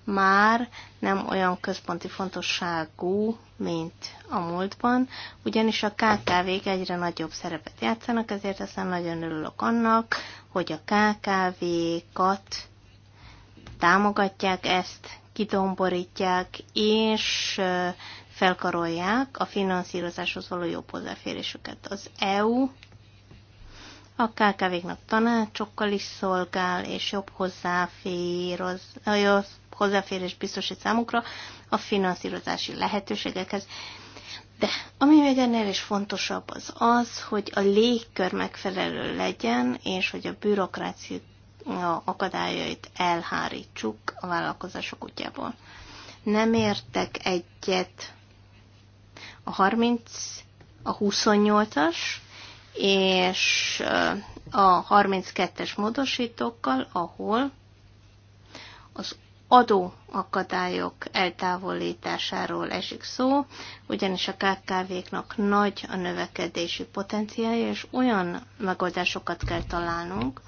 már nem olyan központi fontosságú, mint a múltban, ugyanis a KKV-k egyre nagyobb szerepet játszanak, ezért aztán nagyon örülök annak, hogy a KKV-kat támogatják ezt, kitomborítják és felkarolják a finanszírozáshoz való jobb hozzáférésüket. Az EU a kkv tanácsokkal is szolgál, és jobb hozzáférés biztosít számukra a finanszírozási lehetőségekhez. De ami még ennél is fontosabb az az, hogy a légkör megfelelő legyen, és hogy a bürokrácia a akadályait elhárítsuk a vállalkozások útjából. Nem értek egyet a 30, a 28-as és a 32-es módosítókkal, ahol az adó akadályok eltávolításáról esik szó, ugyanis a KKV-knak nagy a növekedési potenciálja, és olyan megoldásokat kell találnunk,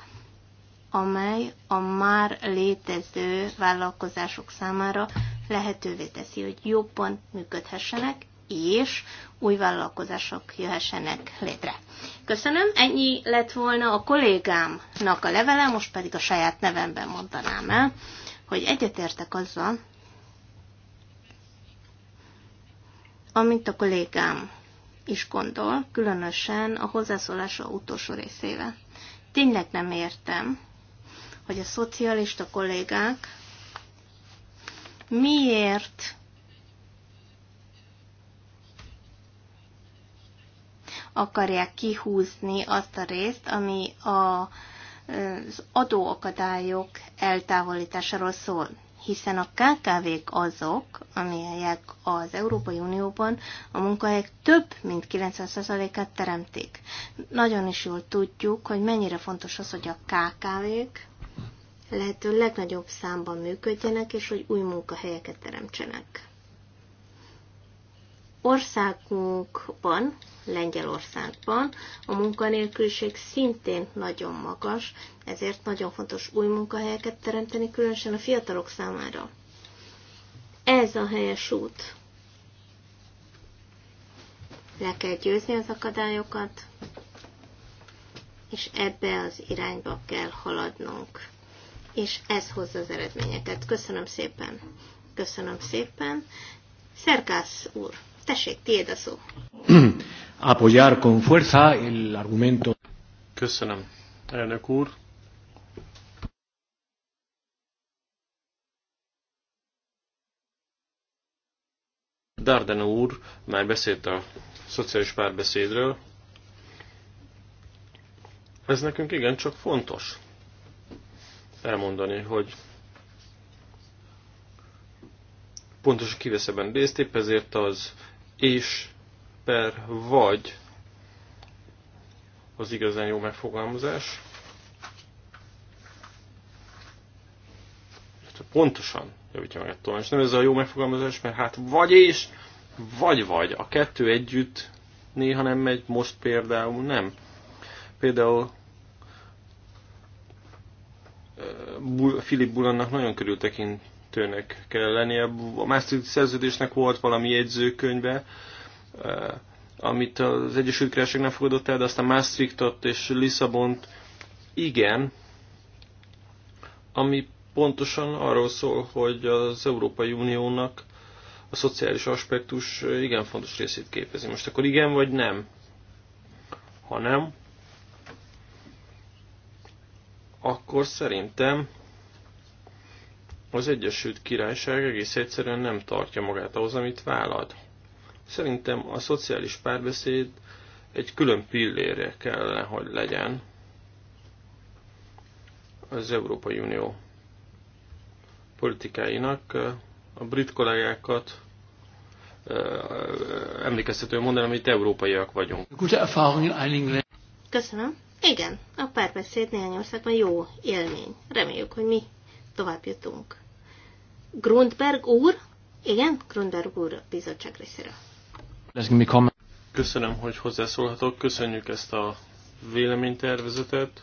amely a már létező vállalkozások számára lehetővé teszi, hogy jobban működhessenek, és új vállalkozások jöhessenek létre. Köszönöm, ennyi lett volna a kollégámnak a levele, most pedig a saját nevemben mondanám el, hogy egyetértek azzal, amit a kollégám is gondol, különösen a hozzászólása utolsó részével. Tényleg nem értem, hogy a szocialista kollégák miért akarják kihúzni azt a részt, ami a, az adóakadályok eltávolításáról szól hiszen a KKV-k azok, amelyek az Európai Unióban a munkahelyek több mint 90%-át teremtik. Nagyon is jól tudjuk, hogy mennyire fontos az, hogy a KKV-k lehető legnagyobb számban működjenek, és hogy új munkahelyeket teremtsenek. Országunkban, Lengyelországban a munkanélküliség szintén nagyon magas, ezért nagyon fontos új munkahelyeket teremteni, különösen a fiatalok számára. Ez a helyes út. Le kell győzni az akadályokat, és ebbe az irányba kell haladnunk és ez hozza az eredményeket. Köszönöm szépen. Köszönöm szépen. Szerkász úr, tessék, tiéd a szó. Apoyar con fuerza el argumento. Köszönöm, elnök úr. Dardena úr már beszélt a szociális párbeszédről. Ez nekünk igencsak fontos elmondani, hogy pontosan kivesz ebben részt, épp ezért az és per vagy az igazán jó megfogalmazás. Hát, pontosan javítja meg ettől. És nem ez a jó megfogalmazás, mert hát vagy és, vagy vagy. A kettő együtt néha nem megy, most például nem. Például Philip Bullannak nagyon körültekintőnek kell lennie. A Maastricht szerződésnek volt valami jegyzőkönyve, amit az Egyesült Királyság nem fogadott el, de aztán Maastrichtot és Lisszabont igen, ami pontosan arról szól, hogy az Európai Uniónak a szociális aspektus igen fontos részét képezi. Most akkor igen vagy nem? Ha nem, akkor szerintem az Egyesült Királyság egész egyszerűen nem tartja magát ahhoz, amit vállalt. Szerintem a szociális párbeszéd egy külön pillére kellene, hogy legyen az Európai Unió politikáinak. A brit kollégákat emlékeztető mondani, amit európaiak vagyunk. Köszönöm. Igen, a párbeszéd néhány országban jó élmény. Reméljük, hogy mi tovább jutunk. Grundberg úr? Igen, Grundberg úr a bizottság részéről. Köszönöm, hogy hozzászólhatok. Köszönjük ezt a véleménytervezetet.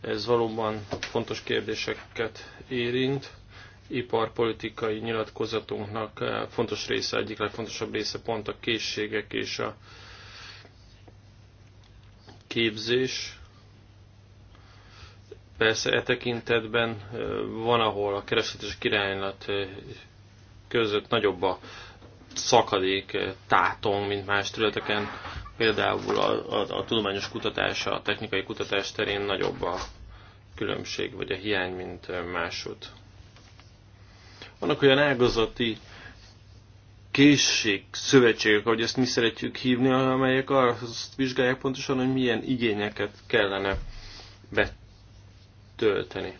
Ez valóban fontos kérdéseket érint. Iparpolitikai nyilatkozatunknak eh, fontos része, egyik legfontosabb része pont a készségek és a képzés. Persze e tekintetben van, ahol a kereslet és kiránylat között nagyobb a szakadék tátong, mint más területeken. Például a, a, a tudományos kutatás, a technikai kutatás terén nagyobb a különbség vagy a hiány, mint másod. Vannak olyan ágazati készség szövetségek, ahogy ezt mi szeretjük hívni, amelyek arra azt vizsgálják pontosan, hogy milyen igényeket kellene betölteni.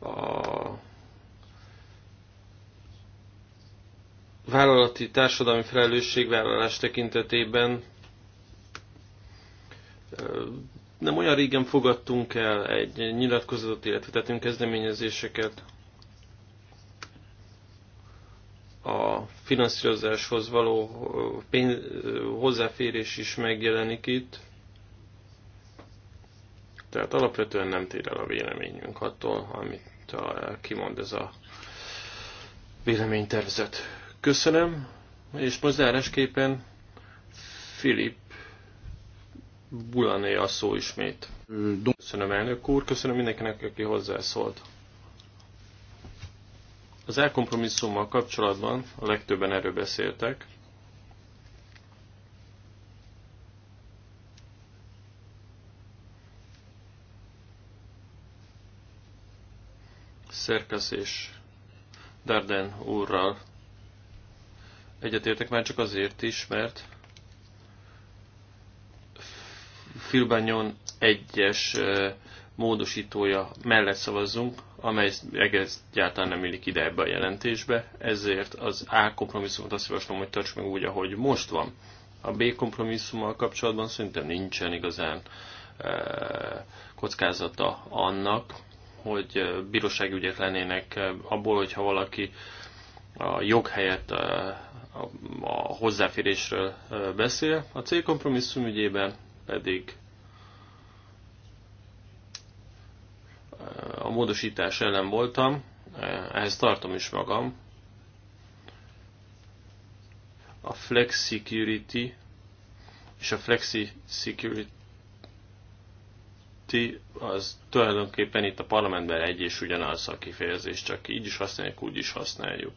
A vállalati társadalmi felelősségvállalás tekintetében nem olyan régen fogadtunk el egy nyilatkozatot, illetve tettünk kezdeményezéseket a finanszírozáshoz való pénz, hozzáférés is megjelenik itt. Tehát alapvetően nem tér el a véleményünk attól, amit a, kimond ez a véleménytervezet. Köszönöm, és most zárásképpen Filip Bulané a szó ismét. Köszönöm elnök úr, köszönöm mindenkinek, aki hozzászólt. Az elkompromisszummal kapcsolatban a legtöbben erről beszéltek. Szerkesz és Darden úrral egyetértek már csak azért is, mert Filbanyon egyes eh, módosítója mellett szavazzunk, amely egyáltalán nem illik ide ebbe a jelentésbe, ezért az A kompromisszumot azt javaslom, hogy tartsuk meg úgy, ahogy most van. A B kompromisszummal kapcsolatban szerintem nincsen igazán e, kockázata annak, hogy e, bírósági ügyek lennének e, abból, hogyha valaki a jog helyett a, a, a hozzáférésről beszél. A kompromisszum ügyében pedig a módosítás ellen voltam, ehhez tartom is magam. A Flex Security és a Flexi Security az tulajdonképpen itt a parlamentben egy és ugyanaz a kifejezés, csak így is használjuk, úgy is használjuk.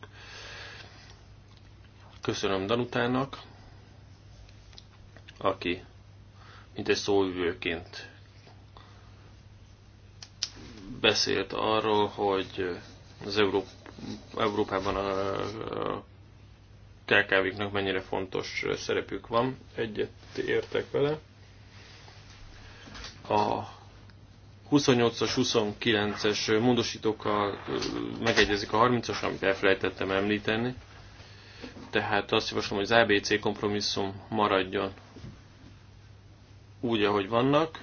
Köszönöm Danutának, aki mint egy szóvivőként beszélt arról, hogy az Európ Európában a, KKV-knak mennyire fontos szerepük van. Egyet értek vele. A 28-as, 29-es módosítókkal megegyezik a 30-as, amit elfelejtettem említeni. Tehát azt javaslom, hogy az ABC kompromisszum maradjon úgy, ahogy vannak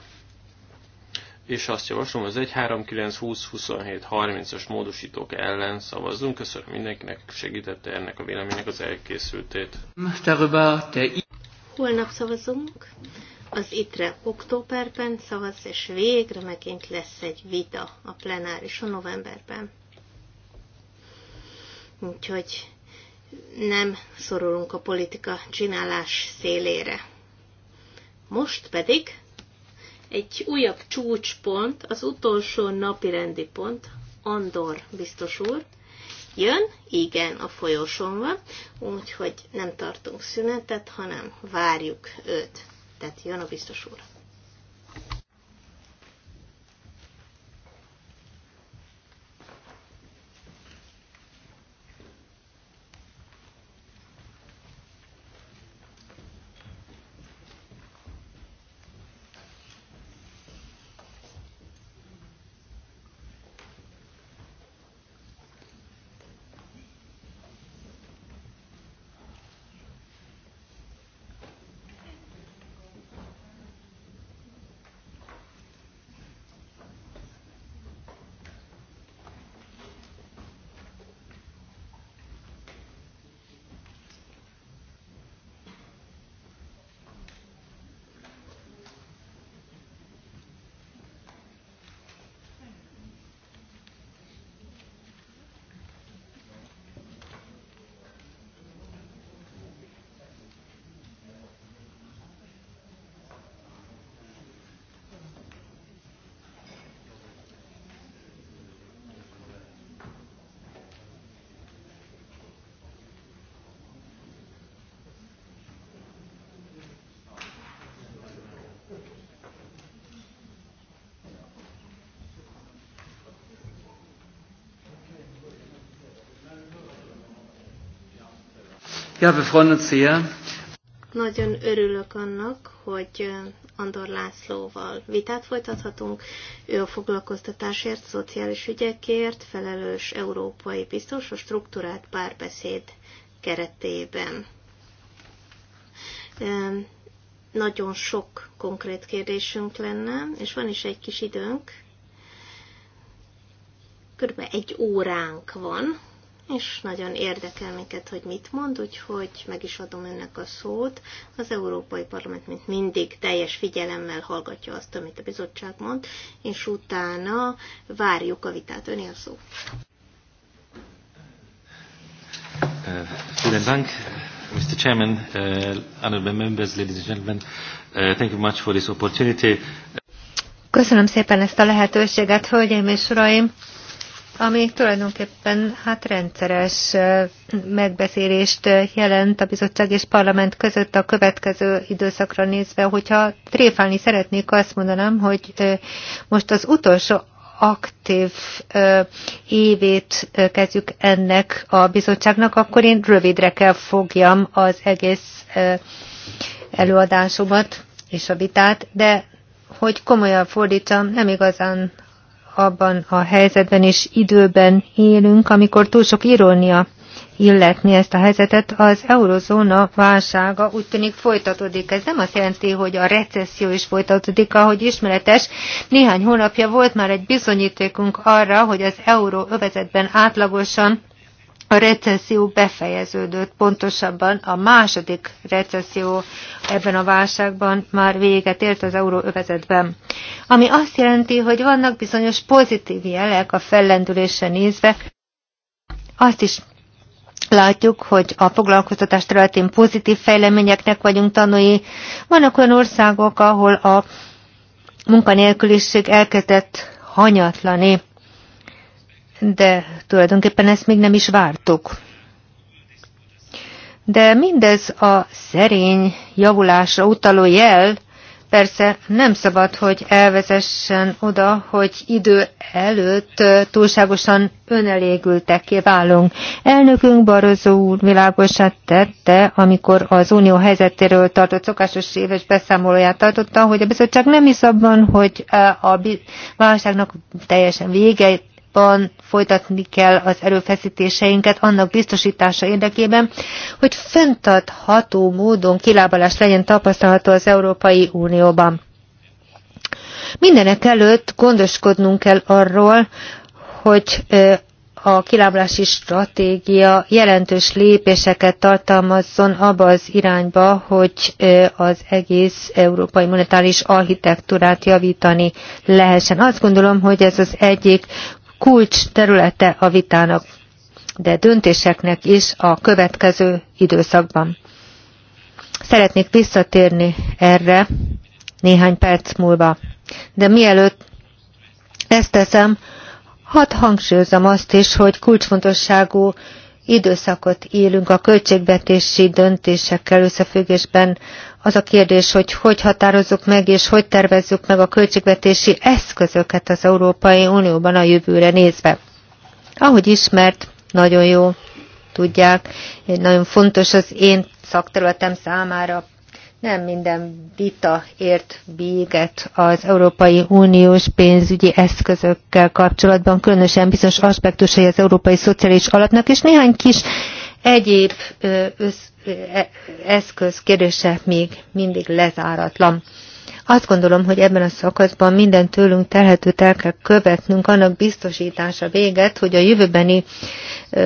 és azt javaslom, az 1, 3, 9, 20, 27, 30-as módosítók ellen szavazzunk. Köszönöm mindenkinek, segítette ennek a véleménynek az elkészültét. Holnap szavazunk. Az ITRE októberben szavaz, és végre megint lesz egy vita a plenáris a novemberben. Úgyhogy nem szorulunk a politika csinálás szélére. Most pedig egy újabb csúcspont, az utolsó napi rendi pont, Andor biztos úr, jön, igen, a folyosón van, úgyhogy nem tartunk szünetet, hanem várjuk őt. Tehát jön a biztos úr. Ja, wir freuen uns sehr. Nagyon örülök annak, hogy eh, Andor Lászlóval vitát folytathatunk. Ő a foglalkoztatásért, szociális ügyekért, felelős európai biztos a struktúrát párbeszéd keretében. Eh, nagyon sok konkrét kérdésünk lenne, és van is egy kis időnk. Körülbelül egy óránk van, és nagyon érdekel minket, hogy mit mond, úgyhogy meg is adom önnek a szót. Az Európai Parlament, mint mindig, teljes figyelemmel hallgatja azt, amit a bizottság mond, és utána várjuk a vitát. Öné a szó. Uh, vielen Dank, Mr. Chairman, uh, honorable members, ladies and gentlemen. Uh, thank you much for this opportunity. Köszönöm szépen ezt a lehetőséget, hölgyeim és uraim! ami tulajdonképpen hát rendszeres megbeszélést jelent a bizottság és parlament között a következő időszakra nézve, hogyha tréfálni szeretnék, azt mondanám, hogy most az utolsó aktív évét kezdjük ennek a bizottságnak, akkor én rövidre kell fogjam az egész előadásomat és a vitát, de hogy komolyan fordítsam, nem igazán abban a helyzetben és időben élünk, amikor túl sok irónia illetni ezt a helyzetet. Az eurozóna válsága úgy tűnik folytatódik. Ez nem azt jelenti, hogy a recesszió is folytatódik, ahogy ismeretes. Néhány hónapja volt már egy bizonyítékunk arra, hogy az euró övezetben átlagosan a recesszió befejeződött, pontosabban a második recesszió ebben a válságban már véget ért az euróövezetben. Ami azt jelenti, hogy vannak bizonyos pozitív jelek a fellendülésre nézve, azt is látjuk, hogy a foglalkoztatás területén pozitív fejleményeknek vagyunk tanúi. Vannak olyan országok, ahol a munkanélküliség elkezdett hanyatlani de tulajdonképpen ezt még nem is vártuk. De mindez a szerény javulásra utaló jel, persze nem szabad, hogy elvezessen oda, hogy idő előtt túlságosan önelégülteké válunk. Elnökünk Barozó úr világosát tette, amikor az unió helyzetéről tartott szokásos éves beszámolóját tartotta, hogy a bizottság nem is abban, hogy a válságnak teljesen vége van, folytatni kell az erőfeszítéseinket annak biztosítása érdekében, hogy fenntartható módon kilábalás legyen tapasztalható az Európai Unióban. Mindenek előtt gondoskodnunk kell arról, hogy a kilábalási stratégia jelentős lépéseket tartalmazzon abba az irányba, hogy az egész európai monetáris architektúrát javítani lehessen. Azt gondolom, hogy ez az egyik kulcs területe a vitának, de döntéseknek is a következő időszakban. Szeretnék visszatérni erre néhány perc múlva, de mielőtt ezt teszem, hadd hangsúlyozom azt is, hogy kulcsfontosságú időszakot élünk a költségvetési döntésekkel összefüggésben az a kérdés, hogy hogy határozzuk meg és hogy tervezzük meg a költségvetési eszközöket az Európai Unióban a jövőre nézve. Ahogy ismert, nagyon jó tudják, nagyon fontos az én szakterületem számára nem minden vita ért véget az Európai Uniós pénzügyi eszközökkel kapcsolatban, különösen bizonyos aspektusai az Európai Szociális Alapnak, és néhány kis egyéb össz, e, eszköz kérdése még mindig lezáratlan. Azt gondolom, hogy ebben a szakaszban minden tőlünk telhetőt el kell követnünk, annak biztosítása véget, hogy a jövőbeni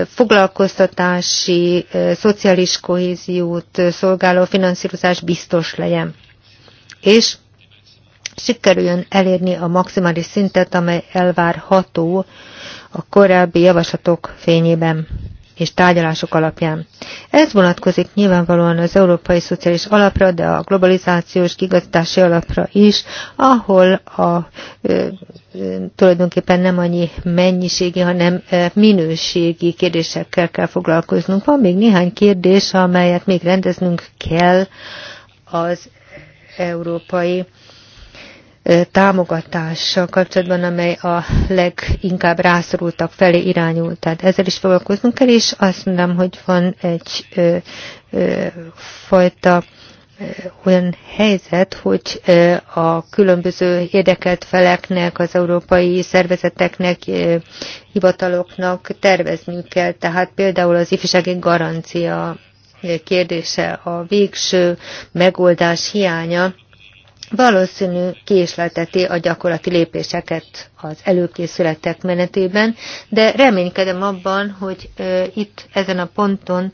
foglalkoztatási, szociális kohéziót szolgáló finanszírozás biztos legyen. És sikerüljön elérni a maximális szintet, amely elvárható a korábbi javaslatok fényében és tárgyalások alapján. Ez vonatkozik nyilvánvalóan az Európai Szociális Alapra, de a globalizációs kigazdási alapra is, ahol a ö, ö, tulajdonképpen nem annyi mennyiségi, hanem minőségi kérdésekkel kell foglalkoznunk. Van még néhány kérdés, amelyet még rendeznünk kell az európai támogatással kapcsolatban, amely a leginkább rászorultak felé irányul. Tehát ezzel is foglalkoznunk kell, és azt mondom, hogy van egy ö, ö, fajta olyan helyzet, hogy a különböző érdekelt feleknek, az európai szervezeteknek, hivataloknak tervezniük kell. Tehát például az ifjúsági garancia kérdése, a végső megoldás hiánya valószínű késlelteti a gyakorlati lépéseket az előkészületek menetében, de reménykedem abban, hogy itt ezen a ponton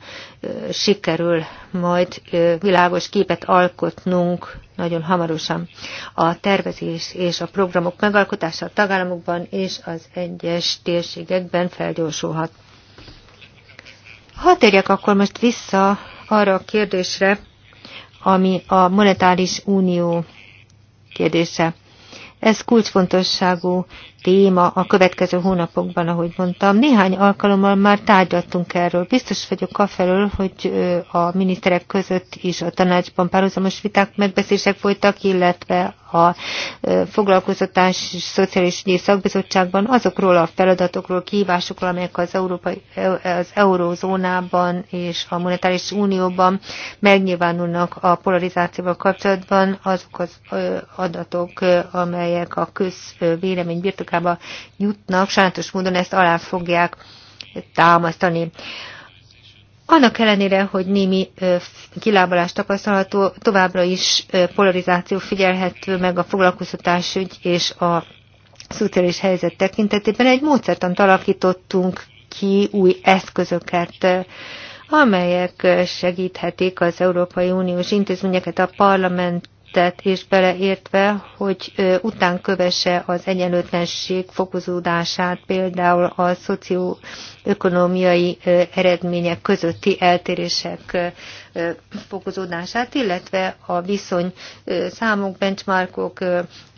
sikerül majd világos képet alkotnunk nagyon hamarosan a tervezés és a programok megalkotása a tagállamokban és az egyes térségekben felgyorsulhat. Ha térjek akkor most vissza arra a kérdésre, ami a monetáris unió kérdése. Ez kulcsfontosságú, téma a következő hónapokban, ahogy mondtam. Néhány alkalommal már tárgyaltunk erről. Biztos vagyok afelől, hogy a miniszterek között is a tanácsban párhuzamos viták, megbeszések folytak, illetve a foglalkoztatás és szociális ügyi szakbizottságban azokról a feladatokról, kihívásokról, amelyek az, európai, az eurózónában és a monetáris unióban megnyilvánulnak a polarizációval kapcsolatban, azok az adatok, amelyek a közvélemény birtokában munkába jutnak, sajátos módon ezt alá fogják támasztani. Annak ellenére, hogy némi kilábalás tapasztalható, továbbra is polarizáció figyelhető meg a foglalkoztatásügy és a szociális helyzet tekintetében. Egy módszertant alakítottunk ki új eszközöket, amelyek segíthetik az Európai Uniós intézményeket, a parlament tett és beleértve, hogy után kövese az egyenlőtlenség fokozódását, például a szocioökonomiai eredmények közötti eltérések fokozódását, illetve a viszony számok, benchmarkok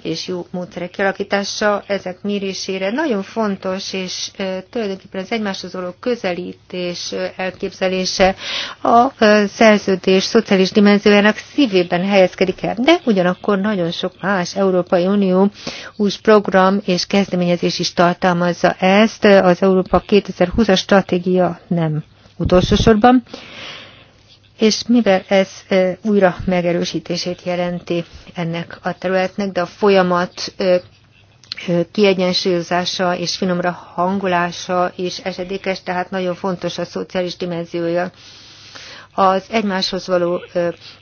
és jó módszerek kialakítása ezek mérésére nagyon fontos, és tulajdonképpen az egymáshoz való közelítés elképzelése a szerződés szociális dimenziójának szívében helyezkedik el. De ugyanakkor nagyon sok más Európai Unió új program és kezdeményezés is tartalmazza ezt, az Európa 2020-as stratégia nem utolsó sorban és mivel ez újra megerősítését jelenti ennek a területnek, de a folyamat kiegyensúlyozása és finomra hangolása is esedékes, tehát nagyon fontos a szociális dimenziója. Az egymáshoz való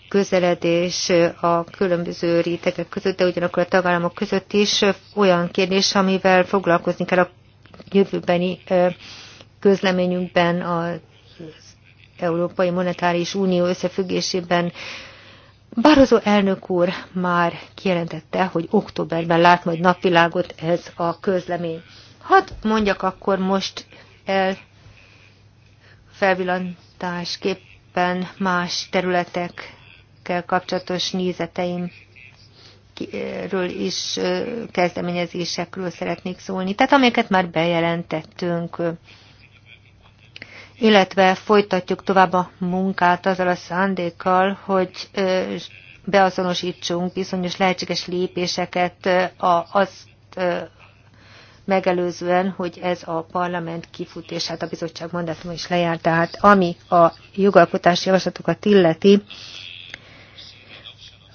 közeledés a különböző rétegek között, de ugyanakkor a tagállamok között is olyan kérdés, amivel foglalkozni kell a jövőbeni közleményünkben a Európai Monetáris Unió összefüggésében barozó elnök úr már kijelentette, hogy októberben lát majd napvilágot ez a közlemény. Hadd mondjak akkor most el felvillantásképpen más területekkel kapcsolatos nézeteim ről is kezdeményezésekről szeretnék szólni, tehát amelyeket már bejelentettünk illetve folytatjuk tovább a munkát azzal a szándékkal, hogy beazonosítsunk bizonyos lehetséges lépéseket azt megelőzően, hogy ez a parlament kifutását a bizottság mandátuma is lejárt. Tehát ami a jogalkotási javaslatokat illeti,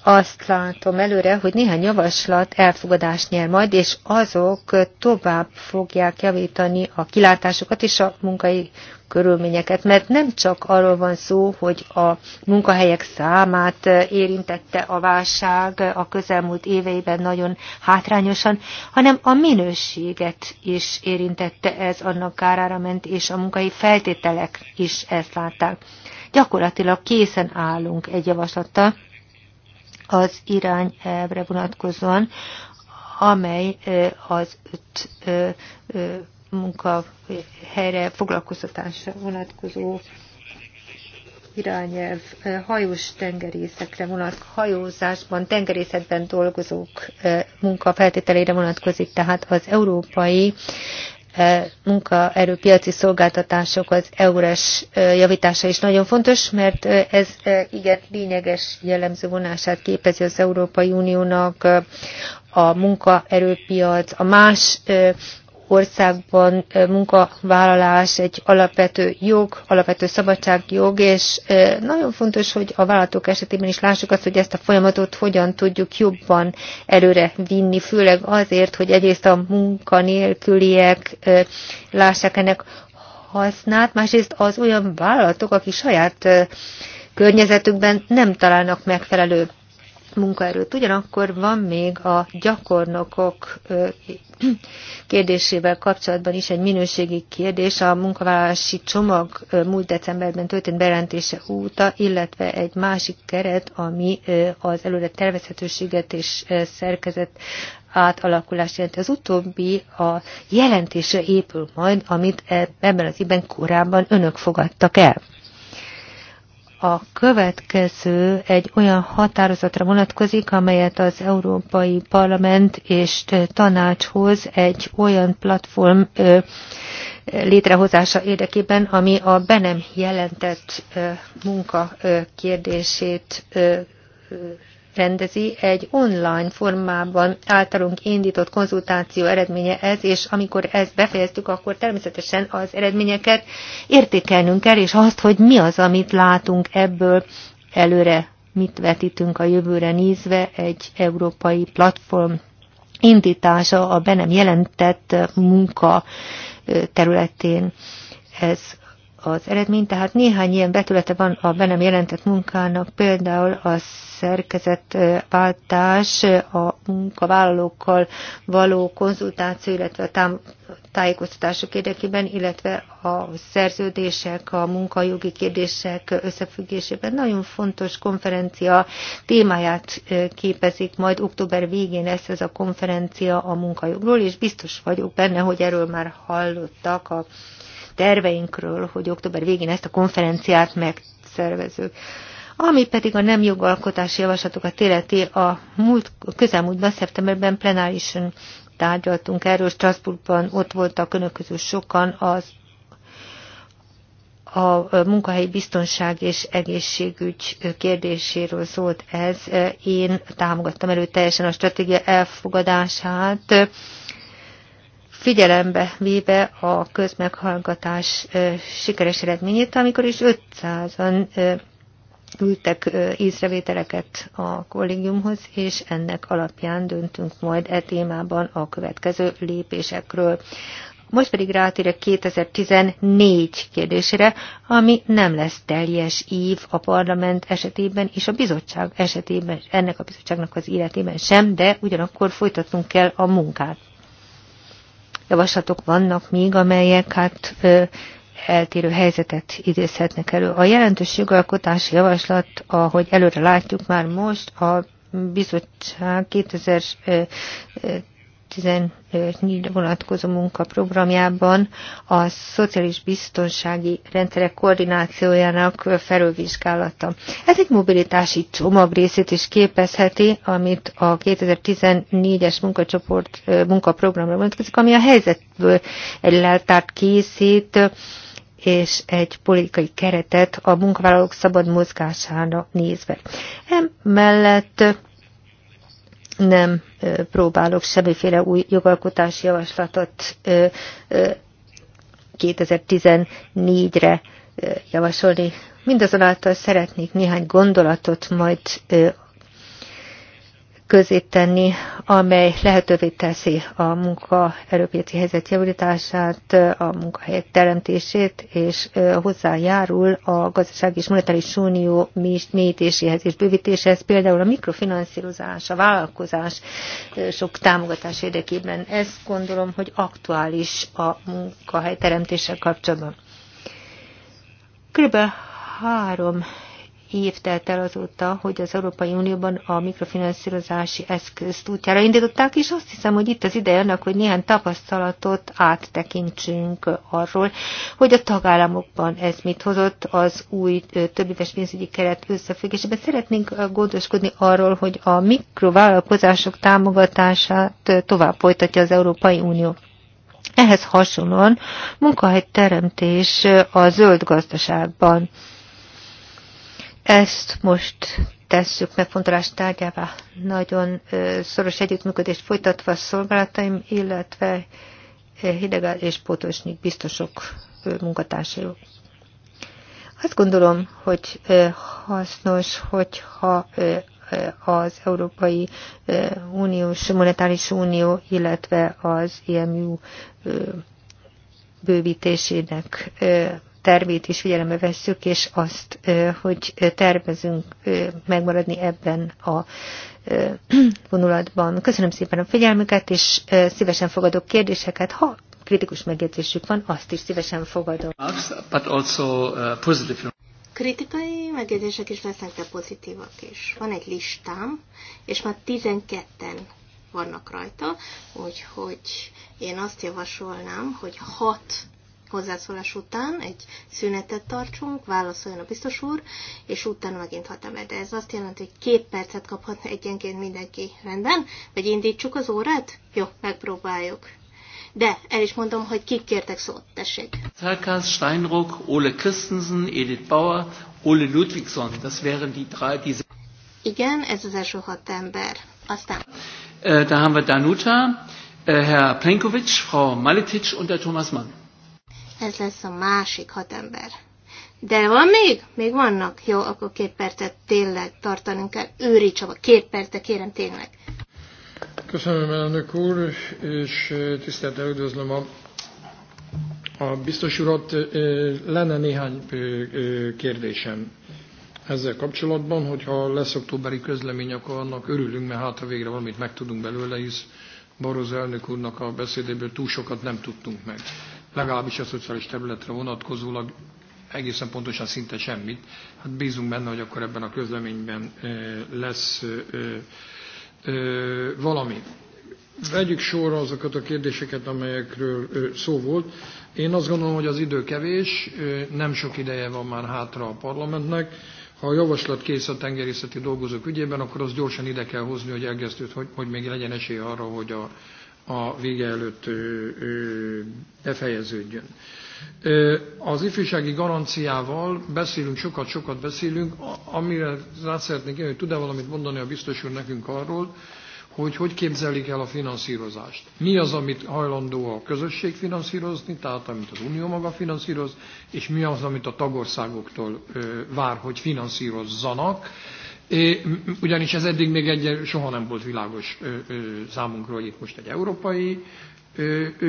azt látom előre, hogy néhány javaslat elfogadást nyer majd, és azok tovább fogják javítani a kilátásokat és a munkai körülményeket, mert nem csak arról van szó, hogy a munkahelyek számát érintette a válság a közelmúlt éveiben nagyon hátrányosan, hanem a minőséget is érintette ez, annak kárára ment, és a munkai feltételek is ezt látták. Gyakorlatilag készen állunk egy javaslattal, az elvre vonatkozóan, amely az öt munkahelyre foglalkoztatásra vonatkozó irányelv hajós tengerészekre vonatkozik, hajózásban, tengerészetben dolgozók munkafeltételére vonatkozik, tehát az európai E, munkaerőpiaci szolgáltatások az EURES e, javítása is nagyon fontos, mert e, ez igen lényeges jellemző vonását képezi az Európai Uniónak a munkaerőpiac, a más országban munkavállalás egy alapvető jog, alapvető szabadságjog, és nagyon fontos, hogy a vállalatok esetében is lássuk azt, hogy ezt a folyamatot hogyan tudjuk jobban előre vinni, főleg azért, hogy egyrészt a munkanélküliek lássák ennek hasznát, másrészt az olyan vállalatok, akik saját környezetükben nem találnak megfelelő munkaerőt. Ugyanakkor van még a gyakornokok kérdésével kapcsolatban is egy minőségi kérdés. A munkavállalási csomag múlt decemberben történt bejelentése óta, illetve egy másik keret, ami az előre tervezhetőséget és szerkezet átalakulást jelenti. Az utóbbi a jelentése épül majd, amit e- ebben az évben korábban önök fogadtak el. A következő egy olyan határozatra vonatkozik, amelyet az Európai Parlament és tanácshoz egy olyan platform létrehozása érdekében, ami a be nem jelentett munka kérdését rendezi egy online formában általunk indított konzultáció eredménye ez, és amikor ezt befejeztük, akkor természetesen az eredményeket értékelnünk kell, és azt, hogy mi az, amit látunk ebből előre, mit vetítünk a jövőre nézve egy európai platform indítása a be nem jelentett munka területén. Ez az eredmény, tehát néhány ilyen betülete van a benem jelentett munkának, például a szerkezetváltás, a munkavállalókkal való konzultáció, illetve a tám- tájékoztatások érdekében, illetve a szerződések, a munkajogi kérdések összefüggésében nagyon fontos konferencia témáját képezik, majd október végén lesz ez a konferencia a munkajogról, és biztos vagyok benne, hogy erről már hallottak a terveinkről, hogy október végén ezt a konferenciát megszervezünk. Ami pedig a nem jogalkotási javaslatokat illeti, a múlt, közelmúltban, szeptemberben plenárisan tárgyaltunk erről, Strasbourgban ott voltak önök közül sokan az a munkahelyi biztonság és egészségügy kérdéséről szólt ez. Én támogattam elő teljesen a stratégia elfogadását, figyelembe véve a közmeghallgatás sikeres eredményét, amikor is 500-an ültek észrevételeket a kollégiumhoz, és ennek alapján döntünk majd e témában a következő lépésekről. Most pedig rátérek 2014 kérdésére, ami nem lesz teljes ív a parlament esetében és a bizottság esetében, ennek a bizottságnak az életében sem, de ugyanakkor folytatnunk kell a munkát javaslatok vannak még, amelyek hát eltérő helyzetet idézhetnek elő. A jelentős jogalkotási javaslat, ahogy előre látjuk már most, a bizottság 2000 2014 vonatkozó munkaprogramjában a szociális biztonsági rendszerek koordinációjának felülvizsgálata. Ez egy mobilitási csomag részét is képezheti, amit a 2014-es munkacsoport munkaprogramra vonatkozik, ami a helyzetből egy leltárt készít, és egy politikai keretet a munkavállalók szabad mozgására nézve. Emellett nem próbálok semmiféle új jogalkotási javaslatot 2014-re javasolni. Mindazonáltal szeretnék néhány gondolatot majd közé tenni, amely lehetővé teszi a munkaerőpiaci helyzet javítását, a munkahelyek teremtését, és hozzájárul a gazdasági és monetáris unió mélyítéséhez és bővítéshez. például a mikrofinanszírozás, a vállalkozás sok támogatás érdekében. Ez gondolom, hogy aktuális a munkahely teremtéssel kapcsolatban. Körülbelül három év telt el azóta, hogy az Európai Unióban a mikrofinanszírozási eszközt útjára indították, és azt hiszem, hogy itt az ideje annak, hogy néhány tapasztalatot áttekintsünk arról, hogy a tagállamokban ez mit hozott az új többéves pénzügyi keret összefüggésében. Szeretnénk gondoskodni arról, hogy a mikrovállalkozások támogatását tovább folytatja az Európai Unió. Ehhez hasonlóan munkahelyteremtés a zöld gazdaságban ezt most tesszük fontolás tárgyává. Nagyon szoros együttműködést folytatva a szolgálataim, illetve hideg és Potosnyik biztosok munkatársaiok. Azt gondolom, hogy hasznos, hogyha az Európai Uniós Monetáris Unió, illetve az EMU bővítésének tervét is figyelembe vesszük, és azt, hogy tervezünk megmaradni ebben a vonulatban. Köszönöm szépen a figyelmüket, és szívesen fogadok kérdéseket, ha kritikus megjegyzésük van, azt is szívesen fogadom. Uh, Kritikai megjegyzések is lesznek, de pozitívak is. Van egy listám, és már 12-en vannak rajta, úgyhogy én azt javasolnám, hogy hat hozzászólás után egy szünetet tartsunk, válaszoljon a biztos úr, és utána megint hat ember. De ez azt jelenti, hogy két percet kaphat egyenként mindenki. Rendben? Vagy indítsuk az órát? Jó, megpróbáljuk. De el is mondom, hogy kik kértek szót, tessék. Szerkász, Steinruck, Ole Christensen, Edith Bauer, Ole Ludwigsson. Das wären die drei, diese... Igen, ez az első hat ember. Aztán. Äh, da haben wir Danuta, äh, Herr Plenkovic, Frau Maletic und der Thomas Mann. Ez lesz a másik hat ember. De van még? Még vannak? Jó, akkor két percet tényleg tartanunk kell. Őri Csaba, két percet kérem tényleg. Köszönöm, elnök úr, és tisztelt üdvözlöm a, a biztos urat. Lenne néhány kérdésem ezzel kapcsolatban, hogyha lesz októberi közlemény, akkor annak örülünk, mert hát ha végre valamit megtudunk belőle, hisz Barroso elnök úrnak a beszédéből túl sokat nem tudtunk meg legalábbis a szociális területre vonatkozólag egészen pontosan szinte semmit. Hát bízunk benne, hogy akkor ebben a közleményben lesz valami. Vegyük sorra azokat a kérdéseket, amelyekről szó volt. Én azt gondolom, hogy az idő kevés, nem sok ideje van már hátra a parlamentnek. Ha a javaslat kész a tengerészeti dolgozók ügyében, akkor azt gyorsan ide kell hozni, hogy elgesztőt, hogy, hogy még legyen esély arra, hogy a a vége előtt befejeződjön. Az ifjúsági garanciával beszélünk, sokat-sokat beszélünk, amire rá szeretnék jönni, hogy tud-e valamit mondani a biztos úr nekünk arról, hogy hogy képzelik el a finanszírozást. Mi az, amit hajlandó a közösség finanszírozni, tehát amit az Unió maga finanszíroz, és mi az, amit a tagországoktól vár, hogy finanszírozzanak ugyanis ez eddig még egy soha nem volt világos számunkra, hogy itt most egy európai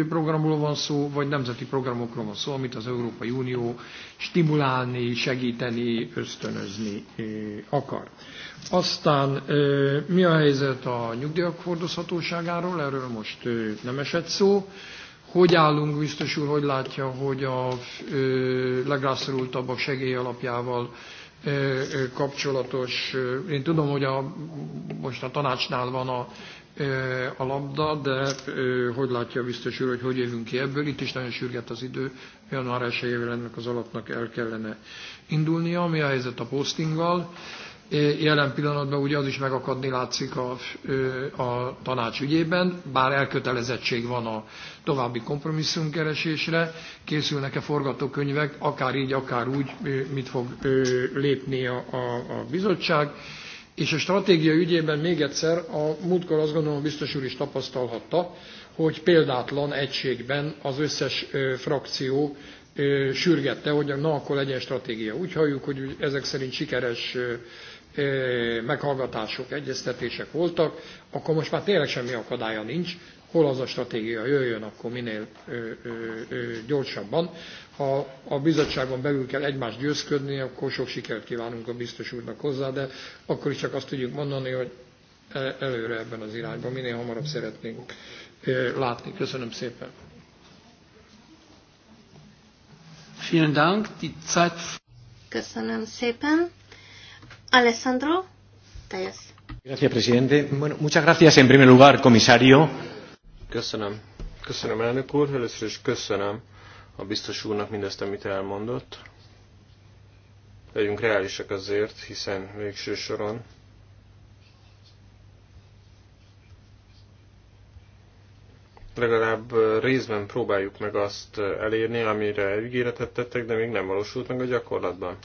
programról van szó, vagy nemzeti programokról van szó, amit az Európai Unió stimulálni, segíteni, ösztönözni akar. Aztán mi a helyzet a nyugdíjak hordozhatóságáról, erről most nem esett szó. Hogy állunk, biztos úr, hogy látja, hogy a legrászorultabbak segély alapjával kapcsolatos. Én tudom, hogy a, most a tanácsnál van a, a labda, de hogy látja biztos úr, hogy hogy jövünk ki ebből. Itt is nagyon sürget az idő, január 1 ennek az alapnak el kellene indulnia. Mi a helyzet a postinggal? Jelen pillanatban ugye az is megakadni látszik a, a tanács ügyében, bár elkötelezettség van a további kompromisszumkeresésre, készülnek-e forgatókönyvek, akár így, akár úgy, mit fog lépni a, a, a bizottság. És a stratégia ügyében még egyszer, a múltkor azt gondolom biztos úr is tapasztalhatta, hogy példátlan egységben az összes frakció sürgette, hogy na akkor legyen stratégia. Úgy halljuk, hogy ezek szerint sikeres meghallgatások, egyeztetések voltak, akkor most már tényleg semmi akadálya nincs, hol az a stratégia jöjjön, akkor minél ö, ö, ö, gyorsabban. Ha a bizottságon belül kell egymást győzködni, akkor sok sikert kívánunk a biztos úrnak hozzá, de akkor is csak azt tudjuk mondani, hogy e, előre ebben az irányban, minél hamarabb szeretnénk látni. Köszönöm szépen. Vielen Dank. Die Zeit... Köszönöm szépen. Alessandro Teljes. Gracias, presidente. Bueno, muchas gracias en primer lugar, comisario. Köszönöm. Köszönöm, elnök úr. Először is köszönöm a biztos úrnak mindezt, amit elmondott. Legyünk reálisak azért, hiszen végső soron legalább részben próbáljuk meg azt elérni, amire ígéretet tettek, de még nem valósult meg a gyakorlatban.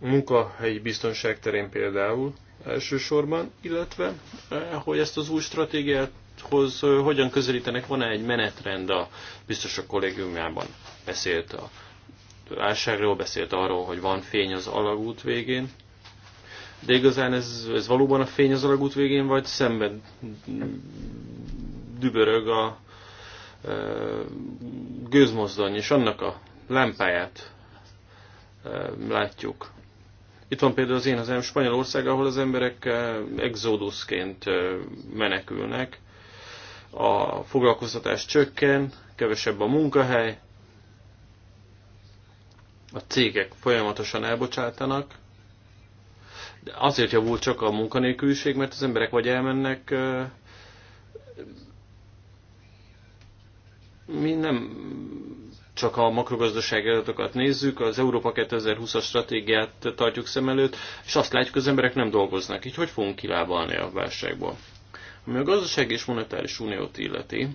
munkahelyi biztonság terén például elsősorban, illetve eh, hogy ezt az új stratégiát hoz eh, hogyan közelítenek, van-e egy menetrend a biztosok kollégiumjában Beszélt a válságról, beszélt arról, hogy van fény az alagút végén, de igazán ez, ez valóban a fény az alagút végén, vagy szemben dübörög a e, gőzmozdony, és annak a lámpáját e, látjuk. Itt van például az én hazám Spanyolország, ahol az emberek eh, exodusként eh, menekülnek. A foglalkoztatás csökken, kevesebb a munkahely, a cégek folyamatosan elbocsátanak, de azért javult csak a munkanélküliség, mert az emberek vagy elmennek, eh, mi nem csak a makrogazdasági adatokat nézzük, az Európa 2020-as stratégiát tartjuk szem előtt, és azt látjuk, hogy az emberek nem dolgoznak. Így hogy fogunk kilábalni a válságból? Ami a gazdaság és monetáris uniót illeti,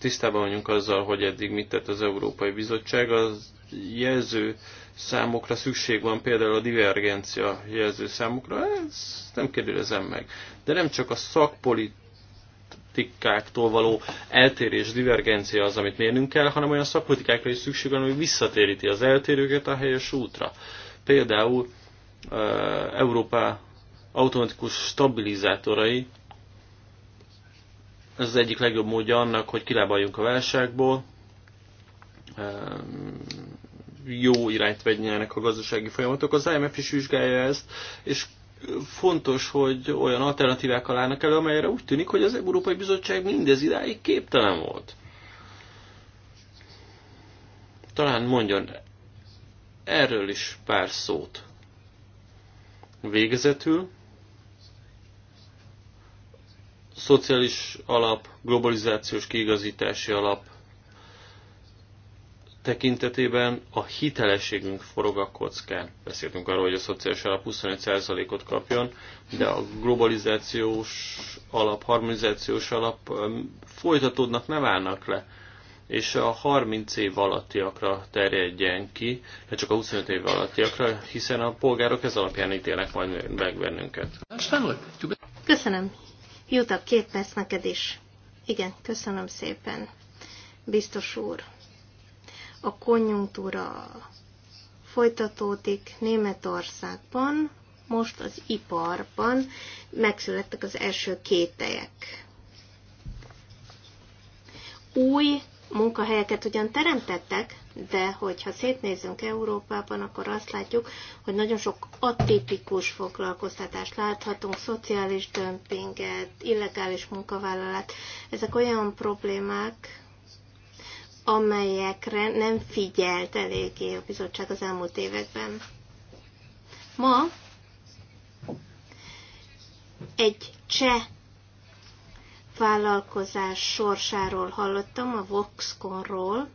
tisztában vagyunk azzal, hogy eddig mit tett az Európai Bizottság. Az jelző számokra szükség van, például a divergencia jelző számokra, ezt nem kérdezem meg. De nem csak a szakpolit szakpolitikáktól való eltérés, divergencia az, amit mérnünk kell, hanem olyan szakpolitikákra is szükség van, ami visszatéríti az eltérőket a helyes útra. Például Európa automatikus stabilizátorai, ez az egyik legjobb módja annak, hogy kilábaljunk a válságból, jó irányt vegyenek a gazdasági folyamatok. Az IMF is vizsgálja ezt, és fontos, hogy olyan alternatívák állnak elő, amelyre úgy tűnik, hogy az Európai Bizottság mindez idáig képtelen volt. Talán mondjon erről is pár szót. Végezetül, szociális alap, globalizációs kiigazítási alap, tekintetében a hitelességünk forog a kockán. Beszéltünk arról, hogy a szociális alap 25%-ot kapjon, de a globalizációs alap, harmonizációs alap folytatódnak, nem állnak le és a 30 év alattiakra terjedjen ki, de csak a 25 év alattiakra, hiszen a polgárok ez alapján ítélnek majd meg bennünket. Köszönöm. Jutok két perc neked is. Igen, köszönöm szépen. Biztos úr a konjunktúra folytatódik Németországban, most az iparban megszülettek az első kételyek. Új munkahelyeket ugyan teremtettek, de hogyha szétnézünk Európában, akkor azt látjuk, hogy nagyon sok atipikus foglalkoztatást láthatunk, szociális dömpinget, illegális munkavállalat. Ezek olyan problémák, amelyekre nem figyelt eléggé a bizottság az elmúlt években. Ma egy cseh vállalkozás sorsáról hallottam, a Voxconról,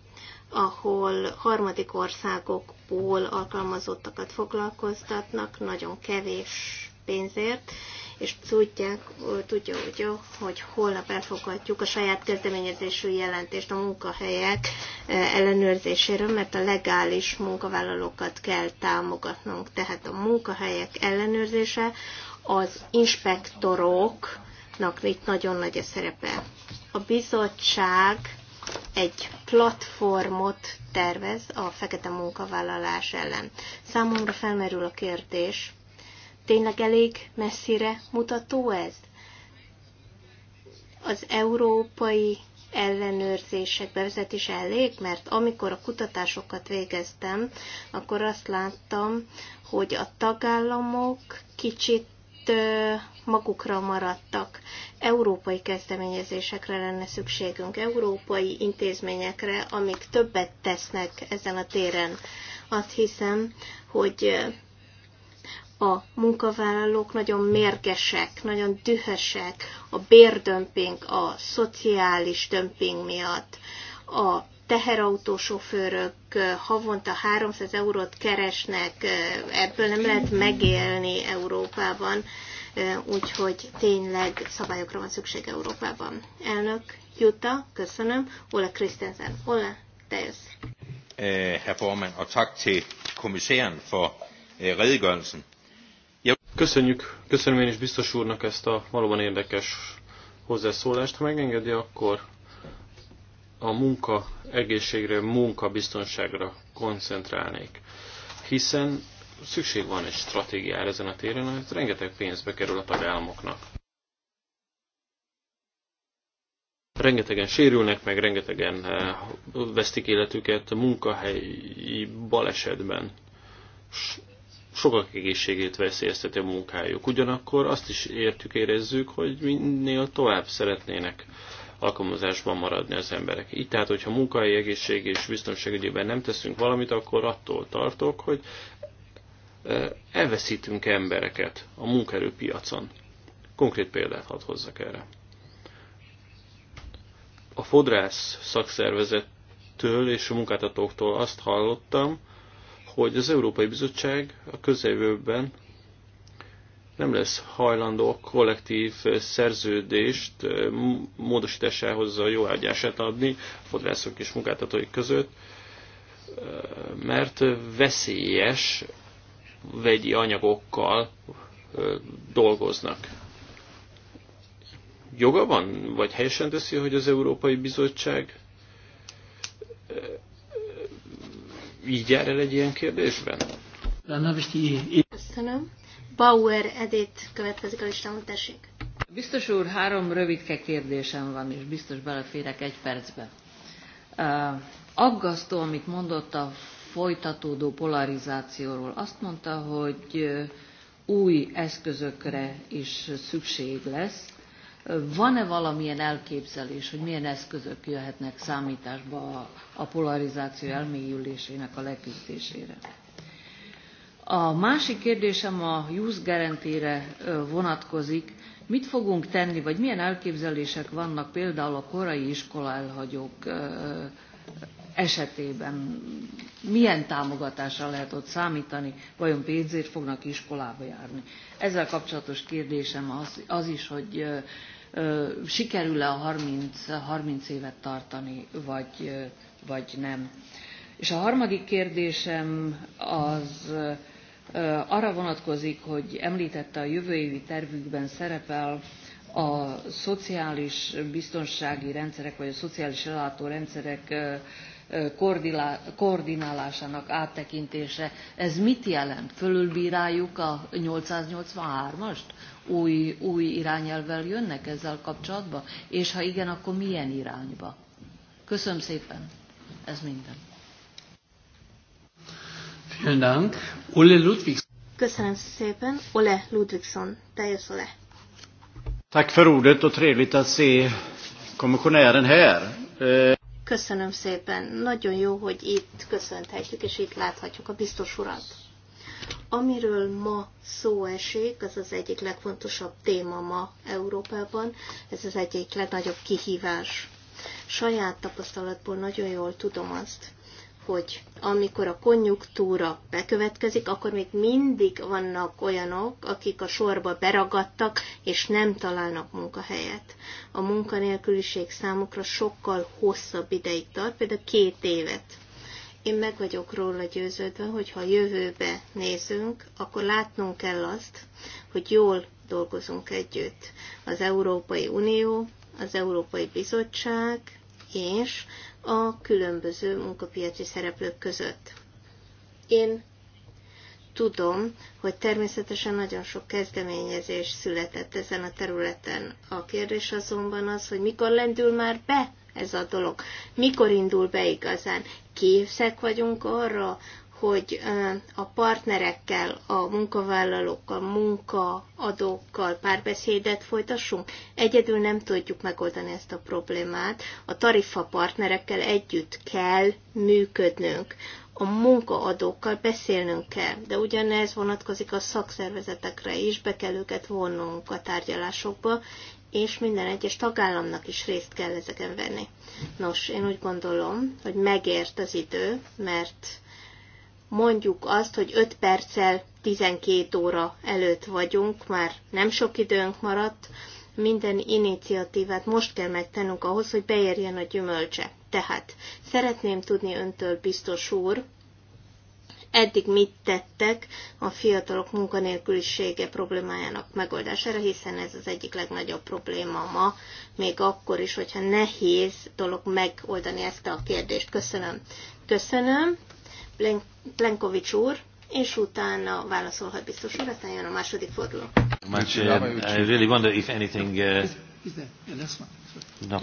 ahol harmadik országokból alkalmazottakat foglalkoztatnak, nagyon kevés pénzért, és tudják, tudja, jó, hogy holnap elfogadjuk a saját kezdeményezésű jelentést a munkahelyek eh, ellenőrzéséről, mert a legális munkavállalókat kell támogatnunk. Tehát a munkahelyek ellenőrzése az inspektoroknak itt nagyon nagy a szerepe. A bizottság egy platformot tervez a fekete munkavállalás ellen. Számomra felmerül a kérdés, Tényleg elég messzire mutató ez? Az európai ellenőrzések bevezetése elég, mert amikor a kutatásokat végeztem, akkor azt láttam, hogy a tagállamok kicsit magukra maradtak. Európai kezdeményezésekre lenne szükségünk, európai intézményekre, amik többet tesznek ezen a téren. Azt hiszem, hogy a munkavállalók nagyon mérgesek, nagyon dühösek, a bérdömping, a szociális dömping miatt, a teherautósofőrök havonta 300 eurót keresnek, ebből nem lehet megélni Európában, úgyhogy tényleg szabályokra van szükség Európában. Elnök Jutta, köszönöm. Ola Christensen. Ola te jössz. Eh, herr Formann, a tak til kommissæren for eh, redegørelsen. Köszönjük, köszönöm én is biztos úrnak ezt a valóban érdekes hozzászólást. Ha megengedi, akkor a munka egészségre, munka biztonságra koncentrálnék. Hiszen szükség van egy stratégiára ezen a téren, mert rengeteg pénzbe kerül a tagállamoknak. Rengetegen sérülnek, meg rengetegen eh, vesztik életüket munkahelyi balesetben sokak egészségét veszélyezteti a munkájuk. Ugyanakkor azt is értjük, érezzük, hogy minél tovább szeretnének alkalmazásban maradni az emberek. Így tehát, hogyha munkai egészség és ügyében nem teszünk valamit, akkor attól tartok, hogy e, elveszítünk embereket a munkaerőpiacon. Konkrét példát hadd hozzak erre. A fodrász szakszervezettől és a munkáltatóktól azt hallottam, hogy az Európai Bizottság a közeljövőben nem lesz hajlandó a kollektív szerződést módosításához a jó ágyását adni a fodrászok és munkáltatói között, mert veszélyes vegyi anyagokkal dolgoznak. Joga van, vagy helyesen teszi, hogy az Európai Bizottság így jár el egy ilyen kérdésben? Köszönöm. Bauer Edith következik a listámon, tessék. Biztos úr, három rövidke kérdésem van, és biztos beleférek egy percbe. Uh, aggasztó, amit mondott a folytatódó polarizációról. Azt mondta, hogy új eszközökre is szükség lesz van-e valamilyen elképzelés, hogy milyen eszközök jöhetnek számításba a, a polarizáció elmélyülésének a leküzdésére? A másik kérdésem a Youth Guarantee-re vonatkozik. Mit fogunk tenni, vagy milyen elképzelések vannak például a korai iskola elhagyók esetében? Milyen támogatásra lehet ott számítani? Vajon pénzért fognak iskolába járni? Ezzel kapcsolatos kérdésem az, az is, hogy sikerül-e a 30, 30 évet tartani, vagy, vagy nem. És a harmadik kérdésem az arra vonatkozik, hogy említette a jövő évi tervükben szerepel a szociális biztonsági rendszerek, vagy a szociális ellátó rendszerek koordinálásának áttekintése. Ez mit jelent? Fölülbíráljuk a 883-ast? Új, új irányelvvel jönnek ezzel kapcsolatban? És ha igen, akkor milyen irányba? Köszönöm szépen. Ez minden. Vielen Dank. Ole Ludwigs. Köszönöm szépen. Ole Ludvigsson. Te jössz, Ole. Tack för ordet och trevligt att se kommissionären här. Eh, Köszönöm szépen. Nagyon jó, hogy itt köszönthetjük, és itt láthatjuk a biztos urat. Amiről ma szó esik, az az egyik legfontosabb téma ma Európában, ez az egyik legnagyobb kihívás. Saját tapasztalatból nagyon jól tudom azt, hogy amikor a konjunktúra bekövetkezik, akkor még mindig vannak olyanok, akik a sorba beragadtak, és nem találnak munkahelyet. A munkanélküliség számukra sokkal hosszabb ideig tart, például két évet. Én meg vagyok róla győződve, hogy ha jövőbe nézünk, akkor látnunk kell azt, hogy jól dolgozunk együtt. Az Európai Unió, az Európai Bizottság és a különböző munkapiaci szereplők között. Én tudom, hogy természetesen nagyon sok kezdeményezés született ezen a területen. A kérdés azonban az, hogy mikor lendül már be ez a dolog, mikor indul be igazán. Képzek vagyunk arra, hogy a partnerekkel, a munkavállalókkal, munkaadókkal párbeszédet folytassunk. Egyedül nem tudjuk megoldani ezt a problémát. A tarifa partnerekkel együtt kell működnünk. A munkaadókkal beszélnünk kell, de ugyanez vonatkozik a szakszervezetekre is, be kell őket vonnunk a tárgyalásokba, és minden egyes tagállamnak is részt kell ezeken venni. Nos, én úgy gondolom, hogy megért az idő, mert mondjuk azt, hogy 5 perccel 12 óra előtt vagyunk, már nem sok időnk maradt, minden iniciatívát most kell megtennünk ahhoz, hogy beérjen a gyümölcse. Tehát szeretném tudni öntől, biztos úr, eddig mit tettek a fiatalok munkanélkülisége problémájának megoldására, hiszen ez az egyik legnagyobb probléma ma, még akkor is, hogyha nehéz dolog megoldani ezt a kérdést. Köszönöm. Köszönöm. Plenkovics úr, és utána válaszolhat biztos úr, aztán jön a második forduló. Much, uh, I really wonder if anything... Uh... Is, is there? Yeah, that's one.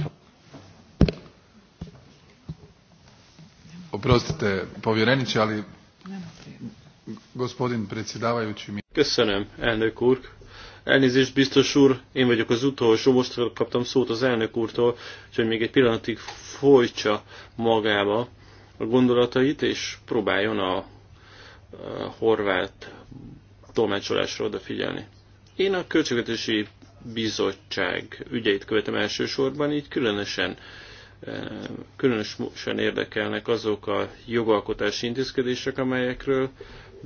Oprostite, povjereniče, ali gospodin predsjedavajući mi... Köszönöm, elnök úr. Elnézést, biztos úr, én vagyok az utolsó, most kaptam szót az elnök úrtól, hogy még egy pillanatig folytsa magába a gondolatait, és próbáljon a, a horvát tolmácsolásra odafigyelni. Én a Költségvetési Bizottság ügyeit követem elsősorban, így különösen e, különösen érdekelnek azok a jogalkotási intézkedések, amelyekről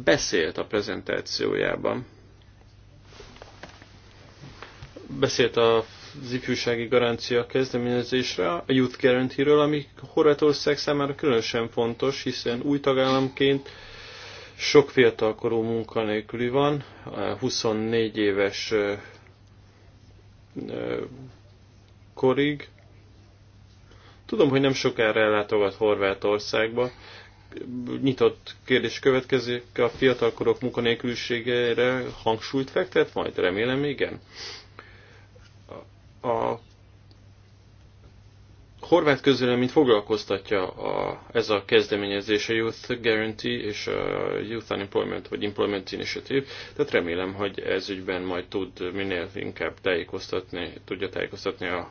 beszélt a prezentációjában. Beszélt a az ifjúsági garancia kezdeményezésre, a Youth Guarantee-ről, ami Horvátország számára különösen fontos, hiszen új tagállamként sok fiatalkorú munkanélküli van, 24 éves korig. Tudom, hogy nem sokára ellátogat Horvátországba. Nyitott kérdés következik, a fiatalkorok munkanélküliségére hangsúlyt fektet, majd remélem igen a horvát közvéleményt foglalkoztatja a, ez a kezdeményezés, a Youth Guarantee és a Youth Unemployment vagy Employment Initiative, tehát remélem, hogy ez ügyben majd tud minél inkább tájékoztatni, tudja tájékoztatni a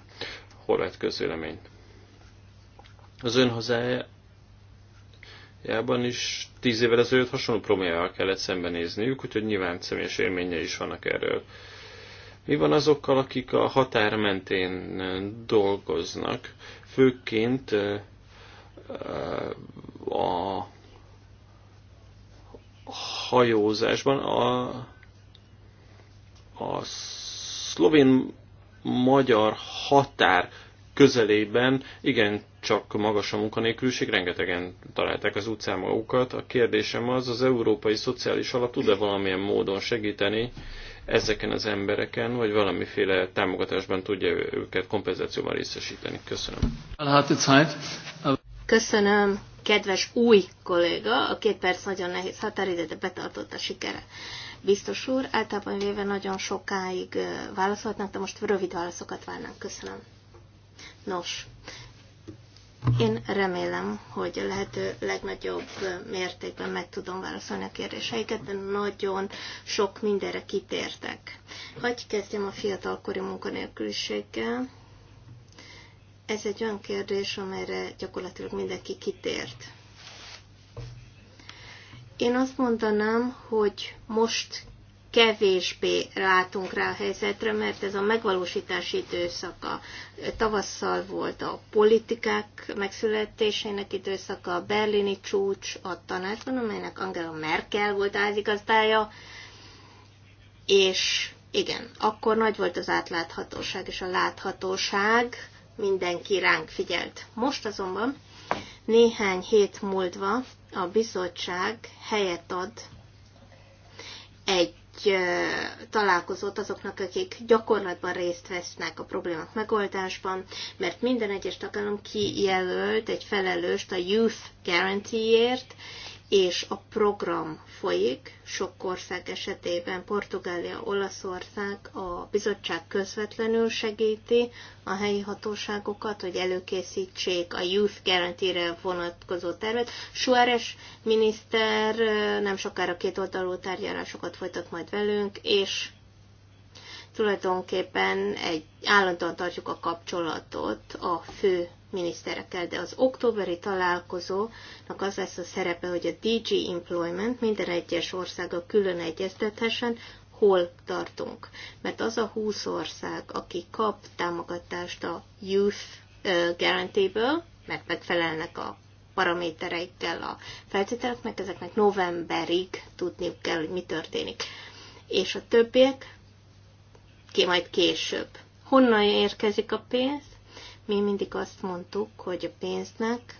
horvát közvéleményt. Az ön hazájában is tíz évvel ezelőtt hasonló problémával kellett szembenézniük, úgyhogy nyilván személyes élménye is vannak erről. Mi van azokkal, akik a határ mentén dolgoznak, főként a hajózásban, a, a szlovén-magyar határ közelében igen csak magas a munkanélküliség, rengetegen találták az utcán magukat. A kérdésem az, az Európai Szociális Alap tud-e valamilyen módon segíteni ezeken az embereken, vagy valamiféle támogatásban tudja őket kompenzációban részesíteni. Köszönöm. Köszönöm, kedves új kolléga, a két perc nagyon nehéz határidő, de betartott a sikere. Biztos úr, általában véve nagyon sokáig válaszolhatnak, de most rövid válaszokat várnánk. Köszönöm. Nos, én remélem, hogy a lehető legnagyobb mértékben meg tudom válaszolni a kérdéseiket, de nagyon sok mindenre kitértek. Hogy kezdjem a fiatalkori munkanélküliséggel? Ez egy olyan kérdés, amelyre gyakorlatilag mindenki kitért. Én azt mondanám, hogy most kevésbé látunk rá a helyzetre, mert ez a megvalósítási időszaka tavasszal volt a politikák megszületésének időszaka, a berlini csúcs a tanácsban, amelynek Angela Merkel volt házigazdája, és igen, akkor nagy volt az átláthatóság, és a láthatóság mindenki ránk figyelt. Most azonban néhány hét múlva a bizottság helyet ad egy találkozót azoknak, akik gyakorlatban részt vesznek a problémák megoldásban, mert minden egyes tagállam kijelölt egy felelőst a Youth Guarantee-ért, és a program folyik, sok ország esetében, Portugália, Olaszország, a bizottság közvetlenül segíti a helyi hatóságokat, hogy előkészítsék a Youth Guarantee-re vonatkozó tervet. Suárez miniszter nem sokára két oldalú tárgyalásokat folytat majd velünk, és tulajdonképpen egy, állandóan tartjuk a kapcsolatot a fő miniszterekkel, de az októberi találkozónak az lesz a szerepe, hogy a DG Employment minden egyes országa külön egyeztethessen, hol tartunk. Mert az a 20 ország, aki kap támogatást a Youth Guarantee-ből, mert megfelelnek a paramétereikkel a feltételeknek, ezeknek novemberig tudniuk kell, hogy mi történik. És a többiek ki majd később. Honnan érkezik a pénz? Mi mindig azt mondtuk, hogy a pénznek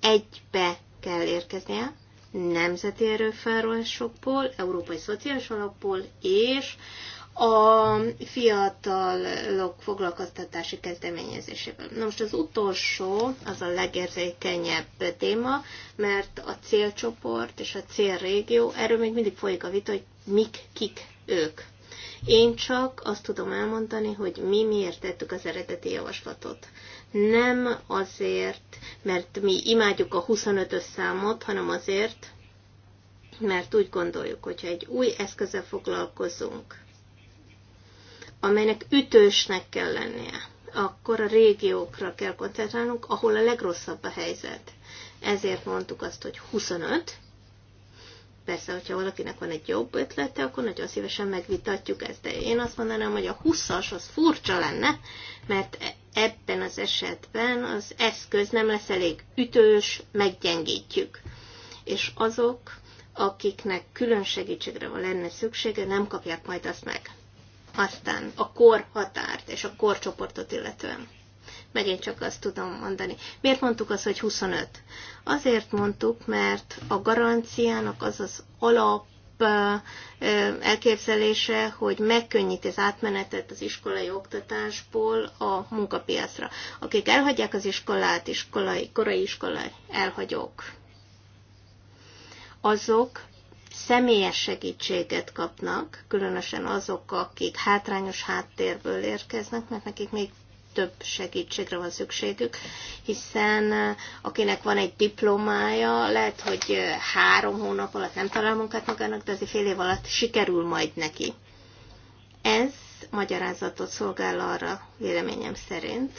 egybe kell érkeznie, nemzeti erőforrásokból, európai szociális alapból és a fiatalok foglalkoztatási kezdeményezéséből. Na most az utolsó, az a legérzékenyebb téma, mert a célcsoport és a célrégió, erről még mindig folyik a vita, hogy mik, kik ők. Én csak azt tudom elmondani, hogy mi miért tettük az eredeti javaslatot. Nem azért, mert mi imádjuk a 25-ös számot, hanem azért, mert úgy gondoljuk, hogyha egy új eszközzel foglalkozunk, amelynek ütősnek kell lennie, akkor a régiókra kell koncentrálnunk, ahol a legrosszabb a helyzet. Ezért mondtuk azt, hogy 25, Persze, hogyha valakinek van egy jobb ötlete, akkor nagyon szívesen megvitatjuk ezt, de én azt mondanám, hogy a 20-as az furcsa lenne, mert e- ebben az esetben az eszköz nem lesz elég ütős, meggyengítjük. És azok, akiknek külön segítségre van lenne szüksége, nem kapják majd azt meg. Aztán a korhatárt és a korcsoportot illetően. Megint csak azt tudom mondani. Miért mondtuk azt, hogy 25? Azért mondtuk, mert a garanciának az az alap elképzelése, hogy megkönnyíti az átmenetet az iskolai oktatásból a munkapiacra. Akik elhagyják az iskolát, iskolai, korai iskolai elhagyók, azok személyes segítséget kapnak, különösen azok, akik hátrányos háttérből érkeznek, mert nekik még több segítségre van szükségük, hiszen akinek van egy diplomája, lehet, hogy három hónap alatt nem talál munkát magának, de azért fél év alatt sikerül majd neki. Ez magyarázatot szolgál arra, véleményem szerint,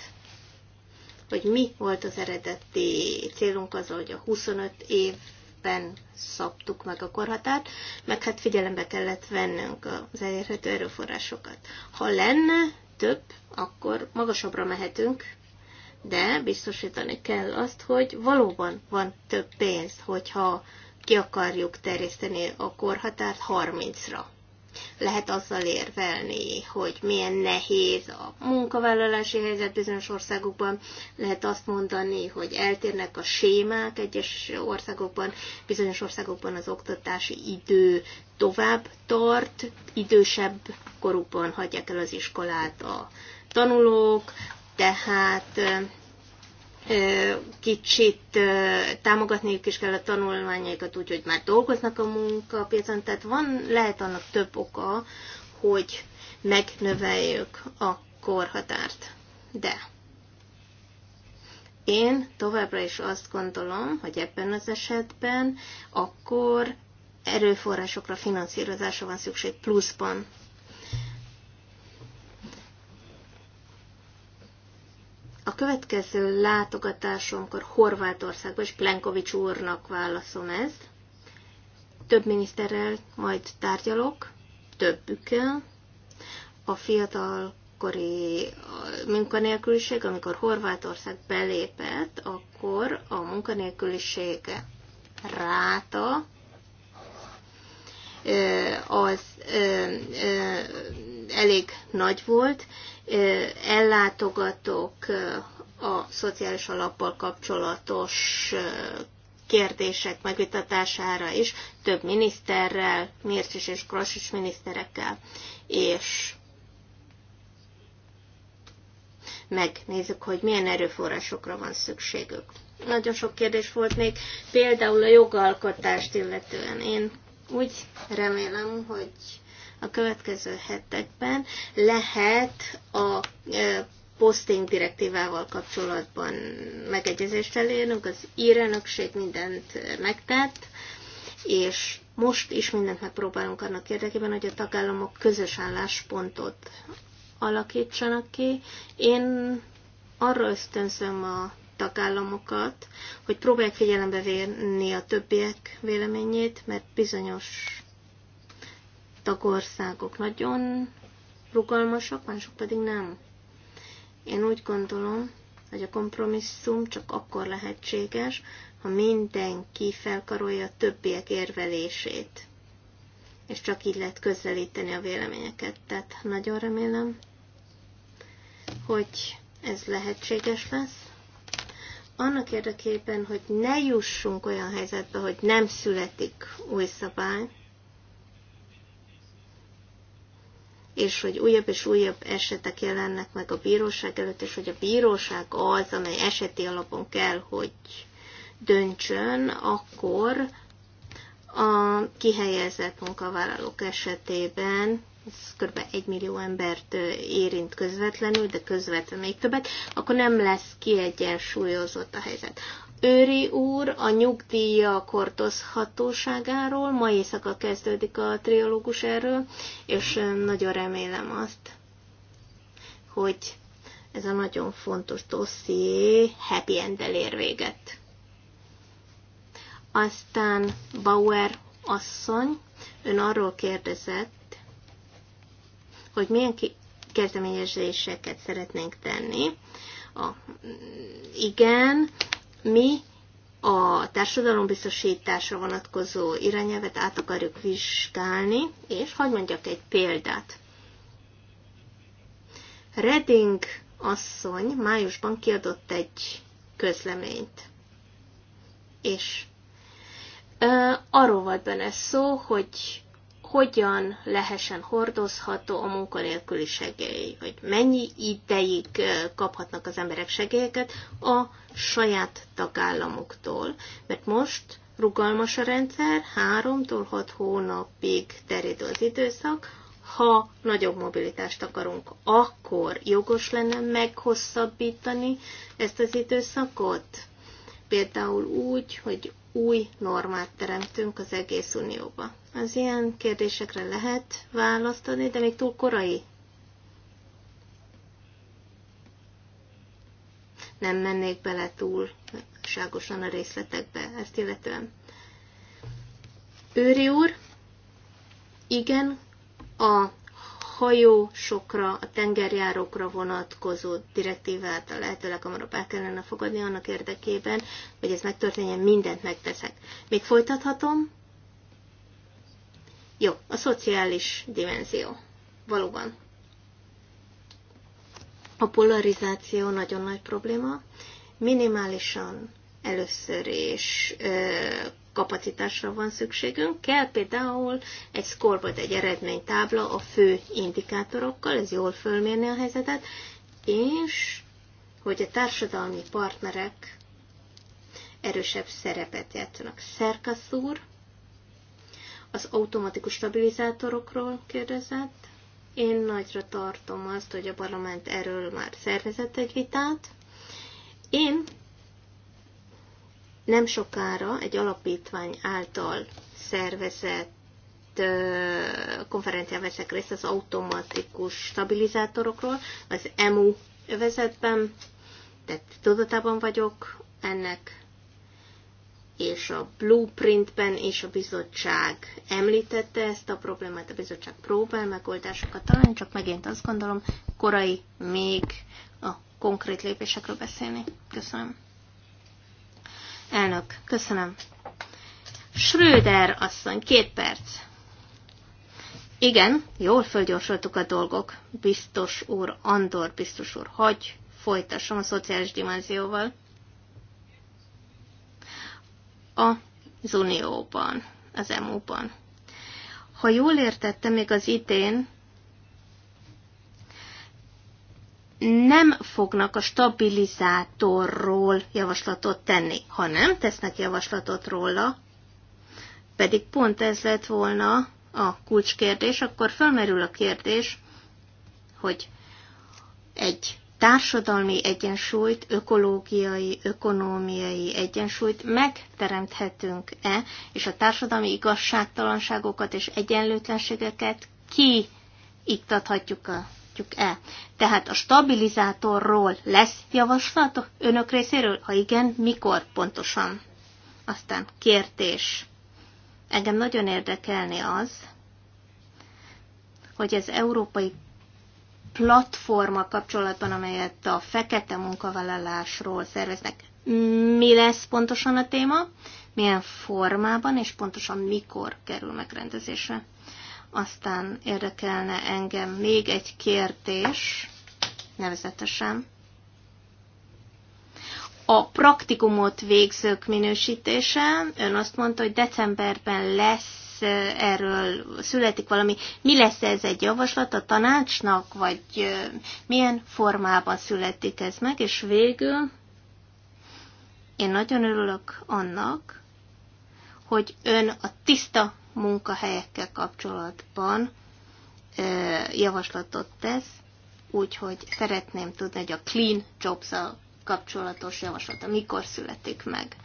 hogy mi volt az eredeti célunk az, hogy a 25 évben szabtuk meg a korhatárt, meg hát figyelembe kellett vennünk az elérhető erőforrásokat. Ha lenne több, akkor magasabbra mehetünk, de biztosítani kell azt, hogy valóban van több pénz, hogyha ki akarjuk terjeszteni a korhatárt 30-ra. Lehet azzal érvelni, hogy milyen nehéz a munkavállalási helyzet bizonyos országokban. Lehet azt mondani, hogy eltérnek a sémák egyes országokban, bizonyos országokban az oktatási idő tovább tart, idősebb korukban hagyják el az iskolát a tanulók, tehát kicsit támogatniuk is kell a tanulmányaikat, úgyhogy már dolgoznak a munkapiacon, tehát van, lehet annak több oka, hogy megnöveljük a korhatárt. De én továbbra is azt gondolom, hogy ebben az esetben akkor erőforrásokra, finanszírozásra van szükség pluszban. A következő látogatásomkor Horvátországba, és Plenkovics úrnak válaszom ez. több miniszterrel majd tárgyalok, többükkel, a fiatalkori munkanélküliség, amikor Horvátország belépett, akkor a munkanélkülisége ráta az elég nagy volt, ellátogatok a szociális alappal kapcsolatos kérdések megvitatására is, több miniszterrel, Mircis és Krasics miniszterekkel, és megnézzük, hogy milyen erőforrásokra van szükségük. Nagyon sok kérdés volt még, például a jogalkotást illetően. Én úgy remélem, hogy a következő hetekben lehet a posting direktívával kapcsolatban megegyezést elérnünk, az írenökség mindent megtett, és most is mindent megpróbálunk annak érdekében, hogy a tagállamok közös álláspontot alakítsanak ki. Én arra ösztönzöm a tagállamokat, hogy próbálják figyelembe venni a többiek véleményét, mert bizonyos tagországok nagyon rugalmasak, mások pedig nem. Én úgy gondolom, hogy a kompromisszum csak akkor lehetséges, ha mindenki felkarolja a többiek érvelését. És csak így lehet közelíteni a véleményeket. Tehát nagyon remélem, hogy ez lehetséges lesz. Annak érdekében, hogy ne jussunk olyan helyzetbe, hogy nem születik új szabály, és hogy újabb és újabb esetek jelennek meg a bíróság előtt, és hogy a bíróság az, amely eseti alapon kell, hogy döntsön, akkor a kihelyezett munkavállalók esetében ez kb. 1 millió embert érint közvetlenül, de közvetve még többet, akkor nem lesz kiegyensúlyozott a helyzet. Őri úr a nyugdíja kortozhatóságáról, ma éjszaka kezdődik a triológus erről, és nagyon remélem azt, hogy ez a nagyon fontos dosszié happy end ér véget. Aztán Bauer asszony, ön arról kérdezett, hogy milyen kezdeményezéseket szeretnénk tenni. A, igen, mi a társadalombiztosításra vonatkozó irányelvet át akarjuk vizsgálni, és hagyd mondjak egy példát. Redding asszony májusban kiadott egy közleményt, és ö, arról volt benne szó, hogy hogyan lehessen hordozható a munkanélküli segély, hogy mennyi ideig kaphatnak az emberek segélyeket a saját tagállamuktól. Mert most rugalmas a rendszer, 3-tól 6 hónapig terjed az időszak, ha nagyobb mobilitást akarunk, akkor jogos lenne meghosszabbítani ezt az időszakot. Például úgy, hogy új normát teremtünk az egész unióba. Az ilyen kérdésekre lehet választani, de még túl korai. Nem mennék bele túl ságosan a részletekbe ezt illetően. Őri úr, igen, a hajósokra, a tengerjárókra vonatkozó direktívát a lehetőleg hamarabb el kellene fogadni annak érdekében, hogy ez megtörténjen, mindent megteszek. Még folytathatom? Jó, a szociális dimenzió. Valóban. A polarizáció nagyon nagy probléma. Minimálisan először is kapacitásra van szükségünk. Kell például egy scoreboard, egy eredménytábla a fő indikátorokkal, ez jól fölmérni a helyzetet, és hogy a társadalmi partnerek erősebb szerepet játszanak. Szerkasz úr az automatikus stabilizátorokról kérdezett. Én nagyra tartom azt, hogy a parlament erről már szervezett egy vitát. Én nem sokára egy alapítvány által szervezett konferencián veszek részt az automatikus stabilizátorokról, az EMU övezetben, tehát tudatában vagyok ennek, és a blueprintben és a bizottság említette ezt a problémát, a bizottság próbál megoldásokat találni, csak megint azt gondolom, korai még a konkrét lépésekről beszélni. Köszönöm. Elnök, köszönöm. Schröder asszony, két perc. Igen, jól fölgyorsoltuk a dolgok. Biztos úr, Andor biztos úr, hagy folytassam a szociális dimenzióval. A Unióban, az EMU-ban. Ha jól értettem, még az idén nem fognak a stabilizátorról javaslatot tenni. Ha nem tesznek javaslatot róla, pedig pont ez lett volna a kulcskérdés, akkor felmerül a kérdés, hogy egy társadalmi egyensúlyt, ökológiai, ökonómiai egyensúlyt megteremthetünk-e, és a társadalmi igazságtalanságokat és egyenlőtlenségeket ki iktathatjuk a fogadhatjuk-e. Tehát a stabilizátorról lesz javaslat önök részéről? Ha igen, mikor pontosan? Aztán kértés. Engem nagyon érdekelni az, hogy az európai platforma kapcsolatban, amelyet a fekete munkavállalásról szerveznek, mi lesz pontosan a téma, milyen formában és pontosan mikor kerül megrendezésre. Aztán érdekelne engem még egy kérdés, nevezetesen. A praktikumot végzők minősítése, ön azt mondta, hogy decemberben lesz eh, erről születik valami. Mi lesz ez egy javaslat a tanácsnak, vagy eh, milyen formában születik ez meg? És végül én nagyon örülök annak, hogy ön a tiszta munkahelyekkel kapcsolatban javaslatot tesz, úgyhogy szeretném tudni, hogy a Clean jobs kapcsolatos javaslata mikor születik meg.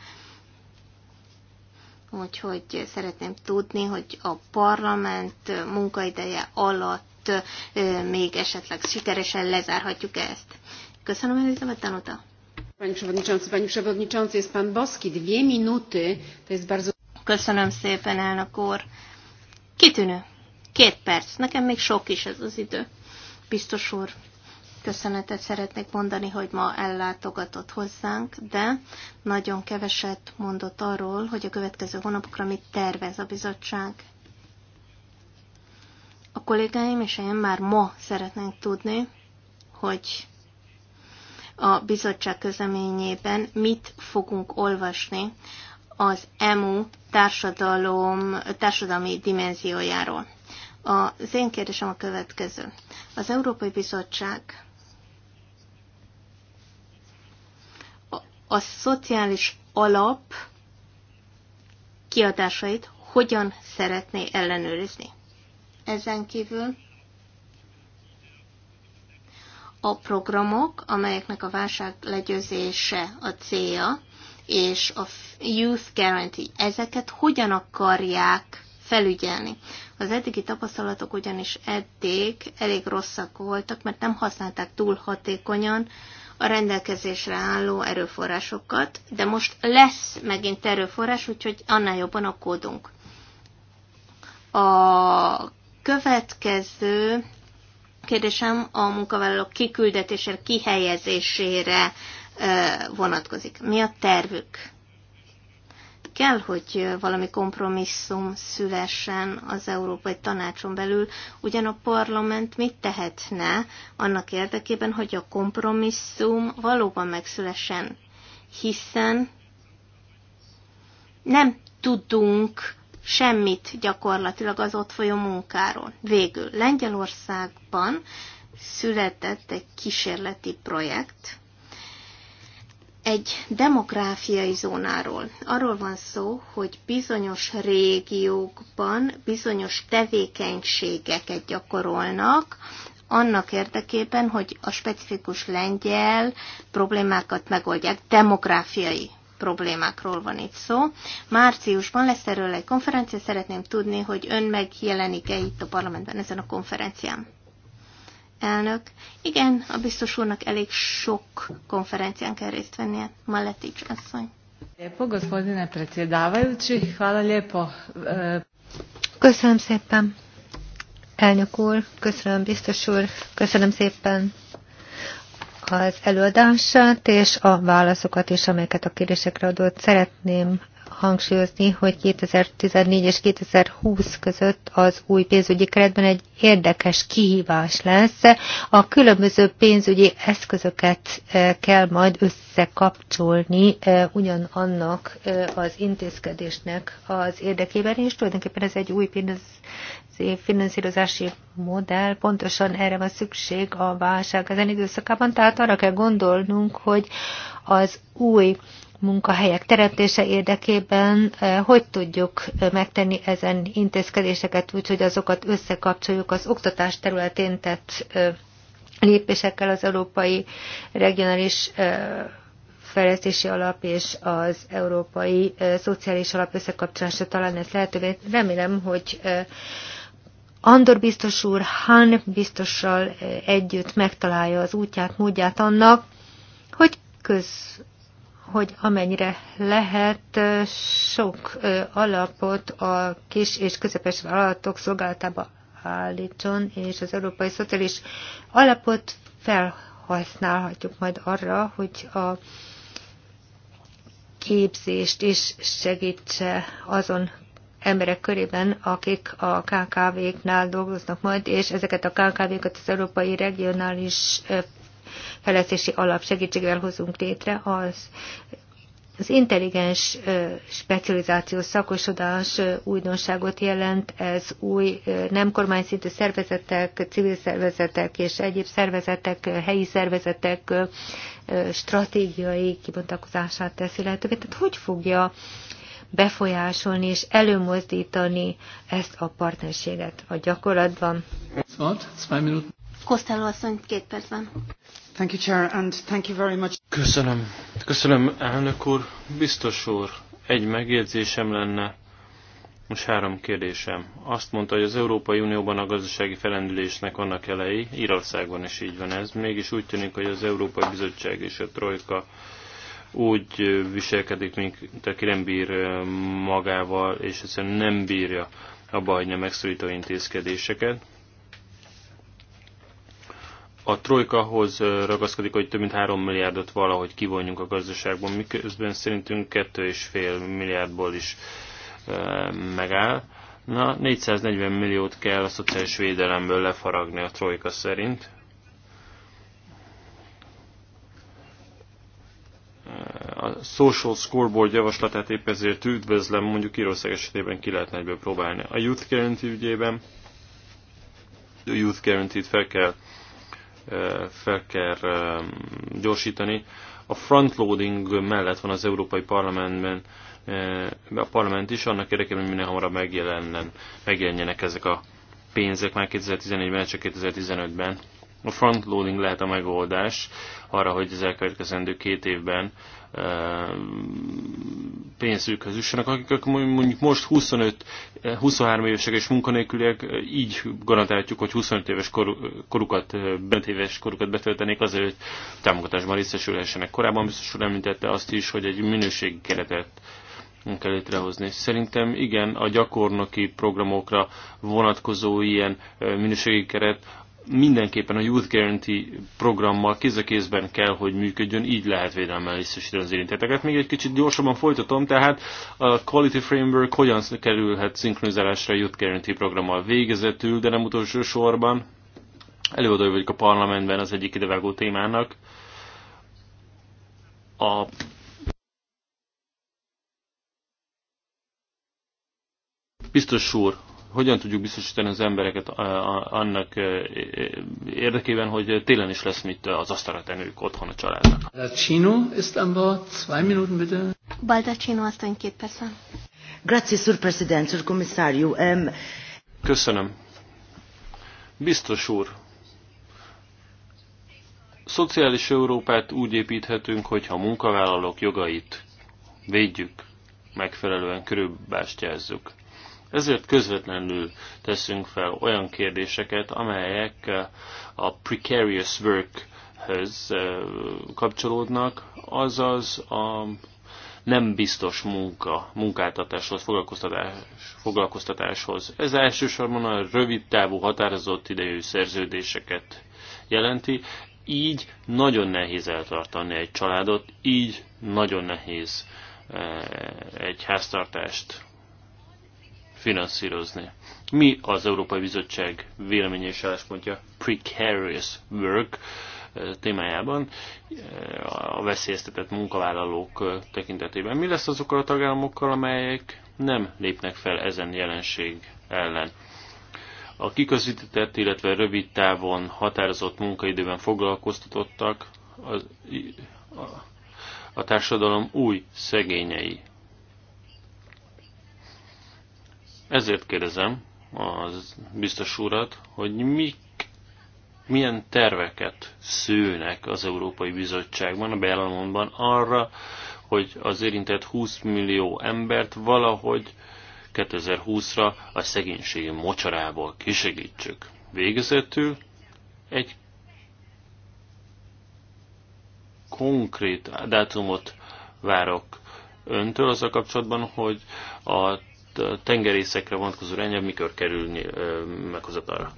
Úgyhogy szeretném tudni, hogy a parlament munkaideje alatt még esetleg sikeresen lezárhatjuk -e ezt. Köszönöm, Elizabeth Tanuta. Pani Przewodniczący, Pani Przewodniczący, jest Pan Boski. Dwie minuty, to jest bardzo... Köszönöm szépen, elnök úr. Kitűnő. Két perc. Nekem még sok is ez az idő. Biztos úr, köszönetet szeretnék mondani, hogy ma ellátogatott hozzánk, de nagyon keveset mondott arról, hogy a következő hónapokra mit tervez a bizottság. A kollégáim és én már ma szeretnénk tudni, hogy a bizottság közleményében mit fogunk olvasni az EMU társadalom, társadalmi dimenziójáról. Az én kérdésem a következő. Az Európai Bizottság a, szociális alap kiadásait hogyan szeretné ellenőrizni. Ezen kívül a programok, amelyeknek a válság legyőzése a célja, és a Youth Guarantee, ezeket hogyan akarják felügyelni. Az eddigi tapasztalatok ugyanis eddig elég rosszak voltak, mert nem használták túl hatékonyan a rendelkezésre álló erőforrásokat, de most lesz megint erőforrás, úgyhogy annál jobban aggódunk. A következő kérdésem a munkavállalók kiküldetésére, kihelyezésére vonatkozik. Mi a tervük? Kell, hogy valami kompromisszum szülessen az Európai Tanácson belül, ugyan a parlament mit tehetne annak érdekében, hogy a kompromisszum valóban megszülessen, hiszen nem tudunk semmit gyakorlatilag az ott folyó munkáról. Végül Lengyelországban született egy kísérleti projekt, egy demográfiai zónáról. Arról van szó, hogy bizonyos régiókban bizonyos tevékenységeket gyakorolnak, annak érdekében, hogy a specifikus lengyel problémákat megoldják, demográfiai problémákról van itt szó. Márciusban lesz erről egy konferencia, szeretném tudni, hogy ön megjelenik-e itt a parlamentben ezen a konferencián. Elnök, igen, a biztos úrnak elég sok konferencián kell részt vennie. Maletics asszony. Lijepo, gospodine predsjedavajući, hvala lijepo. E, köszönöm szépen, elnök úr, köszönöm biztos úr, köszönöm szépen az előadását és a válaszokat is, amelyeket a kérdésekre adott. Szeretném hangsúlyozni, hogy 2014 és 2020 között az új pénzügyi keretben egy érdekes kihívás lesz. A különböző pénzügyi eszközöket e, kell majd összekapcsolni e, ugyanannak e, az intézkedésnek az érdekében, és tulajdonképpen ez egy új finanszírozási modell, pontosan erre van szükség a válság ezen időszakában, tehát arra kell gondolnunk, hogy az új munkahelyek teremtése érdekében eh, hogy tudjuk eh, megtenni ezen intézkedéseket úgy, hogy azokat összekapcsoljuk az oktatás területén tett eh, lépésekkel az Európai Regionális Fejlesztési Alap és az Európai Szociális Alap összekapcsolása talán ez lehetővé. Remélem, hogy Andor biztos úr, Han biztossal együtt megtalálja az útját, módját annak, hogy köz hogy amennyire lehet sok alapot a kis és közepes vállalatok szolgálatába állítson, és az Európai Szociális Alapot felhasználhatjuk majd arra, hogy a képzést is segítse azon emberek körében, akik a KKV-knál dolgoznak majd, és ezeket a KKV-kat az Európai Regionális fejlesztési alap segítségével hozunk létre, az az intelligens specializációs szakosodás újdonságot jelent, ez új nem kormányszintű szervezetek, civil szervezetek és egyéb szervezetek, helyi szervezetek stratégiai kibontakozását teszi lehetővé. Tehát hogy fogja befolyásolni és előmozdítani ezt a partnerséget a gyakorlatban? Kosztáló asszony, két percben. Thank you, Chair, and thank you very much. Köszönöm. Köszönöm, elnök úr. Biztos úr, egy megjegyzésem lenne, most három kérdésem. Azt mondta, hogy az Európai Unióban a gazdasági felendülésnek vannak elei, Írországban is így van ez, mégis úgy tűnik, hogy az Európai Bizottság és a Trojka úgy viselkedik, mint aki nem bír magával, és egyszerűen nem bírja abba hagyni a megszorító intézkedéseket a trojkahoz ragaszkodik, hogy több mint 3 milliárdot valahogy kivonjunk a gazdaságban, miközben szerintünk 2,5 milliárdból is megáll. Na, 440 milliót kell a szociális védelemből lefaragni a trojka szerint. A social scoreboard javaslatát épp ezért üdvözlem, mondjuk Írország esetében ki lehetne egyből próbálni. A youth guarantee ügyében a youth guarantee-t fel kell fel kell gyorsítani. A frontloading mellett van az Európai Parlamentben a parlament is, annak érdekében, hogy minél hamarabb megjelenjenek ezek a pénzek már 2014-ben, csak 2015-ben. A frontloading lehet a megoldás arra, hogy az elkövetkezendő két évben pénzükhöz üssenek. akik mondjuk most 25, 23 évesek és munkanélküliek, így garantálhatjuk, hogy 25 éves korukat, bent éves korukat betöltenék azért, hogy támogatásban részesülhessenek. Korábban biztos úr említette azt is, hogy egy minőségi keretet kell létrehozni. Szerintem igen, a gyakornoki programokra vonatkozó ilyen minőségi keret mindenképpen a Youth Guarantee programmal kéz a kézben kell, hogy működjön, így lehet védelmel visszasítani az érintetteket. Még egy kicsit gyorsabban folytatom, tehát a Quality Framework hogyan kerülhet szinkronizálásra a Youth Guarantee programmal végezetül, de nem utolsó sorban. Előadó vagyok a parlamentben az egyik idevágó témának. A Biztos úr, hogyan tudjuk biztosítani az embereket annak érdekében, hogy télen is lesz mit az asztalra tenők otthon a családnak. Baldacino Istanbul, 2 Wort. Minuten bitte. Baldacino aztán két percben. Grazie, Sur President, Sur Commissario. Um... Köszönöm. Biztos úr, szociális Európát úgy építhetünk, hogyha a munkavállalók jogait védjük, megfelelően körülbástyázzuk. Ezért közvetlenül teszünk fel olyan kérdéseket, amelyek a precarious workhöz kapcsolódnak, azaz a nem biztos munka, munkáltatáshoz, foglalkoztatás, foglalkoztatáshoz. Ez elsősorban a rövid távú, határozott idejű szerződéseket jelenti, így nagyon nehéz eltartani egy családot, így nagyon nehéz egy háztartást finanszírozni. Mi az Európai Bizottság véleménye és álláspontja precarious work eh, témájában, eh, a veszélyeztetett munkavállalók eh, tekintetében? Mi lesz azokkal a tagállamokkal, amelyek nem lépnek fel ezen jelenség ellen? A kiközített, illetve rövid távon határozott munkaidőben foglalkoztatottak az, a, a társadalom új szegényei Ezért kérdezem az biztos urat, hogy mik, milyen terveket szőnek az Európai Bizottságban, a beállamomban arra, hogy az érintett 20 millió embert valahogy 2020-ra a szegénységi mocsarából kisegítsük. Végezetül egy konkrét dátumot várok öntől a kapcsolatban, hogy a tengerészekre vonatkozó irányelv mikor kerül meghozatalra?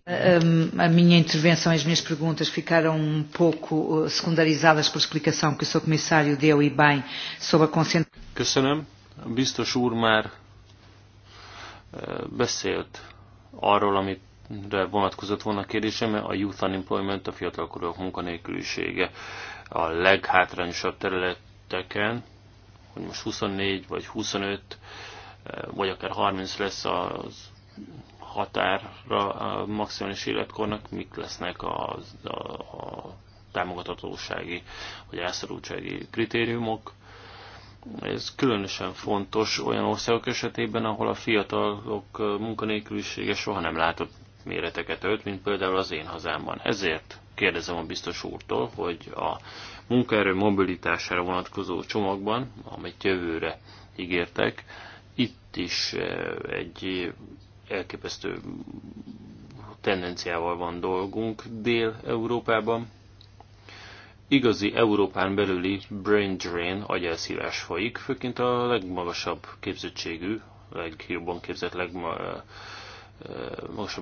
A minha intervenção, e as minhas perguntas ficaram um pouco secundarizadas por explicação que o Sr. Comissário deu e bem sobre a concentração. Köszönöm. A biztos úr már beszélt arról, amit de vonatkozott volna a kérdésem, a youth unemployment, a fiatalkorúak munkanélkülisége a leghátrányosabb területeken, hogy most 24 vagy 25 Eh, vagy akár 30 lesz az határra a maximális életkornak, mik lesznek a, a, a támogatatósági vagy elszorultsági kritériumok. Ez különösen fontos olyan országok esetében, ahol a fiatalok munkanélkülisége soha nem látott méreteket ölt, mint például az én hazámban. Ezért kérdezem a biztos úrtól, hogy a munkaerő mobilitására vonatkozó csomagban, amit jövőre ígértek, itt is egy elképesztő tendenciával van dolgunk Dél-Európában. Igazi Európán belüli brain drain, agyelszívás folyik, főként a legmagasabb képzettségű, legjobban képzett, legmagasabb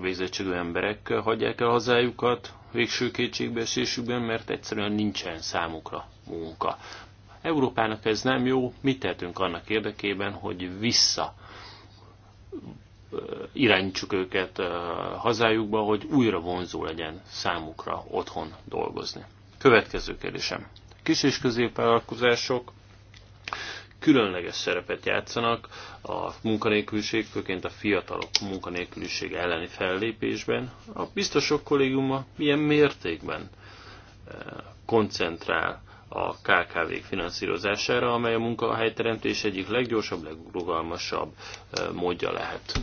végzettségű emberek hagyják el hazájukat végső kétségbeesésükben, mert egyszerűen nincsen számukra munka. Európának ez nem jó, mit tehetünk annak érdekében, hogy vissza irányítsuk őket hazájukba, hogy újra vonzó legyen számukra otthon dolgozni. Következő kérdésem. Kis és középvállalkozások különleges szerepet játszanak a munkanélküliség, főként a fiatalok munkanélküliség elleni fellépésben. A biztosok kollégiuma milyen mértékben koncentrál a KKV-k finanszírozására, amely a munkahelyteremtés egyik leggyorsabb, legrugalmasabb módja lehet.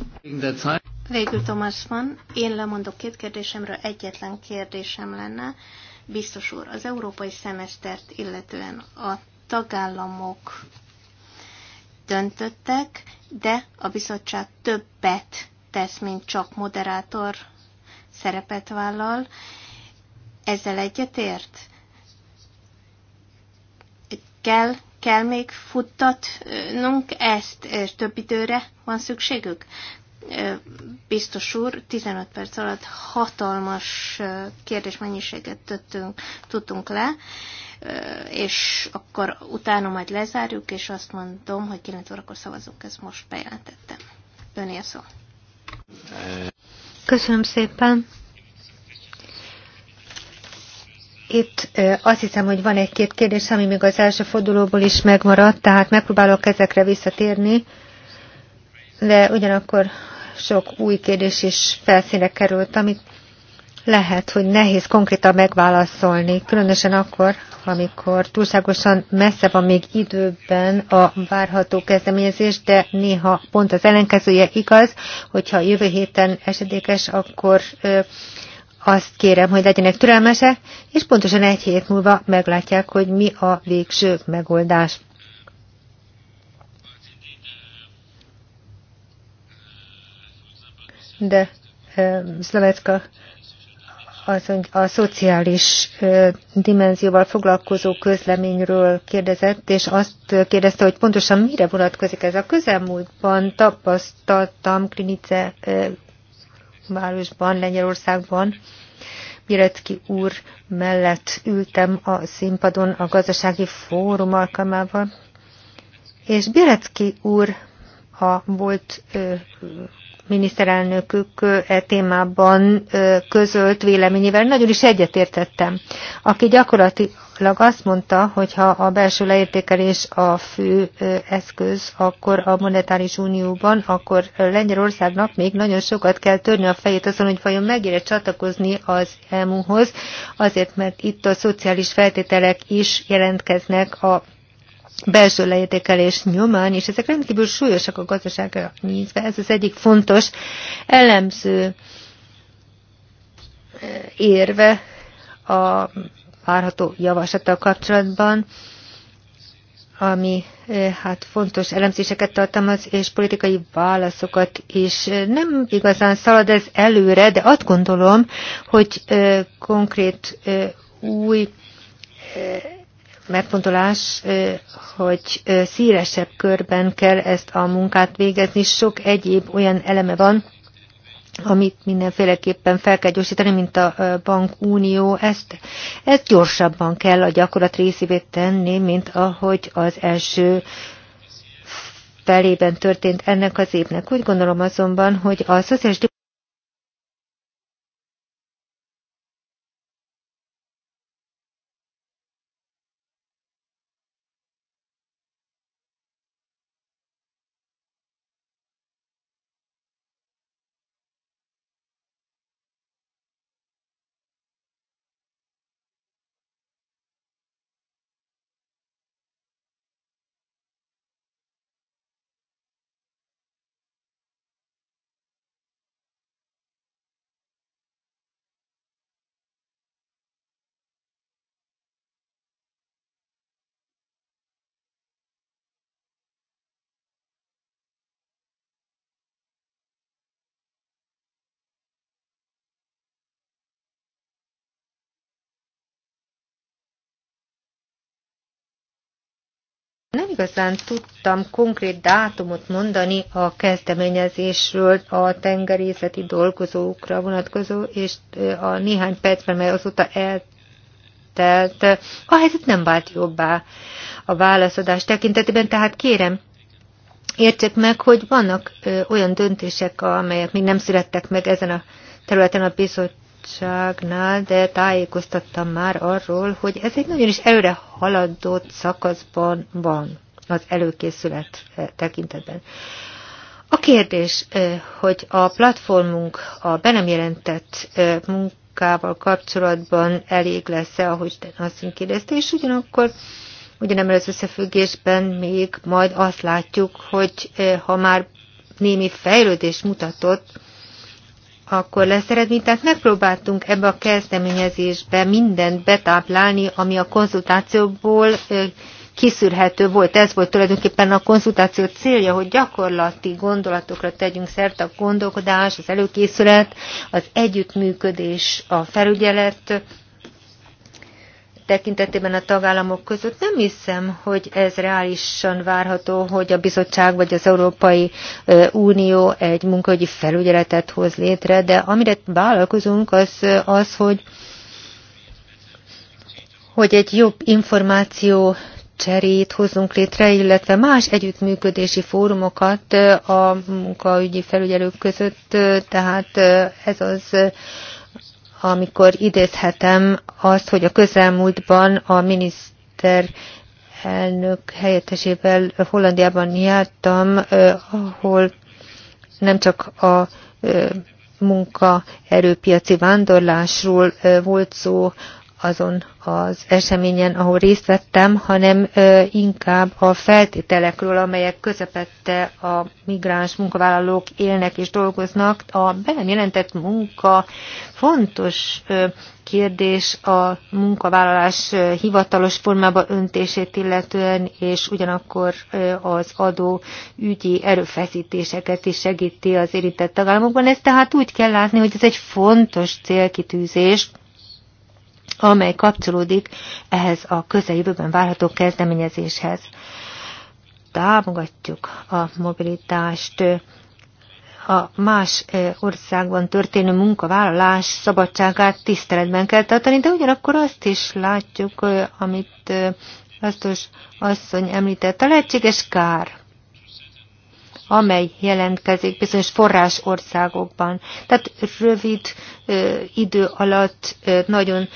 Végül Tomás van, én lemondok két kérdésemről, egyetlen kérdésem lenne. Biztos úr, az európai szemesztert illetően a tagállamok döntöttek, de a bizottság többet tesz, mint csak moderátor szerepet vállal. Ezzel egyetért? kell, kell még futtatnunk ezt, és több időre van szükségük? Biztos úr, 15 perc alatt hatalmas kérdésmennyiséget tettünk, tudtunk le, és akkor utána majd lezárjuk, és azt mondom, hogy 9 órakor szavazunk, ezt most bejelentettem. Önél szó. Köszönöm szépen. Itt azt hiszem, hogy van egy-két kérdés, ami még az első fordulóból is megmaradt, tehát megpróbálok ezekre visszatérni, de ugyanakkor sok új kérdés is felszínre került, amit lehet, hogy nehéz konkrétan megválaszolni, különösen akkor, amikor túlságosan messze van még időben a várható kezdeményezés, de néha pont az ellenkezője igaz, hogyha jövő héten esedékes, akkor azt kérem, hogy legyenek türelmesek, és pontosan egy hét múlva meglátják, hogy mi a végső megoldás. De Szlovecka az, a szociális dimenzióval foglalkozó közleményről kérdezett, és azt kérdezte, hogy pontosan mire vonatkozik ez. A közelmúltban tapasztaltam Klinice városban, Lengyelországban. Birecki úr mellett ültem a színpadon a gazdasági fórum alkalmával, és Birecki úr a volt ö, miniszterelnökük e témában közölt véleményével nagyon is egyetértettem, aki gyakorlatilag azt mondta, hogy ha a belső leértékelés a fő eszköz, akkor a monetáris unióban, akkor Lengyelországnak még nagyon sokat kell törni a fejét azon, hogy vajon megére csatlakozni az EMU-hoz, azért mert itt a szociális feltételek is jelentkeznek a belső leértékelés nyomán, és ezek rendkívül súlyosak a gazdaságra nézve. Ez az egyik fontos elemző eh, érve a várható javaslattal kapcsolatban, ami eh, hát fontos elemzéseket tartalmaz, és politikai válaszokat is. Nem igazán szalad ez előre, de azt gondolom, hogy eh, konkrét új megfontolás, hogy szélesebb körben kell ezt a munkát végezni. Sok egyéb olyan eleme van, amit mindenféleképpen fel kell gyorsítani, mint a bankunió. Ezt, ezt gyorsabban kell a gyakorlat részévé tenni, mint ahogy az első felében történt ennek az évnek. Úgy gondolom azonban, hogy a szociális igazán tudtam konkrét dátumot mondani a kezdeményezésről a tengerészeti dolgozókra vonatkozó, és a néhány percben, mert azóta eltelt, a helyzet nem vált jobbá a válaszadás tekintetében, tehát kérem, értsék meg, hogy vannak olyan döntések, amelyek még nem születtek meg ezen a területen a bizottság, bizottságnál, de tájékoztattam már arról, hogy ez egy nagyon is előre haladott szakaszban van az előkészület tekintetben. A kérdés, hogy a platformunk a be nem jelentett munkával kapcsolatban elég lesz-e, ahogy azt kérdezte, és ugyanakkor ugyanebben az összefüggésben még majd azt látjuk, hogy ha már némi fejlődés mutatott, akkor lesz eredmény. Tehát megpróbáltunk ebbe a kezdeményezésbe mindent betáplálni, ami a konzultációból kiszűrhető volt. Ez volt tulajdonképpen a konzultáció célja, hogy gyakorlati gondolatokra tegyünk szert a gondolkodás, az előkészület, az együttműködés, a felügyelet, tekintetében a tagállamok között nem hiszem, hogy ez reálisan várható, hogy a bizottság vagy az Európai Unió egy munkahogyi felügyeletet hoz létre, de amire vállalkozunk az, az hogy hogy egy jobb információ cserét hozzunk létre, illetve más együttműködési fórumokat a munkaügyi felügyelők között, tehát ez az amikor idézhetem azt, hogy a közelmúltban a miniszter elnök helyettesével Hollandiában jártam, ahol nem csak a munkaerőpiaci vándorlásról volt szó, azon az eseményen, ahol részt vettem, hanem inkább a feltételekről, amelyek közepette a migráns munkavállalók élnek és dolgoznak. A be nem jelentett munka fontos kérdés a munkavállalás hivatalos formába öntését illetően, és ugyanakkor az adó ügyi erőfeszítéseket is segíti az érintett tagállamokban. Ezt tehát úgy kell látni, hogy ez egy fontos célkitűzés, amely kapcsolódik ehhez a közeljövőben várható kezdeményezéshez. Támogatjuk a mobilitást, a más országban történő munkavállalás szabadságát tiszteletben kell tartani, de ugyanakkor azt is látjuk, amit Lasztos asszony említett, a lehetséges kár, amely jelentkezik bizonyos forrás országokban. Tehát rövid ö, idő alatt ö, nagyon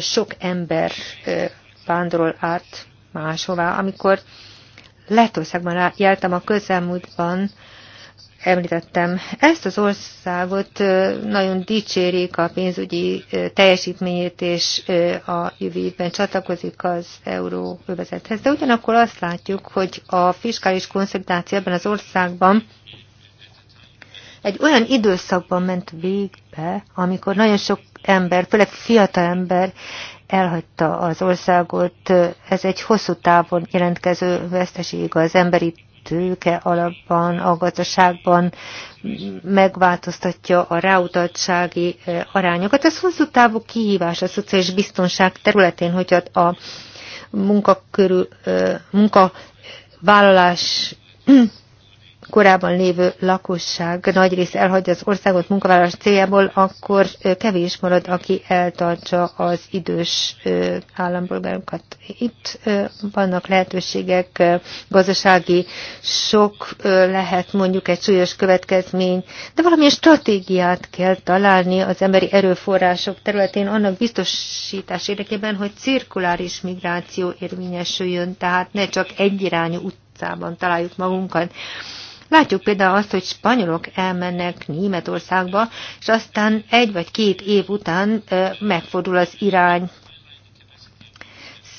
sok ember vándorol át máshová. Amikor Lettországban jártam a közelmúltban, említettem, ezt az országot nagyon dicsérik a pénzügyi teljesítményét, és a jövőben csatlakozik az euróövezethez. De ugyanakkor azt látjuk, hogy a fiskális konszolidáció ebben az országban egy olyan időszakban ment végbe, amikor nagyon sok ember, főleg fiatal ember elhagyta az országot. Ez egy hosszú távon jelentkező veszteség az emberi tőke alapban, a gazdaságban megváltoztatja a ráutaltsági eh, arányokat. Ez hosszú távú kihívás a szociális biztonság területén, hogy a munkakörül, eh, munkavállalás korábban lévő lakosság nagy része elhagyja az országot munkavállalás céljából, akkor kevés marad, aki eltartsa az idős állampolgárokat. Itt vannak lehetőségek, gazdasági sok lehet mondjuk egy súlyos következmény, de valamilyen stratégiát kell találni az emberi erőforrások területén annak biztosítás érdekében, hogy cirkuláris migráció érvényesüljön, tehát ne csak egyirányú utcában találjuk magunkat Látjuk például azt, hogy spanyolok elmennek Németországba, és aztán egy vagy két év után megfordul az irány.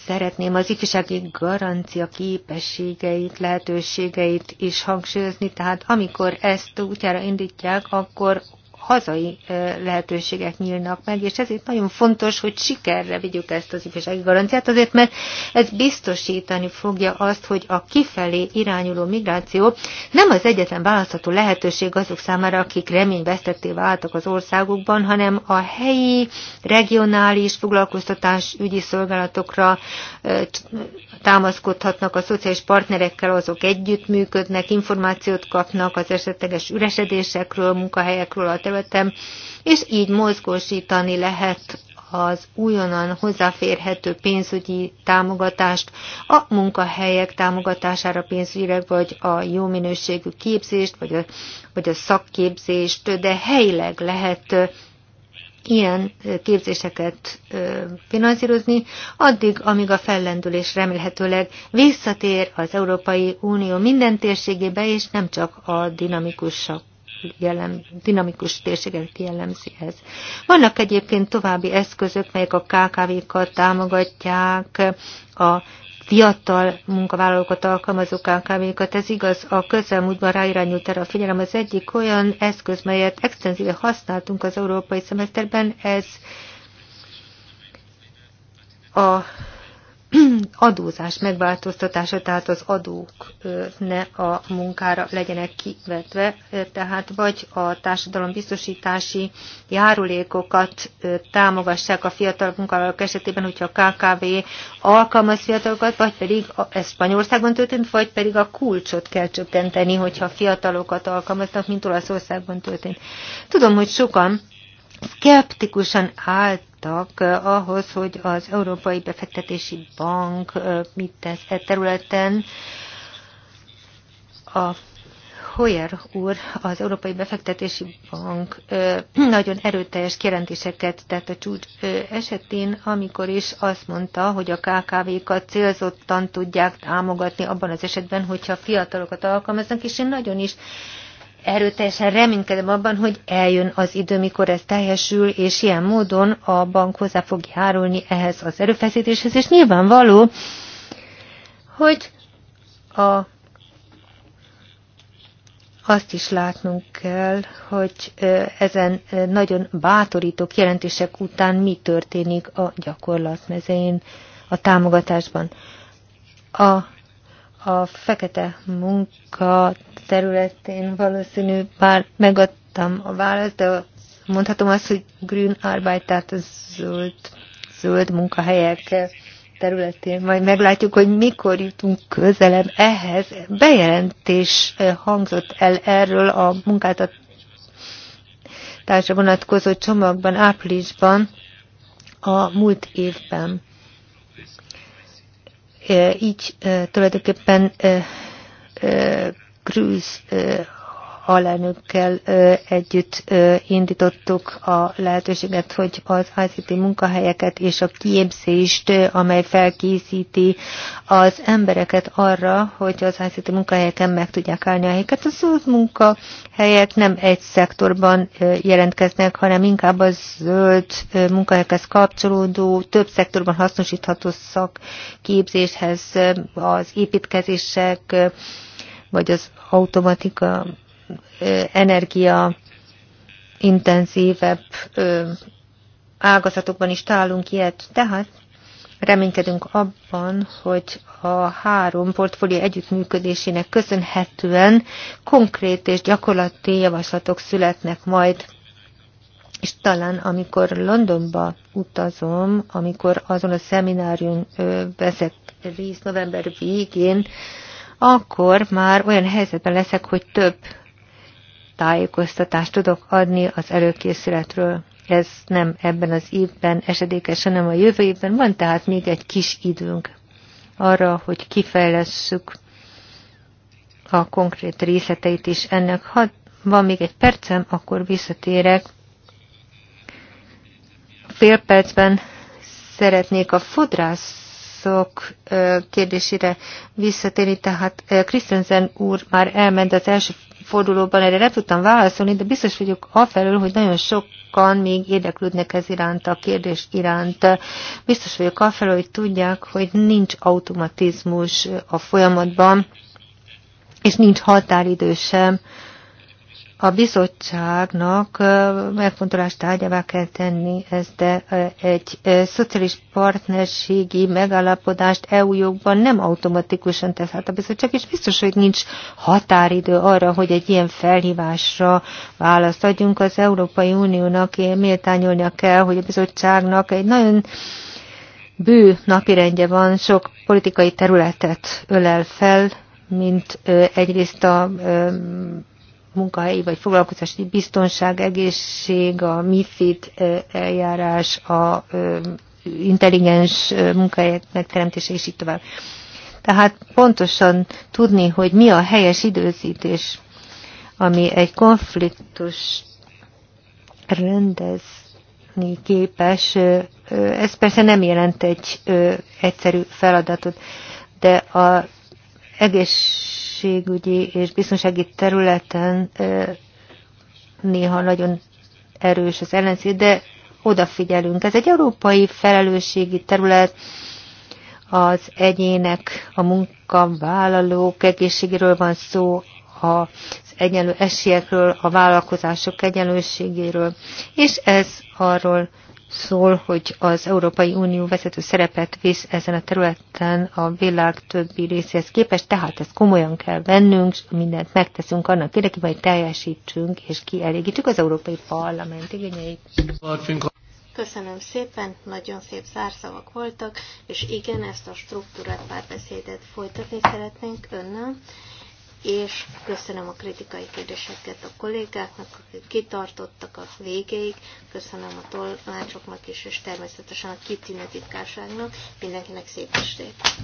Szeretném az ifjúsági garancia képességeit, lehetőségeit is hangsúlyozni, tehát amikor ezt útjára indítják, akkor hazai lehetőségek nyílnak meg, és ezért nagyon fontos, hogy sikerre vigyük ezt az ifjúsági garanciát, azért mert ez biztosítani fogja azt, hogy a kifelé irányuló migráció nem az egyetlen választható lehetőség azok számára, akik reményvesztetté váltak az országukban, hanem a helyi, regionális foglalkoztatás ügyi szolgálatokra, támaszkodhatnak a szociális partnerekkel, azok együttműködnek, információt kapnak az esetleges üresedésekről, munkahelyekről a területen, és így mozgósítani lehet az újonnan hozzáférhető pénzügyi támogatást a munkahelyek támogatására pénzügyileg, vagy a jó minőségű képzést, vagy a, vagy a szakképzést, de helyileg lehet ilyen képzéseket finanszírozni, addig, amíg a fellendülés remélhetőleg visszatér az Európai Unió minden térségébe, és nem csak a dinamikusak jellem, dinamikus térséget jellemzi ez. Vannak egyébként további eszközök, melyek a KKV-kat támogatják, a fiatal munkavállalókat, alkalmazók, KKV-kat. Ez igaz, a közelmúltban ráirányult erre a figyelem. Az egyik olyan eszköz, melyet extenzíve használtunk az európai szemeszterben, ez a adózás megváltoztatása, tehát az adók ne a munkára legyenek kivetve, tehát vagy a társadalombiztosítási járulékokat támogassák a fiatal munkavállalók esetében, hogyha a KKV alkalmaz fiatalokat, vagy pedig, ez Spanyolországban történt, vagy pedig a kulcsot kell csökkenteni, hogyha fiatalokat alkalmaznak, mint Olaszországban történt. Tudom, hogy sokan szkeptikusan állt voltak eh, ahhoz, hogy az Európai Befektetési Bank eh, mit tesz e területen. A Hoyer úr, az Európai Befektetési Bank eh, nagyon erőteljes kérdéseket tett a csúcs esetén, amikor is azt mondta, hogy a KKV-kat célzottan tudják támogatni abban az esetben, hogyha fiatalokat alkalmaznak, és én nagyon is erőteljesen reménykedem abban, hogy eljön az idő, mikor ez teljesül, és ilyen módon a bank hozzá fog járulni ehhez az erőfeszítéshez, és nyilvánvaló, hogy a, azt is látnunk kell, hogy ezen nagyon bátorító jelentések után mi történik a gyakorlatmezén a támogatásban. A a fekete munka területén valószínű már megadtam a választ, de mondhatom azt, hogy Green Arbeit, tehát a zöld, zöld munkahelyek területén. Majd meglátjuk, hogy mikor jutunk közelebb ehhez. Bejelentés eh, hangzott el erről a munkáltatásra vonatkozó csomagban, áprilisban, a múlt évben. Így tulajdonképpen Grúz alelnökkel együtt indítottuk a lehetőséget, hogy az ICT munkahelyeket és a kiépzést, amely felkészíti az embereket arra, hogy az ICT munkahelyeken meg tudják állni a helyeket. A zöld munkahelyek nem egy szektorban jelentkeznek, hanem inkább a zöld munkahelyekhez kapcsolódó, több szektorban hasznosítható szakképzéshez, az építkezések, vagy az automatika energia intenzívebb ágazatokban is találunk ilyet. Tehát reménykedünk abban, hogy a három portfólió együttműködésének köszönhetően konkrét és gyakorlati javaslatok születnek majd. És talán amikor Londonba utazom, amikor azon a szeminárium veszek részt november végén, akkor már olyan helyzetben leszek, hogy több tájékoztatást tudok adni az előkészületről. Ez nem ebben az évben esedékes, hanem a jövő évben. Van tehát még egy kis időnk arra, hogy kifejlesszük a konkrét részleteit is ennek. Ha van még egy percem, akkor visszatérek. Fél percben szeretnék a fodrász áruházok kérdésére visszatérni, tehát Christensen úr már elment az első fordulóban, erre nem tudtam válaszolni, de biztos vagyok afelől, hogy nagyon sokan még érdeklődnek ez iránt, a kérdés iránt. Biztos vagyok afelől, hogy tudják, hogy nincs automatizmus a folyamatban, és nincs határidő sem a bizottságnak megfontolás tárgyává kell tenni ezt, de egy szociális partnerségi megállapodást EU jogban nem automatikusan tesz hát a bizottság, és biztos, hogy nincs határidő arra, hogy egy ilyen felhívásra választ adjunk. Az Európai Uniónak méltányolnia kell, hogy a bizottságnak egy nagyon bő napirendje van, sok politikai területet ölel fel, mint egyrészt a munkahelyi vagy foglalkozási biztonság, egészség, a MIFID eljárás, a intelligens munkahelyek megteremtése, és így tovább. Tehát pontosan tudni, hogy mi a helyes időzítés, ami egy konfliktus rendezni képes, ez persze nem jelent egy egyszerű feladatot, de a egész egészségügyi és biztonsági területen néha nagyon erős az ellenség, de odafigyelünk. Ez egy európai felelősségi terület, az egyének, a munkavállalók egészségéről van szó, az egyenlő esélyekről, a vállalkozások egyenlőségéről, és ez arról szól, hogy az Európai Unió vezető szerepet visz ezen a területen a világ többi részéhez képest, tehát ezt komolyan kell vennünk, mindent megteszünk annak érdekében, hogy teljesítsünk és kielégítsük az Európai Parlament igényeit. Köszönöm szépen, nagyon szép zárszavak voltak, és igen, ezt a struktúrát párbeszédet folytatni szeretnénk önnel és köszönöm a kritikai kérdéseket a kollégáknak, akik kitartottak a végéig, köszönöm a tolmácsoknak is, és természetesen a kitűnő titkárságnak, mindenkinek szép estét!